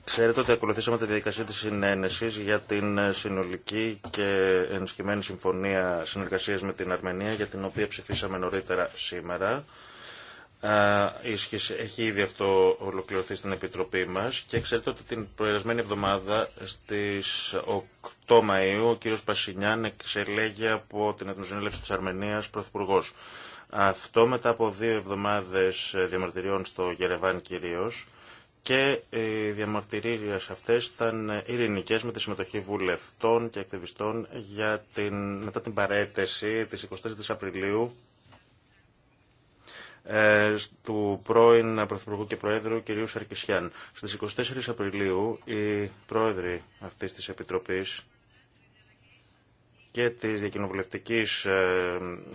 Ξέρετε ότι ακολουθήσαμε τη διαδικασία της συνένεσης για την ε, συνολική και ενισχυμένη συμφωνία συνεργασίας με την Αρμενία, για την οποία ψηφίσαμε νωρίτερα σήμερα ίσχυση. Έχει ήδη αυτό ολοκληρωθεί στην Επιτροπή μας και ξέρετε ότι την προερασμένη εβδομάδα στις 8 Μαΐου ο κύριος Πασινιάν εξελέγει από την Εθνοσυνέλευση της Αρμενίας Πρωθυπουργός. Αυτό μετά από δύο εβδομάδες διαμαρτυριών στο Γερεβάν κυρίως και οι διαμαρτυρίε αυτές ήταν ειρηνικέ με τη συμμετοχή βουλευτών και ακτιβιστών για την, μετά την παρέτεση της 24 Απριλίου ε, του πρώην Πρωθυπουργού και Προέδρου κυρίου Σαρκισιάν. Στις 24 Απριλίου οι πρόεδροι αυτής της Επιτροπής και της Διακοινοβουλευτικής ε,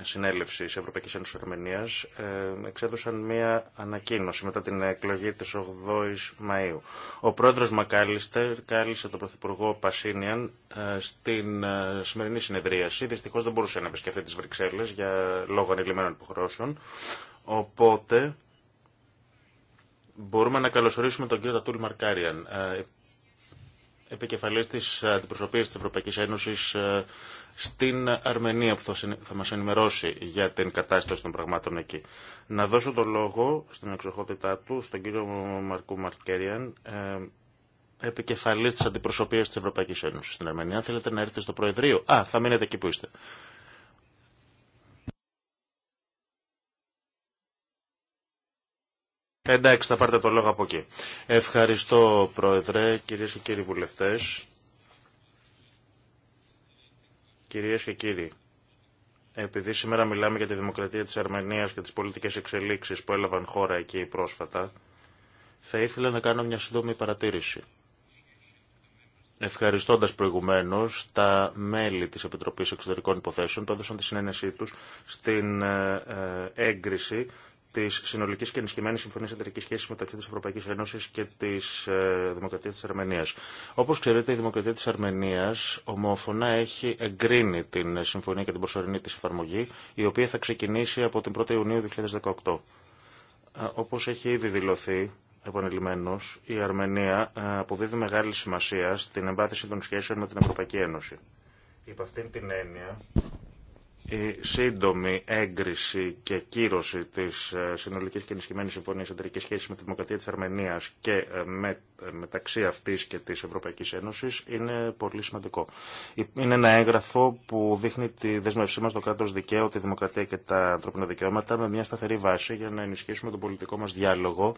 Συνέλευσης Ευρωπαϊκής Ένωσης ε, εξέδωσαν μία ανακοίνωση μετά την εκλογή της 8 η Μαΐου. Ο πρόεδρος Μακάλιστερ κάλεσε τον Πρωθυπουργό Πασίνιαν ε, στην σημερινή συνεδρίαση. Δυστυχώς δεν μπορούσε να επισκεφθεί τις Βρυξέλλες για λόγω ανηλυμένων υποχρεώσεων. Οπότε μπορούμε να καλωσορίσουμε τον κύριο Τατούλη Μαρκάριαν, ε, επικεφαλής της αντιπροσωπείας της Ευρωπαϊκής Ένωσης ε, στην Αρμενία που θα μας ενημερώσει για την κατάσταση των πραγμάτων εκεί. Να δώσω το λόγο στην εξοχότητά του στον κύριο Μαρκού Μαρκέριαν, ε, επικεφαλής της αντιπροσωπείας της Ευρωπαϊκής Ένωσης στην Αρμενία. Θέλετε να έρθετε στο Προεδρείο. Α, θα μείνετε εκεί που είστε. Εντάξει, θα πάρτε το λόγο από εκεί. Ευχαριστώ, Πρόεδρε, κυρίες και κύριοι βουλευτές. Κυρίες και κύριοι, επειδή σήμερα μιλάμε για τη δημοκρατία της Αρμενίας και τις πολιτικές εξελίξεις που έλαβαν χώρα εκεί πρόσφατα, θα ήθελα να κάνω μια σύντομη παρατήρηση. Ευχαριστώντας προηγουμένως τα μέλη της Επιτροπής Εξωτερικών Υποθέσεων που έδωσαν τη συνένεσή τους στην ε, ε, έγκριση τη συνολική και ενισχυμένη συμφωνία εταιρική σχέση μεταξύ τη Ευρωπαϊκή Ένωση και τη ε, Δημοκρατία τη Αρμενία. Όπω ξέρετε, η Δημοκρατία τη Αρμενία ομόφωνα έχει εγκρίνει την συμφωνία και την προσωρινή τη εφαρμογή, η οποία θα ξεκινήσει από την 1η Ιουνίου 2018. Ε, όπως έχει ήδη δηλωθεί επανειλημμένως, η ιουνιου 2018 οπω αποδίδει μεγάλη σημασία στην εμπάθηση των σχέσεων με την Ευρωπαϊκή Ένωση. Υπ' αυτήν την έννοια, η σύντομη έγκριση και κύρωση της ε, συνολικής και ενισχυμένης συμφωνίας εταιρικής σχέσης με τη Δημοκρατία της Αρμενίας και ε, με μεταξύ αυτής και της Ευρωπαϊκής Ένωσης είναι πολύ σημαντικό. Είναι ένα έγγραφο που δείχνει τη δεσμευσή μας στο κράτος δικαίου, τη δημοκρατία και τα ανθρώπινα δικαιώματα με μια σταθερή βάση για να ενισχύσουμε τον πολιτικό μας διάλογο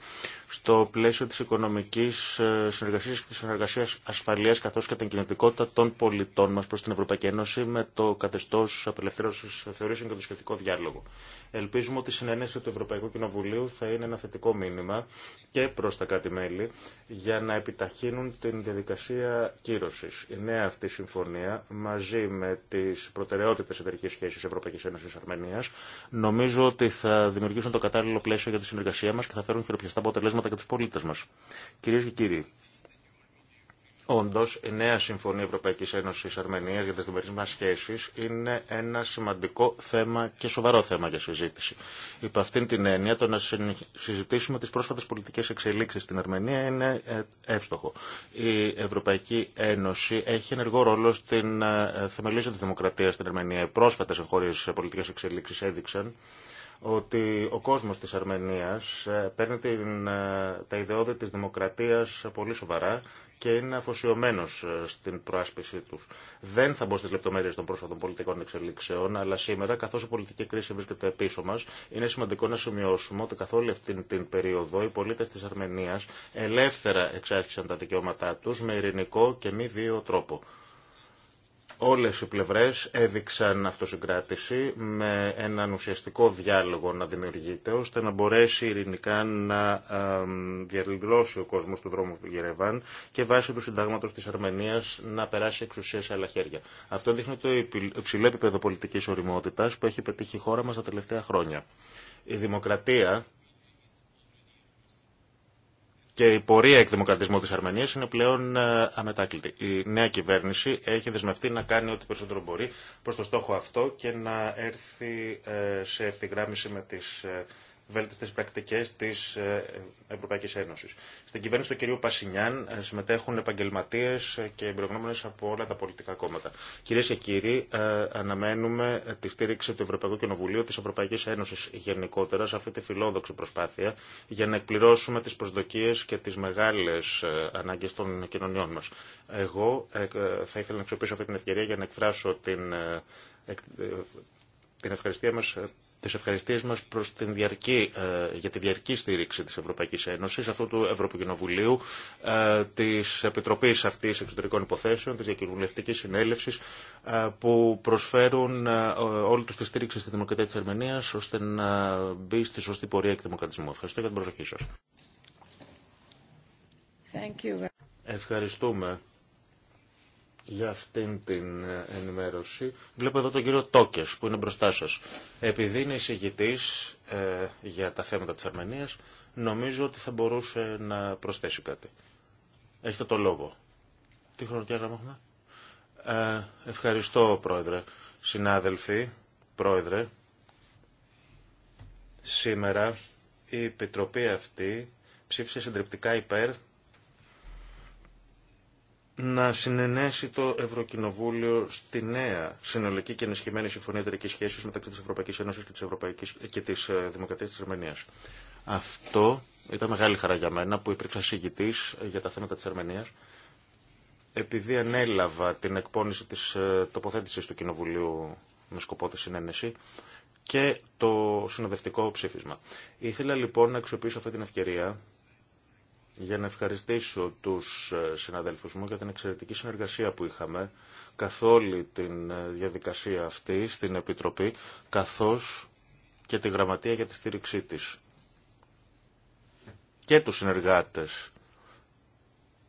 στο πλαίσιο της οικονομικής ε, συνεργασίας και της συνεργασίας ασφαλείας καθώς και την κινητικότητα των πολιτών μας προς την Ευρωπαϊκή Ένωση με το καθεστώς απελευθέρωσης θεωρήσεων και το σχετικό διάλογο. Ελπίζουμε ότι η συνένεση του Ευρωπαϊκού Κοινοβουλίου θα είναι ένα θετικό μήνυμα και προ τα κάτι μελη για να επιταχύνουν την διαδικασία κύρωση. Η νέα αυτή συμφωνία μαζί με τι προτεραιότητε εταιρική σχέση Ευρωπαϊκή Ένωση Αρμενία νομίζω ότι θα δημιουργήσουν το κατάλληλο πλαίσιο για τη συνεργασία μα και θα φέρουν χειροπιαστά αποτελέσματα για του πολίτε μα. Κυρίε και κύριοι, Όντω, η νέα Συμφωνία Ευρωπαϊκή Ένωση Αρμενία για τι διμερεί μα σχέσει είναι ένα σημαντικό θέμα και σοβαρό θέμα για συζήτηση. Υπ' αυτήν την έννοια, το να συζητήσουμε τι πρόσφατε πολιτικέ εξελίξει στην Αρμενία είναι ε, εύστοχο. Η Ευρωπαϊκή Ένωση έχει ενεργό ρόλο στην ε, θεμελίωση τη δημοκρατία στην Αρμενία. Οι πρόσφατε εγχώριε πολιτικέ εξελίξει έδειξαν ότι ο κόσμος της Αρμενίας ε, παίρνει την, ε, τα ιδεώδη της δημοκρατίας πολύ σοβαρά και είναι αφοσιωμένο ε, στην προάσπιση του. Δεν θα μπω στι λεπτομέρειε των πρόσφατων πολιτικών εξελίξεων, αλλά σήμερα, καθώ η πολιτική κρίση βρίσκεται πίσω μα, είναι σημαντικό να σημειώσουμε ότι καθ' όλη αυτή την περίοδο οι πολίτε τη Αρμενία ελεύθερα εξάρχισαν τα δικαιώματά του με ειρηνικό και μη βίαιο τρόπο. Όλες οι πλευρές έδειξαν αυτοσυγκράτηση με έναν ουσιαστικό διάλογο να δημιουργείται ώστε να μπορέσει ειρηνικά να διαδηλώσει ο κόσμος του δρόμου του Γερεβάν και βάσει του συντάγματος της Αρμενίας να περάσει εξουσία σε άλλα χέρια. Αυτό δείχνει το υψηλό επίπεδο πολιτικής οριμότητας που έχει πετύχει η χώρα μας τα τελευταία χρόνια. Η δημοκρατία και η πορεία εκδημοκρατισμού της Αρμενίας είναι πλέον ε, αμετάκλητη. Η νέα κυβέρνηση έχει δεσμευτεί να κάνει ό,τι περισσότερο μπορεί προς το στόχο αυτό και να έρθει ε, σε ευθυγράμμιση με τις ε, βέλτιστε πρακτικέ τη ε, Ευρωπαϊκή Ένωση. Στην κυβέρνηση του κυρίου Πασινιάν ε, συμμετέχουν επαγγελματίε ε, και εμπειρογνώμονε από όλα τα πολιτικά κόμματα. Κυρίε και κύριοι, αναμένουμε τη στήριξη του Ευρωπαϊκού Κοινοβουλίου τη Ευρωπαϊκή Ένωση γενικότερα σε αυτή τη φιλόδοξη προσπάθεια για να εκπληρώσουμε τι προσδοκίε και τι μεγάλε ανάγκε των κοινωνιών μα. Εγώ θα ήθελα να αξιοποιήσω αυτή την ευκαιρία για να εκφράσω την την ευχαριστία μας τις ευχαριστίες μας προς την διαρκή, ε, για τη διαρκή στήριξη της Ευρωπαϊκής Ένωσης, αυτού του Ευρωκοινοβουλίου, ε, της Επιτροπής αυτής εξωτερικών υποθέσεων, της διακοινωνιστικής συνέλευσης, ε, που προσφέρουν όλη τους τη στήριξη στη Δημοκρατία της Αρμενίας, ώστε να μπει στη σωστή πορεία εκδημοκρατισμού. Ευχαριστώ για την προσοχή σας. Ευχαριστούμε για αυτήν την ε, ενημέρωση. Βλέπω εδώ τον κύριο Τόκες που είναι μπροστά σας. Επειδή είναι εισηγητής ε, για τα θέματα της Αρμενίας, νομίζω ότι θα μπορούσε να προσθέσει κάτι. Έχετε το λόγο. Τι χρονοδιάγραμμα έχουμε. Ε, ευχαριστώ, Πρόεδρε. Συνάδελφοι, Πρόεδρε, σήμερα η Επιτροπή αυτή ψήφισε συντριπτικά υπέρ να συνενέσει το Ευρωκοινοβούλιο στη νέα συνολική και ενισχυμένη συμφωνία εταιρική σχέση μεταξύ τη Ευρωπαϊκή Ένωση και τη Ευρωπαϊκής... της ε, Δημοκρατία τη Αρμενία. Αυτό ήταν μεγάλη χαρά για μένα που υπήρξα συγητή ε, για τα θέματα τη Αρμενία. Επειδή ανέλαβα την εκπόνηση τη ε, τοποθέτηση του Κοινοβουλίου με σκοπό τη συνένεση και το συνοδευτικό ψήφισμα. Ήθελα λοιπόν να αξιοποιήσω αυτή την ευκαιρία για να ευχαριστήσω τους ε, συναδέλφους μου για την εξαιρετική συνεργασία που είχαμε καθ' όλη την ε, διαδικασία αυτή στην Επιτροπή, καθώς και τη Γραμματεία για τη στήριξή της. Και τους συνεργάτες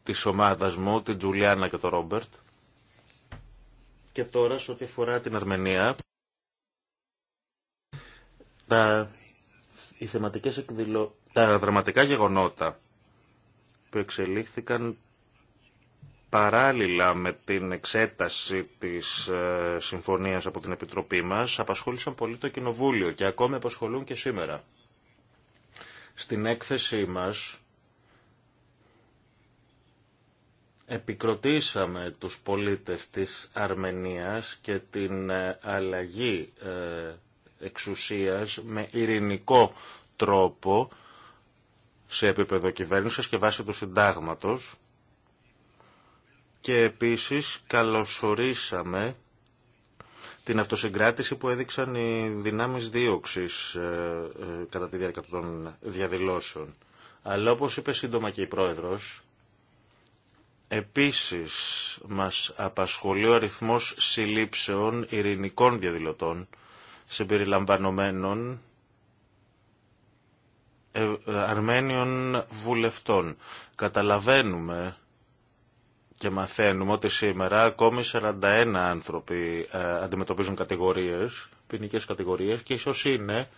της ομάδας μου, την Τζουλιάνα και τον Ρόμπερτ. Και τώρα, σε ό,τι αφορά την Αρμενία, τα, οι τα δραματικά γεγονότα που εξελίχθηκαν παράλληλα με την εξέταση της ε, συμφωνίας από την Επιτροπή μας απασχόλησαν πολύ το Κοινοβούλιο και ακόμη απασχολούν και σήμερα. Στην έκθεσή μας επικροτήσαμε τους πολίτες της Αρμενίας και την ε, αλλαγή ε, εξουσίας με ειρηνικό τρόπο σε επίπεδο κυβέρνησης και βάσει του συντάγματος και επίσης καλωσορίσαμε την αυτοσυγκράτηση που έδειξαν οι δυνάμεις δίωξης ε, ε, κατά τη διάρκεια των διαδηλώσεων. Αλλά όπως είπε σύντομα και η Πρόεδρος, επίσης μας απασχολεί ο αριθμός συλλήψεων ειρηνικών διαδηλωτών συμπεριλαμβανομένων ε, ε, Αρμένιων βουλευτών. Καταλαβαίνουμε και μαθαίνουμε ότι σήμερα ακόμη 41 άνθρωποι ε, αντιμετωπίζουν κατηγορίες, ποινικέ κατηγορίες και ίσως είναι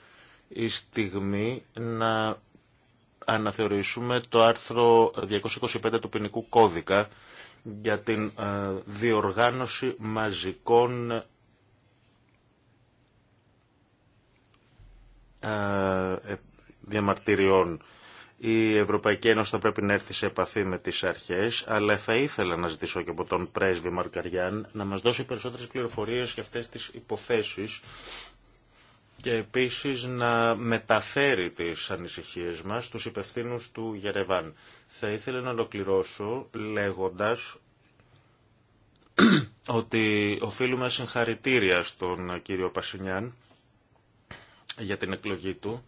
η στιγμή να αναθεωρήσουμε το άρθρο 225 του ποινικού κώδικα για την διοργάνωση μαζικών διαμαρτυριών. Η Ευρωπαϊκή Ένωση θα πρέπει να έρθει σε επαφή με τις αρχές, αλλά θα ήθελα να ζητήσω και από τον πρέσβη Μαρκαριάν να μας δώσει περισσότερες πληροφορίες για αυτές τις υποθέσεις και επίσης να μεταφέρει τις ανησυχίες μας στους υπευθύνους του Γερεβάν. Θα ήθελα να ολοκληρώσω λέγοντας ότι οφείλουμε συγχαρητήρια στον κύριο Πασινιάν για την εκλογή του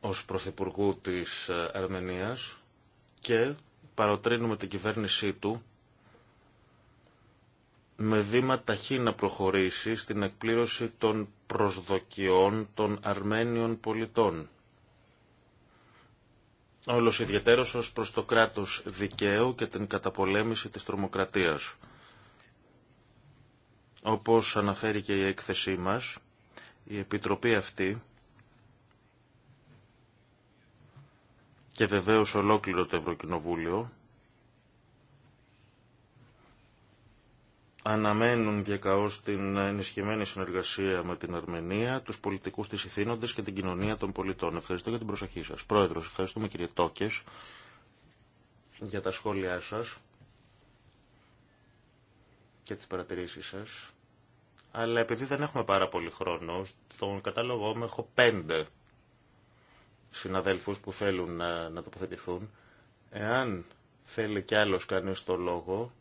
ως Πρωθυπουργού της ε, Αρμενίας και παροτρύνουμε την κυβέρνησή του με βήμα ταχύ να προχωρήσει στην εκπλήρωση των προσδοκιών των Αρμένιων πολιτών. Όλος ιδιαίτερος ως προς το κράτος δικαίου και την καταπολέμηση της τρομοκρατίας. Όπως αναφέρει και η έκθεσή μας, η Επιτροπή αυτή και βεβαίως ολόκληρο το Ευρωκοινοβούλιο αναμένουν διακαώς την ενισχυμένη συνεργασία με την Αρμενία, τους πολιτικούς της ηθήνοντες και την κοινωνία των πολιτών. Ευχαριστώ για την προσοχή σας. Πρόεδρος, ευχαριστούμε κύριε Τόκες για τα σχόλιά σας και τις παρατηρήσεις σας. Αλλά επειδή δεν έχουμε πάρα πολύ χρόνο, στον κατάλογο μου έχω πέντε συναδέλφους που θέλουν να, να τοποθετηθούν. Εάν θέλει κι άλλος κανείς το λόγο,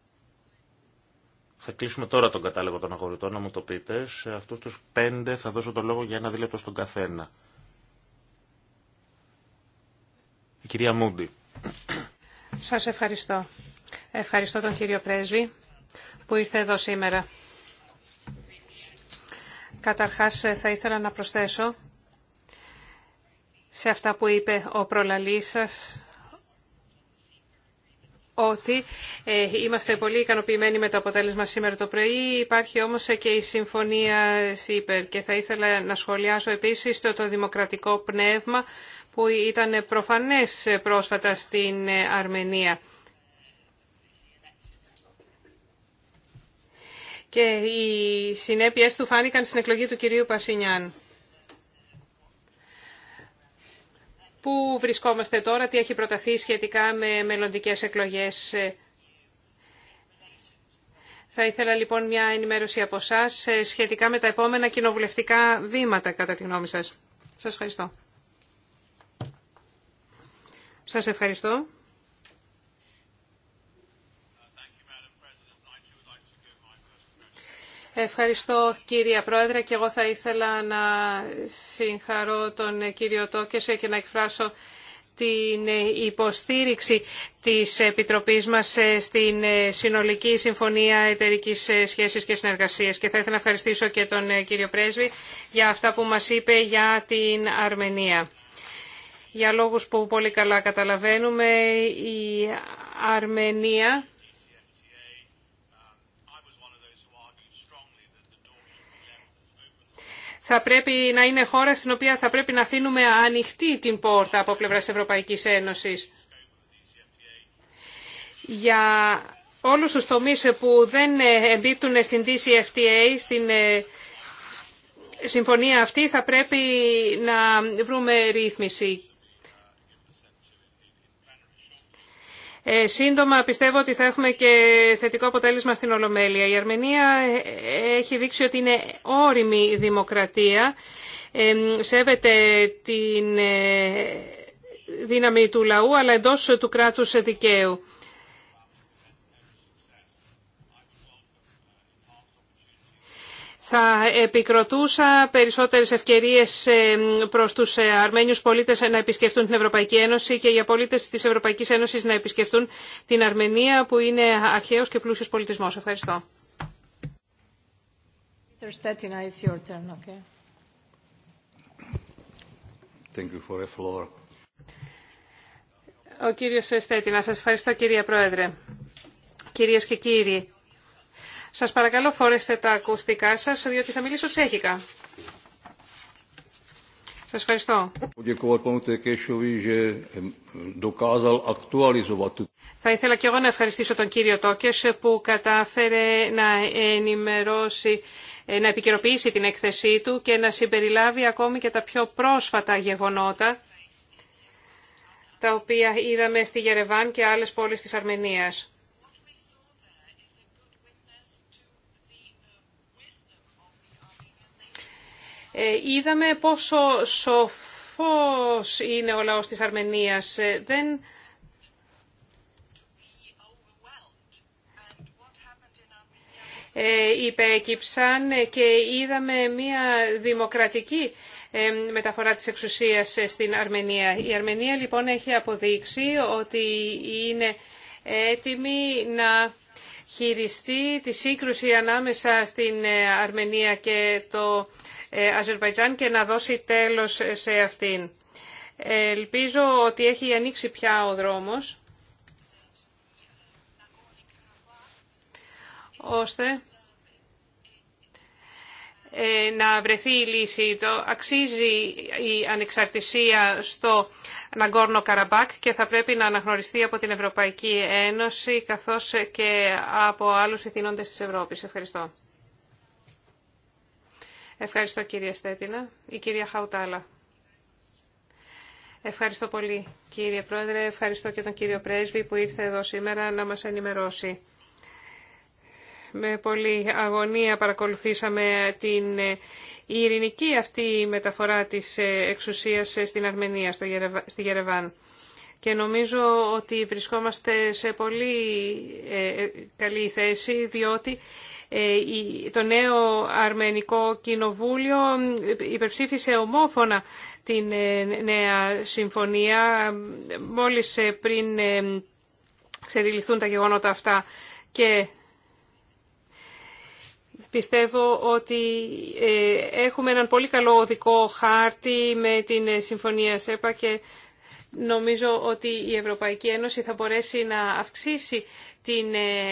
θα κλείσουμε τώρα τον κατάλογο των αγορητών, να μου το πείτε. Σε αυτούς τους πέντε θα δώσω το λόγο για ένα δίλεπτο στον καθένα. Η κυρία Μούντι. Σας ευχαριστώ. Ευχαριστώ τον κύριο Πρέσβη που ήρθε εδώ σήμερα. Καταρχάς θα ήθελα να προσθέσω σε αυτά που είπε ο προλαλής σας, ότι ε, είμαστε πολύ ικανοποιημένοι με το αποτέλεσμα σήμερα το πρωί. Υπάρχει όμως και η συμφωνία ΣΥΠΕΡ και θα ήθελα να σχολιάσω επίσης το, το δημοκρατικό πνεύμα που ήταν προφανές πρόσφατα στην Αρμενία. Και οι συνέπειες του φάνηκαν στην εκλογή του κυρίου Πασινιάν. Πού βρισκόμαστε τώρα, τι έχει προταθεί σχετικά με μελλοντικές εκλογές. Θα ήθελα λοιπόν μια ενημέρωση από εσά σχετικά με τα επόμενα κοινοβουλευτικά βήματα, κατά τη γνώμη σας. Σας ευχαριστώ. Σας ευχαριστώ. Ευχαριστώ κύριε Πρόεδρε και εγώ θα ήθελα να συγχαρώ τον κύριο Τόκεσε και να εκφράσω την υποστήριξη της Επιτροπής μας στην Συνολική Συμφωνία Εταιρικής Σχέσης και Συνεργασίας. Και θα ήθελα να ευχαριστήσω και τον κύριο Πρέσβη για αυτά που μας είπε για την Αρμενία. Για λόγους που πολύ καλά καταλαβαίνουμε, η Αρμενία θα πρέπει να είναι χώρα στην οποία θα πρέπει να αφήνουμε ανοιχτή την πόρτα από πλευράς Ευρωπαϊκής Ένωσης. Για όλους τους τομείς που δεν εμπίπτουν στην DCFTA, στην ε, συμφωνία αυτή, θα πρέπει να βρούμε ρύθμιση. Ε, σύντομα πιστεύω ότι θα έχουμε και θετικό αποτέλεσμα στην Ολομέλεια. Η Αρμενία ε, έχει δείξει ότι είναι όριμη δημοκρατία, ε, σέβεται την δύναμη του λαού αλλά εντός του κράτους δικαίου. θα επικροτούσα περισσότερες ευκαιρίες ε, προς τους ε, Αρμένιους πολίτες να επισκεφτούν την Ευρωπαϊκή Ένωση και για πολίτες της Ευρωπαϊκής Ένωσης να επισκεφτούν την Αρμενία που είναι αρχαίος και πλούσιος πολιτισμός. Ευχαριστώ. Ο κύριος Στέτινα, σας ευχαριστώ κυρία Πρόεδρε. Κυρίες και κύριοι, σας παρακαλώ φορέστε τα ακουστικά σας, διότι θα μιλήσω τσέχικα. Σας ευχαριστώ. Θα ήθελα και εγώ να ευχαριστήσω τον κύριο Τόκες που κατάφερε να ενημερώσει ε, να επικαιροποιήσει την έκθεσή του και να συμπεριλάβει ακόμη και τα πιο πρόσφατα γεγονότα τα οποία είδαμε στη Γερεβάν και άλλες πόλεις της Αρμενίας. Ε, είδαμε πόσο σοφός είναι ο λαός της Αρμενίας. Ε, δεν... Ε, υπέκυψαν και είδαμε μια δημοκρατική μεταφορά της εξουσίας στην Αρμενία. Η Αρμενία λοιπόν έχει αποδείξει ότι είναι έτοιμη να χειριστεί τη σύγκρουση ανάμεσα στην ε, Αρμενία και το ε, Αζερβαϊτζάν και να δώσει τέλος σε αυτήν. Ε, ελπίζω ότι έχει ανοίξει πια ο δρόμος, ώστε ε, να βρεθεί η λύση. Το αξίζει η ανεξαρτησία στο Ναγκόρνο Καραμπάκ και θα πρέπει να αναγνωριστεί από την Ευρωπαϊκή Ένωση καθώς και από άλλους ηθινόντες της Ευρώπης. Ευχαριστώ. Ευχαριστώ κύριε Στέτινα. Η κυρία Χαουτάλα. Ευχαριστώ πολύ κύριε Πρόεδρε. Ευχαριστώ και τον κύριο Πρέσβη που ήρθε εδώ σήμερα να μας ενημερώσει. Με πολύ αγωνία παρακολουθήσαμε την ε, ειρηνική αυτή μεταφορά της ε, εξουσίας ε, στην Αρμενία, στο στη Γερεβάν. Και νομίζω ότι βρισκόμαστε σε πολύ καλή θέση, διότι το νέο Αρμενικό Κοινοβούλιο υπερψήφισε ομόφωνα την νέα συμφωνία μόλις πριν ξεδηληθούν τα γεγονότα αυτά και Πιστεύω ότι ε, έχουμε έναν πολύ καλό οδικό χάρτη με την ε, Συμφωνία ΣΕΠΑ και νομίζω ότι η Ευρωπαϊκή Ένωση θα μπορέσει να αυξήσει την ε,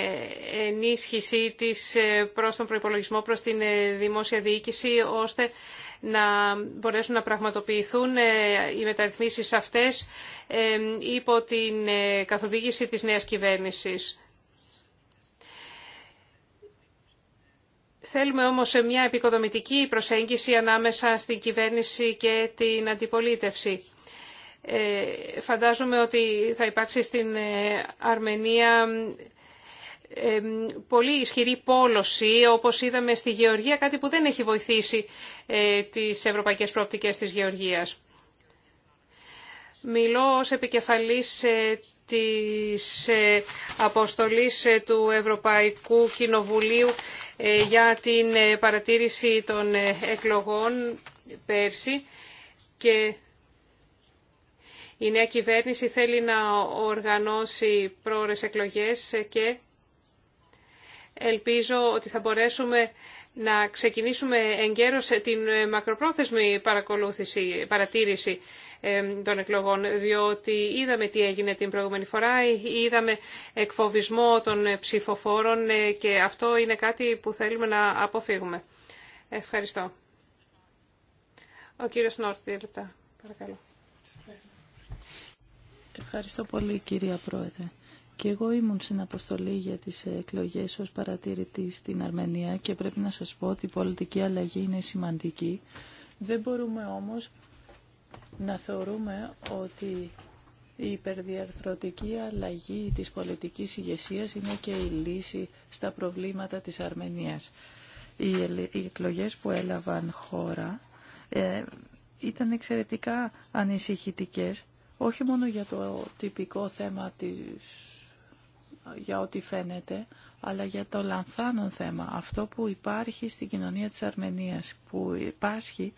ενίσχυσή της προς τον προϋπολογισμό, προς την δημόσια διοίκηση, ώστε να μπορέσουν να πραγματοποιηθούν οι μεταρρυθμίσεις αυτές υπό την καθοδήγηση της νέας κυβέρνησης. Θέλουμε όμως μια επικοδομητική προσέγγιση ανάμεσα στην κυβέρνηση και την αντιπολίτευση. Ε, φαντάζομαι ότι θα υπάρξει στην ε, Αρμενία ε, πολύ ισχυρή πόλωση, όπως είδαμε στη Γεωργία, κάτι που δεν έχει βοηθήσει τις ευρωπαϊκές προοπτικές της Γεωργίας. Μιλώ ως επικεφαλής της αποστολής του Ευρωπαϊκού Κοινοβουλίου ε, για την ε, παρατήρηση των ε, εκλογών πέρσι και η νέα κυβέρνηση θέλει να οργανώσει πρόορες εκλογές και ελπίζω ότι θα μπορέσουμε να ξεκινήσουμε εγκαίρως την μακροπρόθεσμη παρακολούθηση, παρατήρηση των εκλογών, διότι είδαμε τι έγινε την προηγούμενη φορά, είδαμε εκφοβισμό των ψηφοφόρων ε, και αυτό είναι κάτι που θέλουμε να αποφύγουμε. Ευχαριστώ. Ο κύριος Νόρτη, λεπτά. Παρακαλώ. Ευχαριστώ πολύ κυρία Πρόεδρε. Και εγώ ήμουν στην αποστολή για τις εκλογές ως παρατηρητή στην Αρμενία και πρέπει να σας πω ότι η πολιτική αλλαγή είναι σημαντική. Δεν μπορούμε όμως να θεωρούμε ότι η υπερδιαρθρωτική αλλαγή της πολιτικής ηγεσίας είναι και η λύση στα προβλήματα της Αρμενίας. Οι εκλογές που έλαβαν χώρα ε, ήταν εξαιρετικά ανησυχητικές, όχι μόνο για το τυπικό θέμα της για ό,τι φαίνεται, αλλά για το λανθάνον θέμα, αυτό που υπάρχει στην κοινωνία της Αρμενίας, που υπάρχει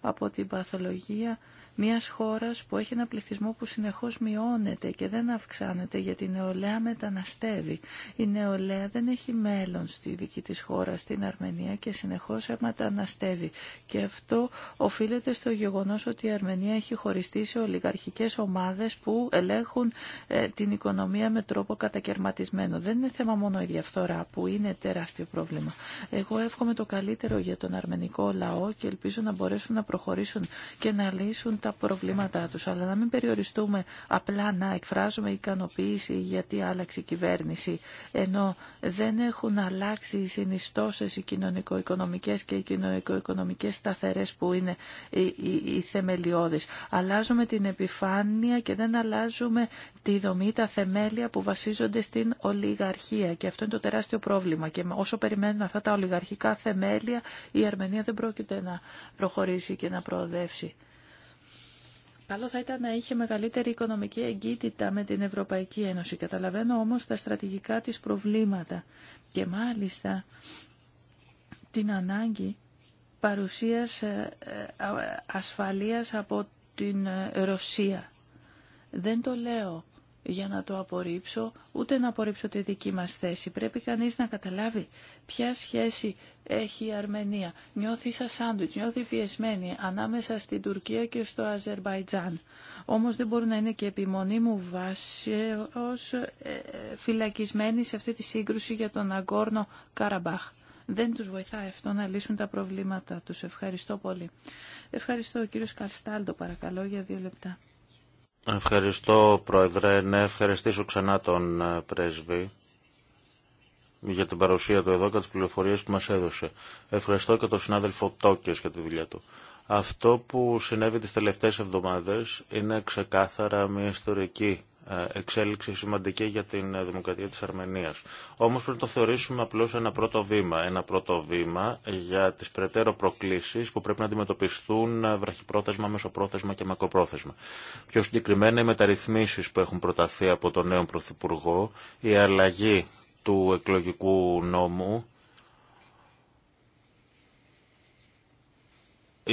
από την παθολογία μιας χώρας που έχει ένα πληθυσμό που συνεχώς μειώνεται και δεν αυξάνεται γιατί η νεολαία μεταναστεύει. Η νεολαία δεν έχει μέλλον στη δική της χώρα, στην Αρμενία και συνεχώς μεταναστεύει. Και αυτό οφείλεται στο γεγονός ότι η Αρμενία έχει χωριστεί σε ολιγαρχικές ομάδες που ελέγχουν ε, την οικονομία με τρόπο κατακαιρματισμένο. Δεν είναι θέμα μόνο η διαφθορά που είναι τεράστιο πρόβλημα. Εγώ εύχομαι το καλύτερο για τον αρμενικό λαό και ελπίζω να μπορέσουν να προχωρήσουν και να λύσουν τα προβλήματά τους, αλλά να μην περιοριστούμε απλά να εκφράζουμε ικανοποίηση γιατί άλλαξε η κυβέρνηση, ενώ δεν έχουν αλλάξει οι συνιστώσεις οι κοινωνικο-οικονομικές και οι κοινωνικο-οικονομικές σταθερές που είναι οι, οι, θεμελιώδεις. Αλλάζουμε την επιφάνεια και δεν αλλάζουμε τη δομή, τα θεμέλια που βασίζονται στην ολιγαρχία και αυτό είναι το τεράστιο πρόβλημα και όσο περιμένουμε αυτά τα ολιγαρχικά θεμέλια η Αρμενία δεν πρόκειται να προχωρήσει και να προοδεύσει. Καλό θα ήταν να είχε μεγαλύτερη οικονομική εγκύτητα με την Ευρωπαϊκή Ένωση. Καταλαβαίνω όμως τα στρατηγικά της προβλήματα και μάλιστα την ανάγκη παρουσίας ε, ε, ασφαλείας από την Ρωσία. Δεν το λέω για να το απορρίψω, ούτε να απορρίψω τη δική μας θέση. Πρέπει κανείς να καταλάβει ποια σχέση έχει η Αρμενία. Νιώθει σαν σάντουιτς, νιώθει πιεσμένη ανάμεσα στην Τουρκία και στο Αζερβαϊτζάν. Όμως δεν μπορεί να είναι και επιμονή μου βάση ως ε, φυλακισμένη σε αυτή τη σύγκρουση για τον Αγκόρνο Καραμπάχ. Δεν τους βοηθά αυτό να λύσουν τα προβλήματα τους. Ευχαριστώ πολύ. Ευχαριστώ ο κύριος Καρστάλτο παρακαλώ για δύο λεπτά. Ευχαριστώ, Πρόεδρε. Να ευχαριστήσω ξανά τον ε, πρέσβη για την παρουσία του εδώ και τις πληροφορίες που μας έδωσε. Ευχαριστώ και τον συνάδελφο Τόκιος για τη δουλειά του. Αυτό που συνέβη τις τελευταίες εβδομάδες είναι ξεκάθαρα μια ιστορική ε, εξέλιξη σημαντική για την ε, δημοκρατία της Αρμενίας. Όμως πρέπει να το θεωρήσουμε απλώς ένα πρώτο βήμα. Ένα πρώτο βήμα για τις περαιτέρω προκλήσεις που πρέπει να αντιμετωπιστούν ε, βραχυπρόθεσμα, μεσοπρόθεσμα και μακροπρόθεσμα. Πιο συγκεκριμένα οι μεταρρυθμίσεις που έχουν προταθεί από τον νέο Πρωθυπουργό, η αλλαγή του εκλογικού νόμου,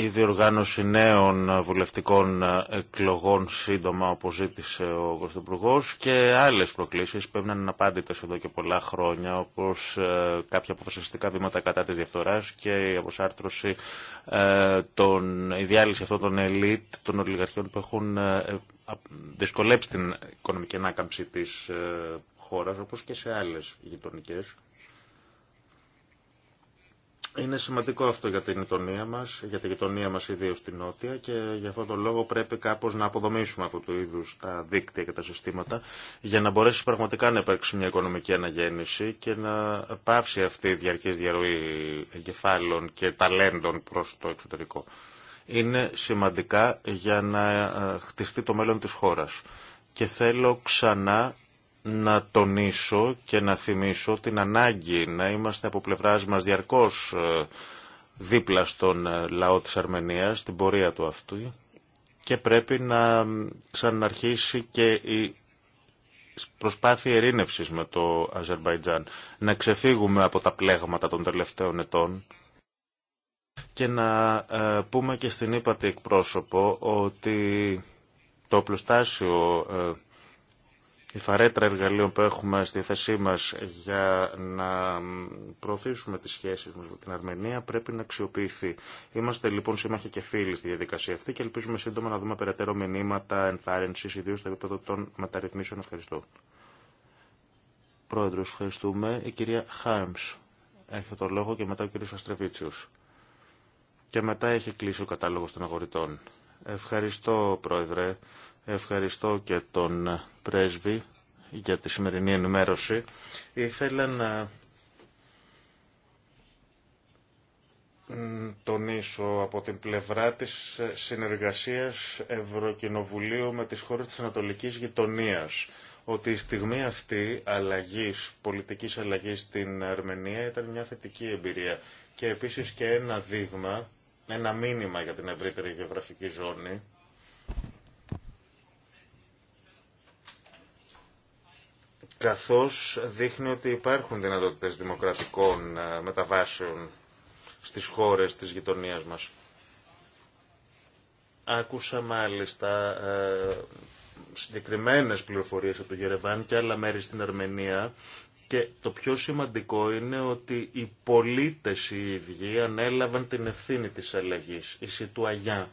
η διοργάνωση νέων βουλευτικών εκλογών σύντομα, όπως ζήτησε ο Πρωθυπουργό, και άλλες προκλήσεις που έμειναν αναπάντητες εδώ και πολλά χρόνια, όπως ε, κάποια αποφασιστικά βήματα κατά της διαφθοράς και η αποσάρτρωση, ε, των, η διάλυση αυτών των ελίτ, των ολιγαρχιών που έχουν ε, δυσκολέψει την οικονομική ανάκαμψη της χώρας, όπως και σε άλλες γειτονικές είναι σημαντικό αυτό για την γειτονία μας, για την γειτονία μας ιδίω στην Νότια και για αυτόν τον λόγο πρέπει κάπως να αποδομήσουμε αυτού του είδου τα δίκτυα και τα συστήματα για να μπορέσει πραγματικά να υπάρξει μια οικονομική αναγέννηση και να πάυσει αυτή η διαρκής διαρροή εγκεφάλων και ταλέντων προς το εξωτερικό. Είναι σημαντικά για να ε, χτιστεί το μέλλον τη χώρα. Και θέλω ξανά να τονίσω και να θυμίσω την ανάγκη να είμαστε από πλευράς μας διαρκώς ε, δίπλα στον ε, λαό της Αρμενίας, την πορεία του αυτού και πρέπει να ξαναρχίσει και η προσπάθεια ερήνευσης με το Αζερβαϊτζάν, να ξεφύγουμε από τα πλέγματα των τελευταίων ετών και να ε, πούμε και στην ύπατη εκπρόσωπο ότι το πλουστάσιο η φαρέτρα εργαλείων που έχουμε στη θέσή μας για να προωθήσουμε τις σχέσεις μας με την Αρμενία πρέπει να αξιοποιηθεί. Είμαστε λοιπόν σύμμαχοι και φίλοι στη διαδικασία αυτή και ελπίζουμε σύντομα να δούμε περαιτέρω μηνύματα ενθάρρυνσης, ιδίω στο επίπεδο των μεταρρυθμίσεων. Ευχαριστώ. Πρόεδρο, ευχαριστούμε. Η κυρία Χάρμς έχει το λόγο και μετά ο κύριος Αστρεβίτσιος. Και μετά έχει κλείσει ο κατάλογος των αγορητών. Ευχαριστώ, Πρόεδρε. Ευχαριστώ και τον πρέσβη για τη σημερινή ενημέρωση. Ήθελα να τονίσω από την πλευρά της συνεργασίας Ευρωκοινοβουλίου με τις χώρες της Ανατολικής Γειτονίας ότι η στιγμή αυτή αλλαγής, πολιτικής αλλαγής στην Αρμενία ήταν μια θετική εμπειρία και επίσης και ένα δείγμα, ένα μήνυμα για την ευρύτερη γεωγραφική ζώνη καθώς δείχνει ότι υπάρχουν δυνατότητες δημοκρατικών ε, μεταβάσεων στις χώρες της γειτονίας μας. Άκουσα μάλιστα ε, συγκεκριμένες πληροφορίες από το Γερεβάν και άλλα μέρη στην Αρμενία και το πιο σημαντικό είναι ότι οι πολίτες οι ίδιοι ανέλαβαν την ευθύνη της αλλαγής. Η Σιτουαγιά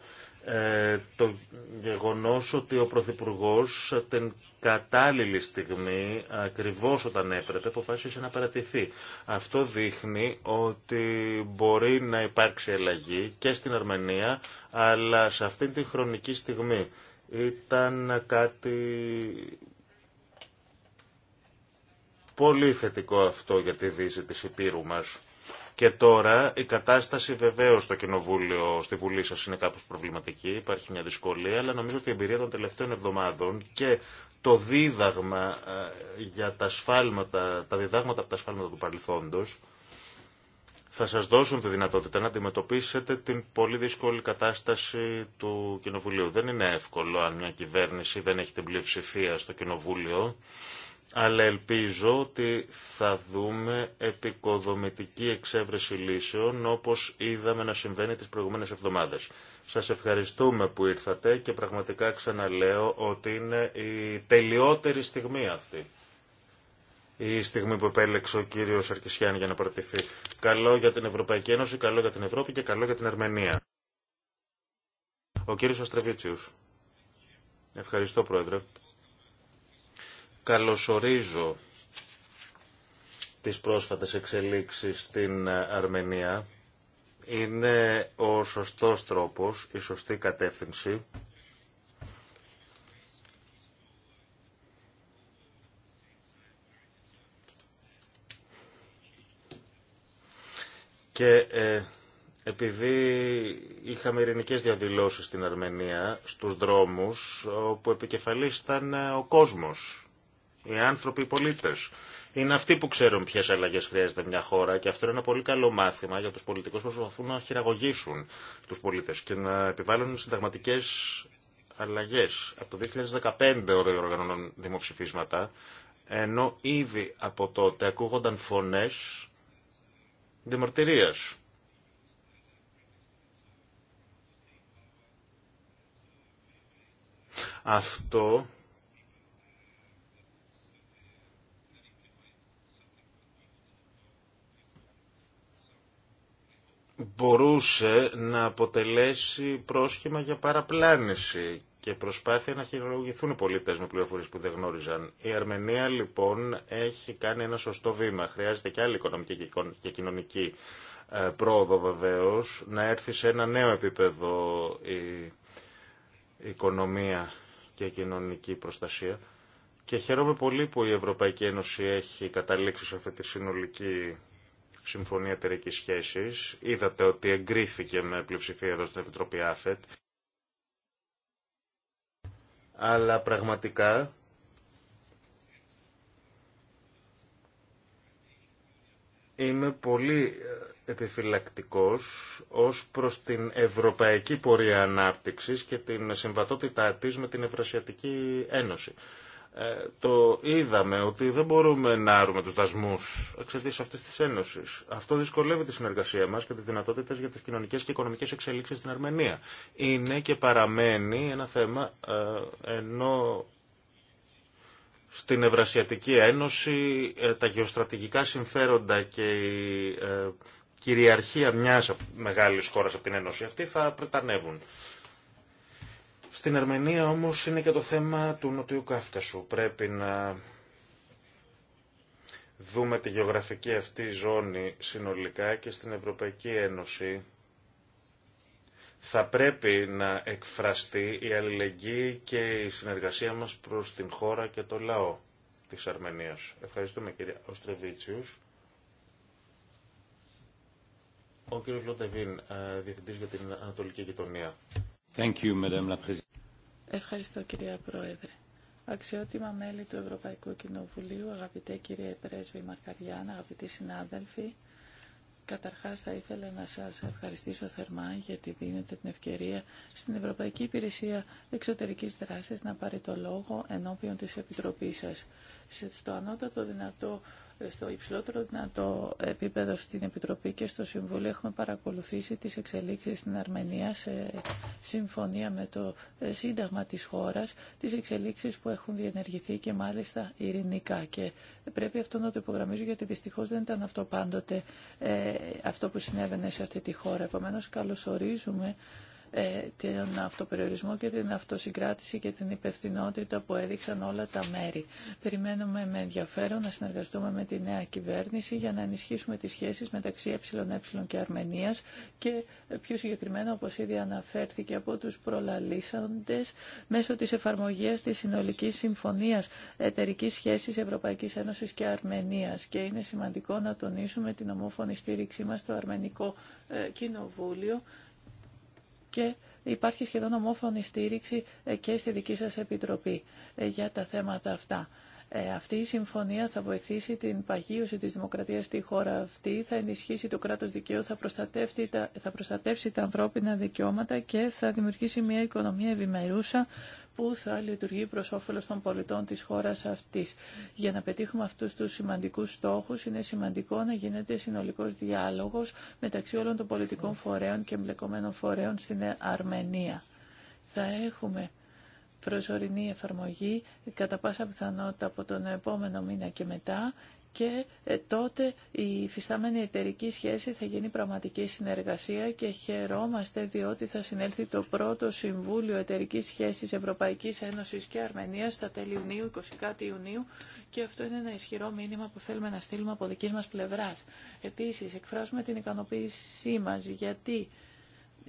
ε, το γεγονός ότι ο Πρωθυπουργό την κατάλληλη στιγμή, ακριβώς όταν έπρεπε, αποφάσισε να παρατηθεί. Αυτό δείχνει ότι μπορεί να υπάρξει αλλαγή και στην Αρμενία, αλλά σε αυτήν την χρονική στιγμή ήταν κάτι πολύ θετικό αυτό για τη δύση της Υπήρου μας. Και τώρα η κατάσταση βεβαίω στο Κοινοβούλιο, στη Βουλή σα είναι κάπω προβληματική, υπάρχει μια δυσκολία, αλλά νομίζω ότι η εμπειρία των τελευταίων εβδομάδων και το δίδαγμα ε, για τα σφάλματα, τα διδάγματα από τα σφάλματα του παρελθόντο, θα σας δώσουν τη δυνατότητα να αντιμετωπίσετε την πολύ δύσκολη κατάσταση του Κοινοβουλίου. Δεν είναι εύκολο αν μια κυβέρνηση δεν έχει την πλειοψηφία στο Κοινοβούλιο αλλά ελπίζω ότι θα δούμε επικοδομητική εξέβρεση λύσεων όπως είδαμε να συμβαίνει τις προηγούμενες εβδομάδες. Σας ευχαριστούμε που ήρθατε και πραγματικά ξαναλέω ότι είναι η τελειότερη στιγμή αυτή. Η στιγμή που επέλεξε ο κύριος Αρκισιάν για να παρατηθεί. Καλό για την Ευρωπαϊκή Ένωση, καλό για την Ευρώπη και καλό για την Αρμενία. Ο κύριο Αστρεβίτσιου. Ευχαριστώ πρόεδρε. Καλωσορίζω τις πρόσφατες εξελίξεις στην Αρμενία. Είναι ο σωστός τρόπος, η σωστή κατεύθυνση. Και ε, επειδή είχαμε ειρηνικές διαδηλώσεις στην Αρμενία, στους δρόμους, όπου επικεφαλής ήταν ο κόσμος οι άνθρωποι, οι πολίτες. Είναι αυτοί που ξέρουν ποιε αλλαγέ χρειάζεται μια χώρα και αυτό είναι ένα πολύ καλό μάθημα για του πολιτικού που προσπαθούν να χειραγωγήσουν του πολίτε και να επιβάλλουν συνταγματικέ αλλαγέ. Από το 2015 οργανώνουν δημοψηφίσματα, ενώ ήδη από τότε ακούγονταν φωνέ δημορτυρία. Αυτό μπορούσε να αποτελέσει πρόσχημα για παραπλάνηση και προσπάθεια να χειρολογηθούν οι πολίτε με πληροφορίες που δεν γνώριζαν. Η Αρμενία λοιπόν έχει κάνει ένα σωστό βήμα. Χρειάζεται και άλλη οικονομική και κοινωνική ε, πρόοδο βεβαίω, να έρθει σε ένα νέο επίπεδο η οικονομία και η κοινωνική προστασία. Και χαίρομαι πολύ που η Ευρωπαϊκή Ένωση έχει καταλήξει σε αυτή τη συνολική Συμφωνία Εταιρική Σχέση. Είδατε ότι εγκρίθηκε με πλειοψηφία εδώ στην Επιτροπή ΑΘΕΤ. Αλλά πραγματικά είμαι πολύ ε, επιφυλακτικός ως προς την ευρωπαϊκή πορεία ανάπτυξης και την συμβατότητά της με την Ευρασιατική Ένωση. Ε, το είδαμε ότι δεν μπορούμε να άρουμε τους δασμούς εξαιτίας αυτής της Ένωσης. Αυτό δυσκολεύει τη συνεργασία μας και τις δυνατότητες για τις κοινωνικές και οικονομικές εξελίξεις στην Αρμενία. Είναι και παραμένει ένα θέμα ε, ενώ στην Ευρασιατική Ένωση ε, τα γεωστρατηγικά συμφέροντα και η κυριαρχία μιας μεγάλης χώρας από την Ένωση αυτή θα πρετανεύουν. Στην Αρμενία όμως είναι και το θέμα του Νοτιού Κάφκασου. Πρέπει να δούμε τη γεωγραφική αυτή ζώνη συνολικά και στην Ευρωπαϊκή Ένωση θα πρέπει να εκφραστεί η αλληλεγγύη και η συνεργασία μας προς την χώρα και το λαό της Αρμενίας. Ευχαριστούμε κύριε Οστρεβίτσιους. Ο κύριος Λοντεβίν, ε, Διευθυντής για την Ανατολική Γειτονία. Ευχαριστώ κυρία Πρόεδρε. Αξιότιμα μέλη του Ευρωπαϊκού Κοινοβουλίου, αγαπητέ κύριε Πρέσβη Μαρκαριάν, αγαπητοί συνάδελφοι, Καταρχάς θα ήθελα να σας ευχαριστήσω θερμά γιατί δίνετε την ευκαιρία στην Ευρωπαϊκή Υπηρεσία Εξωτερικής Δράσης να πάρει το λόγο ενώπιον της Επιτροπής σας. Στο ανώτατο δυνατό στο υψηλότερο δυνατό επίπεδο στην Επιτροπή και στο Συμβούλιο έχουμε παρακολουθήσει τις εξελίξεις στην Αρμενία σε συμφωνία με το Σύνταγμα της χώρας, τις εξελίξεις που έχουν διενεργηθεί και μάλιστα ειρηνικά. Και πρέπει αυτό να το υπογραμμίζω γιατί δυστυχώς δεν ήταν αυτό πάντοτε ε, αυτό που συνέβαινε σε αυτή τη χώρα. Επομένως καλωσορίζουμε ε, τον αυτοπεριορισμό και την αυτοσυγκράτηση και την υπευθυνότητα που έδειξαν όλα τα μέρη. Περιμένουμε με ενδιαφέρον να συνεργαστούμε με τη νέα κυβέρνηση για να ενισχύσουμε τις σχέσεις μεταξύ ΕΕ και Αρμενίας και ε, πιο συγκεκριμένα, όπως ήδη αναφέρθηκε από τους προλαλήσαντες, μέσω της εφαρμογής της Συνολικής Συμφωνίας Εταιρικής Σχέσης Ευρωπαϊκής Ένωσης και Αρμενίας. Και είναι σημαντικό να τονίσουμε την ομόφωνη στήριξή μας στο Αρμενικό ε, Κοινοβούλιο και υπάρχει σχεδόν ομόφωνη στήριξη ε, και στη δική σας Επιτροπή ε, για τα θέματα αυτά. Ε, αυτή η συμφωνία θα βοηθήσει την παγίωση της δημοκρατίας στη χώρα αυτή, θα ενισχύσει το κράτος δικαίου, θα, προστατεύσει τα, θα προστατεύσει τα ανθρώπινα δικαιώματα και θα δημιουργήσει μια οικονομία ευημερούσα που θα λειτουργεί προς όφελος των πολιτών της χώρας αυτής. Για να πετύχουμε αυτούς τους σημαντικούς στόχους είναι σημαντικό να γίνεται συνολικός διάλογος μεταξύ όλων των πολιτικών φορέων και εμπλεκομένων φορέων στην Αρμενία. Θα έχουμε προσωρινή εφαρμογή κατά πάσα πιθανότητα από τον επόμενο μήνα και μετά και ε, τότε η φυστάμενη εταιρική σχέση θα γίνει πραγματική συνεργασία και χαιρόμαστε διότι θα συνέλθει το πρώτο Συμβούλιο Εταιρική Σχέσης Ευρωπαϊκής Ένωσης και Αρμενίας στα τέλη Ιουνίου, 20 Ιουνίου και αυτό είναι ένα ισχυρό μήνυμα που θέλουμε να στείλουμε από δική μας πλευράς. Επίσης, εκφράζουμε την ικανοποίησή μας γιατί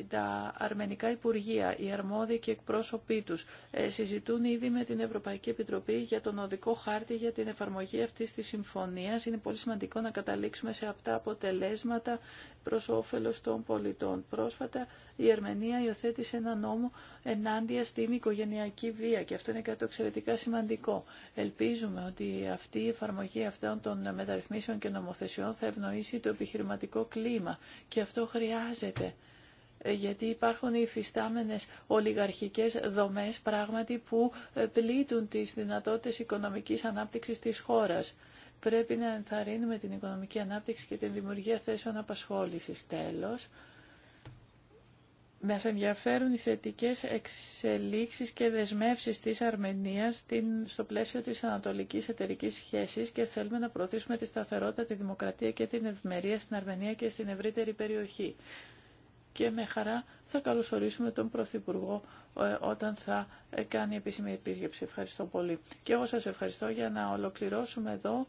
τα αρμενικά υπουργεία, οι αρμόδιοι και εκπρόσωποι τους ε, συζητούν ήδη με την Ευρωπαϊκή Επιτροπή για τον οδικό χάρτη για την εφαρμογή αυτής της συμφωνίας. Είναι πολύ σημαντικό να καταλήξουμε σε αυτά αποτελέσματα προς όφελος των πολιτών. Πρόσφατα η Αρμενία υιοθέτησε ένα νόμο ενάντια στην οικογενειακή βία και αυτό είναι κάτι εξαιρετικά σημαντικό. Ελπίζουμε ότι αυτή η εφαρμογή αυτών των μεταρρυθμίσεων και νομοθεσιών θα ευνοήσει το επιχειρηματικό κλίμα και αυτό χρειάζεται γιατί υπάρχουν οι υφιστάμενες ολιγαρχικές δομές πράγματι που ε, πλήττουν τις δυνατότητες οικονομικής ανάπτυξης της χώρας. Πρέπει να ενθαρρύνουμε την οικονομική ανάπτυξη και την δημιουργία θέσεων απασχόλησης. Τέλος, μας ενδιαφέρουν οι θετικές εξελίξεις και δεσμεύσεις της Αρμενίας στο πλαίσιο της ανατολικής εταιρικής σχέσης και θέλουμε να προωθήσουμε τη σταθερότητα, τη δημοκρατία και την ευμερία στην Αρμενία και στην ευρύτερη περιοχή και με χαρά θα καλωσορίσουμε τον Πρωθυπουργό ε, όταν θα ε, κάνει επίσημη επίσκεψη. Ευχαριστώ πολύ. Και εγώ σας ευχαριστώ για να ολοκληρώσουμε εδώ.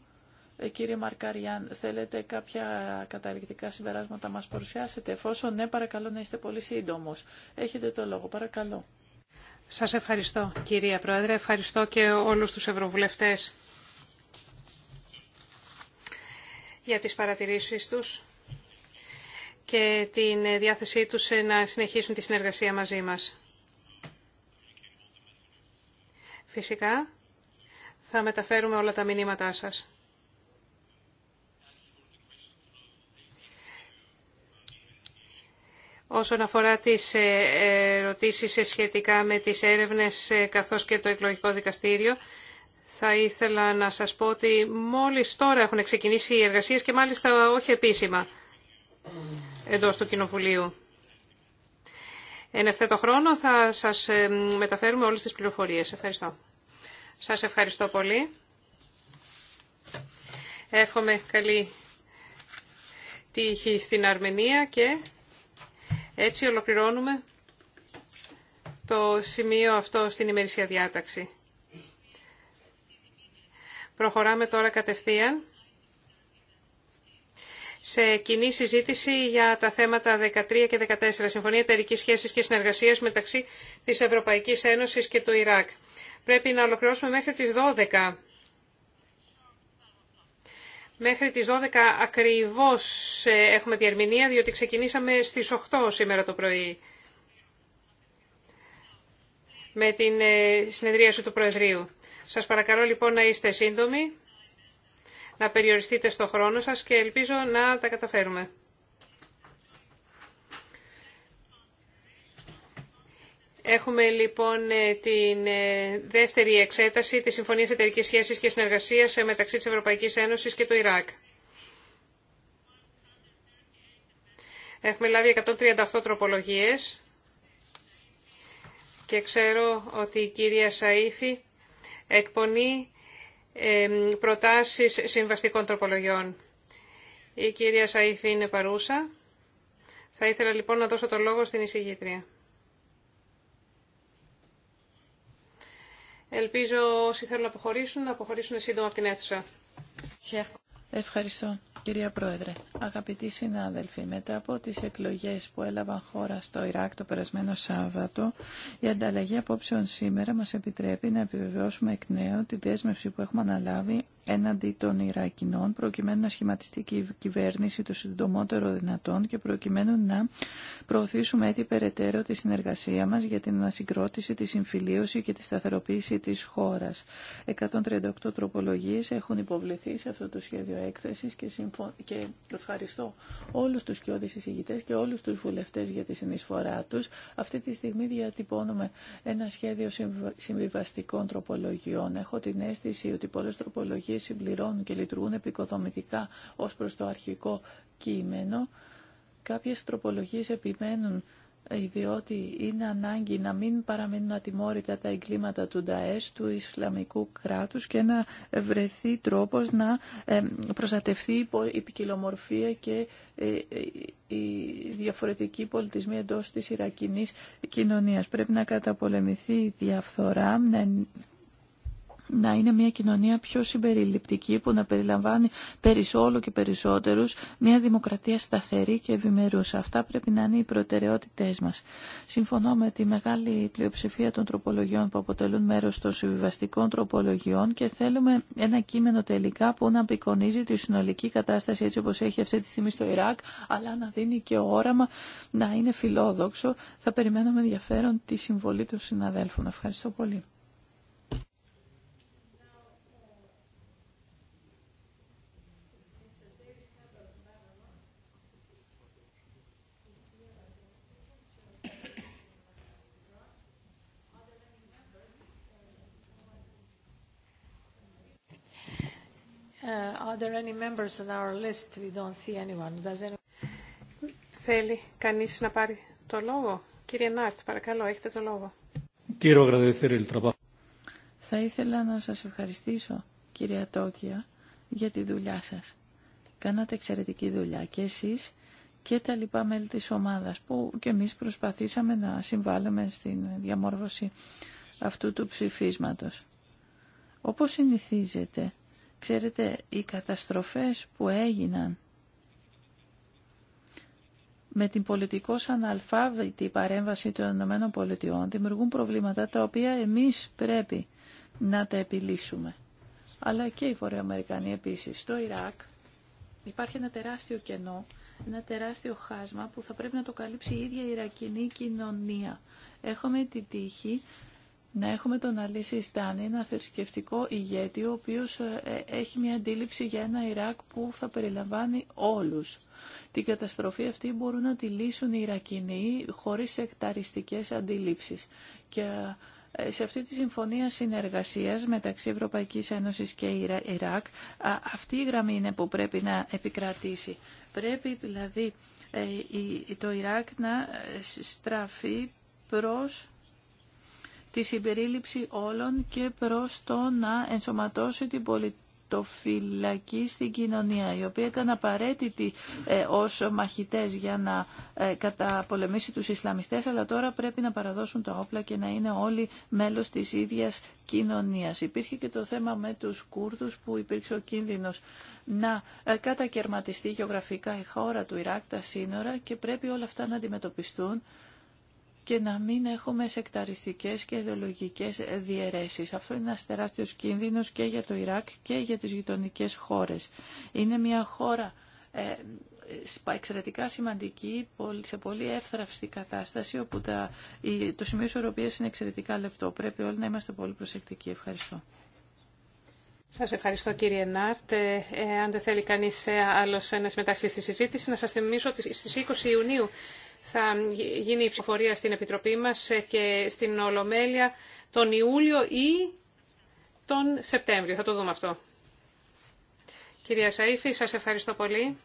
Ε, κύριε Μαρκαριάν, θέλετε κάποια καταληκτικά συμπεράσματα να μας παρουσιάσετε. Εφόσον ναι, παρακαλώ να είστε πολύ σύντομος. Έχετε το λόγο, παρακαλώ. Σας ευχαριστώ, κυρία Πρόεδρε. Ευχαριστώ και όλους τους ευρωβουλευτές για τις παρατηρήσεις τους και την διάθεσή τους να συνεχίσουν τη συνεργασία μαζί μας. Φυσικά, θα μεταφέρουμε όλα τα μηνύματά σας. Όσον αφορά τις ε, ερωτήσεις σχετικά με τις έρευνες ε, καθώς και το εκλογικό δικαστήριο, θα ήθελα να σας πω ότι μόλις τώρα έχουν ξεκινήσει οι εργασίες και μάλιστα όχι επίσημα εντός του Κοινοβουλίου. Εν ευθέτω χρόνο θα σας ε, μεταφέρουμε όλες τις πληροφορίες. Ευχαριστώ. Σας ευχαριστώ πολύ. Εύχομαι καλή τύχη στην Αρμενία και έτσι ολοκληρώνουμε το σημείο αυτό στην ημερήσια διάταξη. Προχωράμε τώρα κατευθείαν σε κοινή συζήτηση για τα θέματα 13 και 14, Συμφωνία Εταιρική Σχέση και Συνεργασία μεταξύ τη Ευρωπαϊκή Ένωση και του Ιράκ. Πρέπει να ολοκληρώσουμε μέχρι τι 12. Μέχρι τις 12 ακριβώς ε, έχουμε διερμηνία, διότι ξεκινήσαμε στις 8 σήμερα το πρωί με την ε, συνεδρίαση του Προεδρείου. Σας παρακαλώ λοιπόν να είστε σύντομοι να περιοριστείτε στο χρόνο σας και ελπίζω να τα καταφέρουμε. Έχουμε λοιπόν ε, την ε, δεύτερη εξέταση της Συμφωνίας Εταιρικής Σχέσης και Συνεργασίας ε, μεταξύ της Ευρωπαϊκής Ένωσης και του Ιράκ. Έχουμε λάβει 138 τροπολογίες και ξέρω ότι η κυρία Σαΐφη εκπονεί προτάσεις συμβαστικών τροπολογιών. Η κυρία Σαΐφη είναι παρούσα. Θα ήθελα λοιπόν να δώσω το λόγο στην εισηγήτρια. Ελπίζω όσοι θέλουν να αποχωρήσουν, να αποχωρήσουν σύντομα από την αίθουσα. Ευχαριστώ, κυρία Πρόεδρε. Αγαπητοί συνάδελφοι, μετά από τις εκλογές που έλαβαν χώρα στο Ιράκ το περασμένο Σάββατο, η ανταλλαγή απόψεων σήμερα μας επιτρέπει να επιβεβαιώσουμε εκ νέου τη δέσμευση που έχουμε αναλάβει έναντι των Ιρακινών προκειμένου να σχηματιστεί και η κυβέρνηση το συντομότερο δυνατόν και προκειμένου να προωθήσουμε έτσι περαιτέρω τη συνεργασία μας για την ανασυγκρότηση, τη συμφιλίωση και τη σταθεροποίηση της χώρας. 138 τροπολογίες έχουν υποβληθεί σε αυτό το σχέδιο έκθεσης και, συμφω... και ευχαριστώ όλους τους κοιόδης εισηγητές και όλους τους βουλευτές για τη συνεισφορά τους. Αυτή τη στιγμή διατυπώνουμε ένα σχέδιο συμβιβαστικών τροπολογιών. Έχω την αίσθηση ότι πολλές τροπολογίες συμπληρώνουν και λειτουργούν επικοδομητικά ως προς το αρχικό κείμενο. Κάποιες τροπολογίες επιμένουν ε, διότι είναι ανάγκη να μην παραμείνουν ατιμόρυτα τα εγκλήματα του ΝΤΑΕΣ, του Ισλαμικού κράτους και να βρεθεί τρόπος να ε, προστατευτεί η ποικιλομορφία και ε, η διαφορετική πολιτισμή εντός της Ιρακινής κοινωνίας. Πρέπει να καταπολεμηθεί η διαφθορά, να είναι μια κοινωνία πιο συμπεριληπτική που να περιλαμβάνει περισσότερο και περισσότερους μια δημοκρατία σταθερή και ευημερούσα. Αυτά πρέπει να είναι οι προτεραιότητές μας. Συμφωνώ με τη μεγάλη πλειοψηφία των τροπολογιών που αποτελούν μέρος των συμβιβαστικών τροπολογιών και θέλουμε ένα κείμενο τελικά που να απεικονίζει τη συνολική κατάσταση έτσι όπως έχει αυτή τη στιγμή στο Ιράκ αλλά να δίνει και όραμα να είναι φιλόδοξο. Θα περιμένουμε ενδιαφέρον τη συμβολή των συναδέλφων. Ευχαριστώ πολύ. Θέλει κανείς να πάρει το λόγο. Κύριε Νάρτ, παρακαλώ, έχετε το λόγο. Θα ήθελα να σας ευχαριστήσω, κύριε Τόκια, για τη δουλειά σας. Κάνατε εξαιρετική δουλειά και εσείς και τα λοιπά μέλη της ομάδας που και εμείς προσπαθήσαμε να συμβάλλουμε στην διαμόρφωση αυτού του ψηφίσματος. Όπως συνηθίζεται, Ξέρετε, οι καταστροφές που έγιναν με την πολιτικός αναλφάβητη παρέμβαση των Ηνωμένων Πολιτειών δημιουργούν προβλήματα τα οποία εμείς πρέπει να τα επιλύσουμε. Αλλά και οι Βορειοαμερικανοί επίσης. Στο Ιράκ υπάρχει ένα τεράστιο κενό, ένα τεράστιο χάσμα που θα πρέπει να το καλύψει η ίδια η Ιρακινή κοινωνία. Έχουμε την τύχη να έχουμε τον Αλή Στάνη, ένα θρησκευτικό ηγέτη, ο οποίος ε, ε, έχει μια αντίληψη για ένα Ιράκ που θα περιλαμβάνει όλους. Την καταστροφή αυτή μπορούν να τη λύσουν οι Ιρακινοί χωρίς εκταριστικές αντιλήψεις. Και ε, σε αυτή τη συμφωνία συνεργασίας μεταξύ Ευρωπαϊκής Ένωσης και Ιράκ, αυτή η γραμμή είναι που πρέπει να επικρατήσει. Πρέπει δηλαδή το Ιράκ να στραφεί προς τη συμπερίληψη όλων και προς το να ενσωματώσει την πολιτική στην κοινωνία, η οποία ήταν απαραίτητη ε, ως μαχητές για να ε, καταπολεμήσει τους Ισλαμιστές, αλλά τώρα πρέπει να παραδώσουν τα όπλα και να είναι όλοι μέλος της ίδιας κοινωνίας. Υπήρχε και το θέμα με τους Κούρδους που υπήρξε ο κίνδυνος να ε, κατακαιρματιστεί γεωγραφικά η χώρα του Ιράκ, τα σύνορα και πρέπει όλα αυτά να αντιμετωπιστούν και να μην έχουμε σεκταριστικές και ιδεολογικές διαιρέσεις. Αυτό είναι ένας τεράστιος κίνδυνος και για το Ιράκ και για τις γειτονικέ χώρες. Είναι μια χώρα ε, εξαιρετικά σημαντική σε πολύ εύθραυστη κατάσταση όπου τα, το σημείο ισορροπίας είναι εξαιρετικά λεπτό. Πρέπει όλοι να είμαστε πολύ προσεκτικοί. Ευχαριστώ. Σας ευχαριστώ κύριε Νάρτ. Ε, ε, αν δεν θέλει κανείς άλλος να συμμετάσχει στη συζήτηση, να σας θυμίσω ότι στις 20 Ιουνίου θα γίνει η ψηφοφορία στην Επιτροπή μας και στην Ολομέλεια τον Ιούλιο ή τον Σεπτέμβριο. Θα το δούμε αυτό. Κυρία Σαΐφη, σας ευχαριστώ πολύ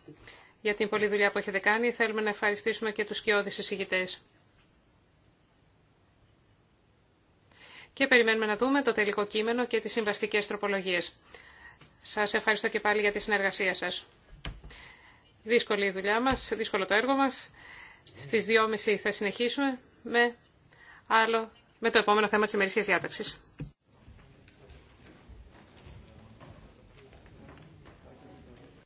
για την πολλή δουλειά που έχετε κάνει. Θέλουμε να ευχαριστήσουμε και τους σκιώδη εισηγητές. Και περιμένουμε να δούμε το τελικό κείμενο και τις συμβαστικές τροπολογίες. Σας ευχαριστώ και πάλι για τη συνεργασία σας. Δύσκολη η δουλειά μας, δύσκολο το έργο μας. Στις 2.30 θα συνεχίσουμε με, άλλο, με το επόμενο θέμα της ημερησίας διάταξης.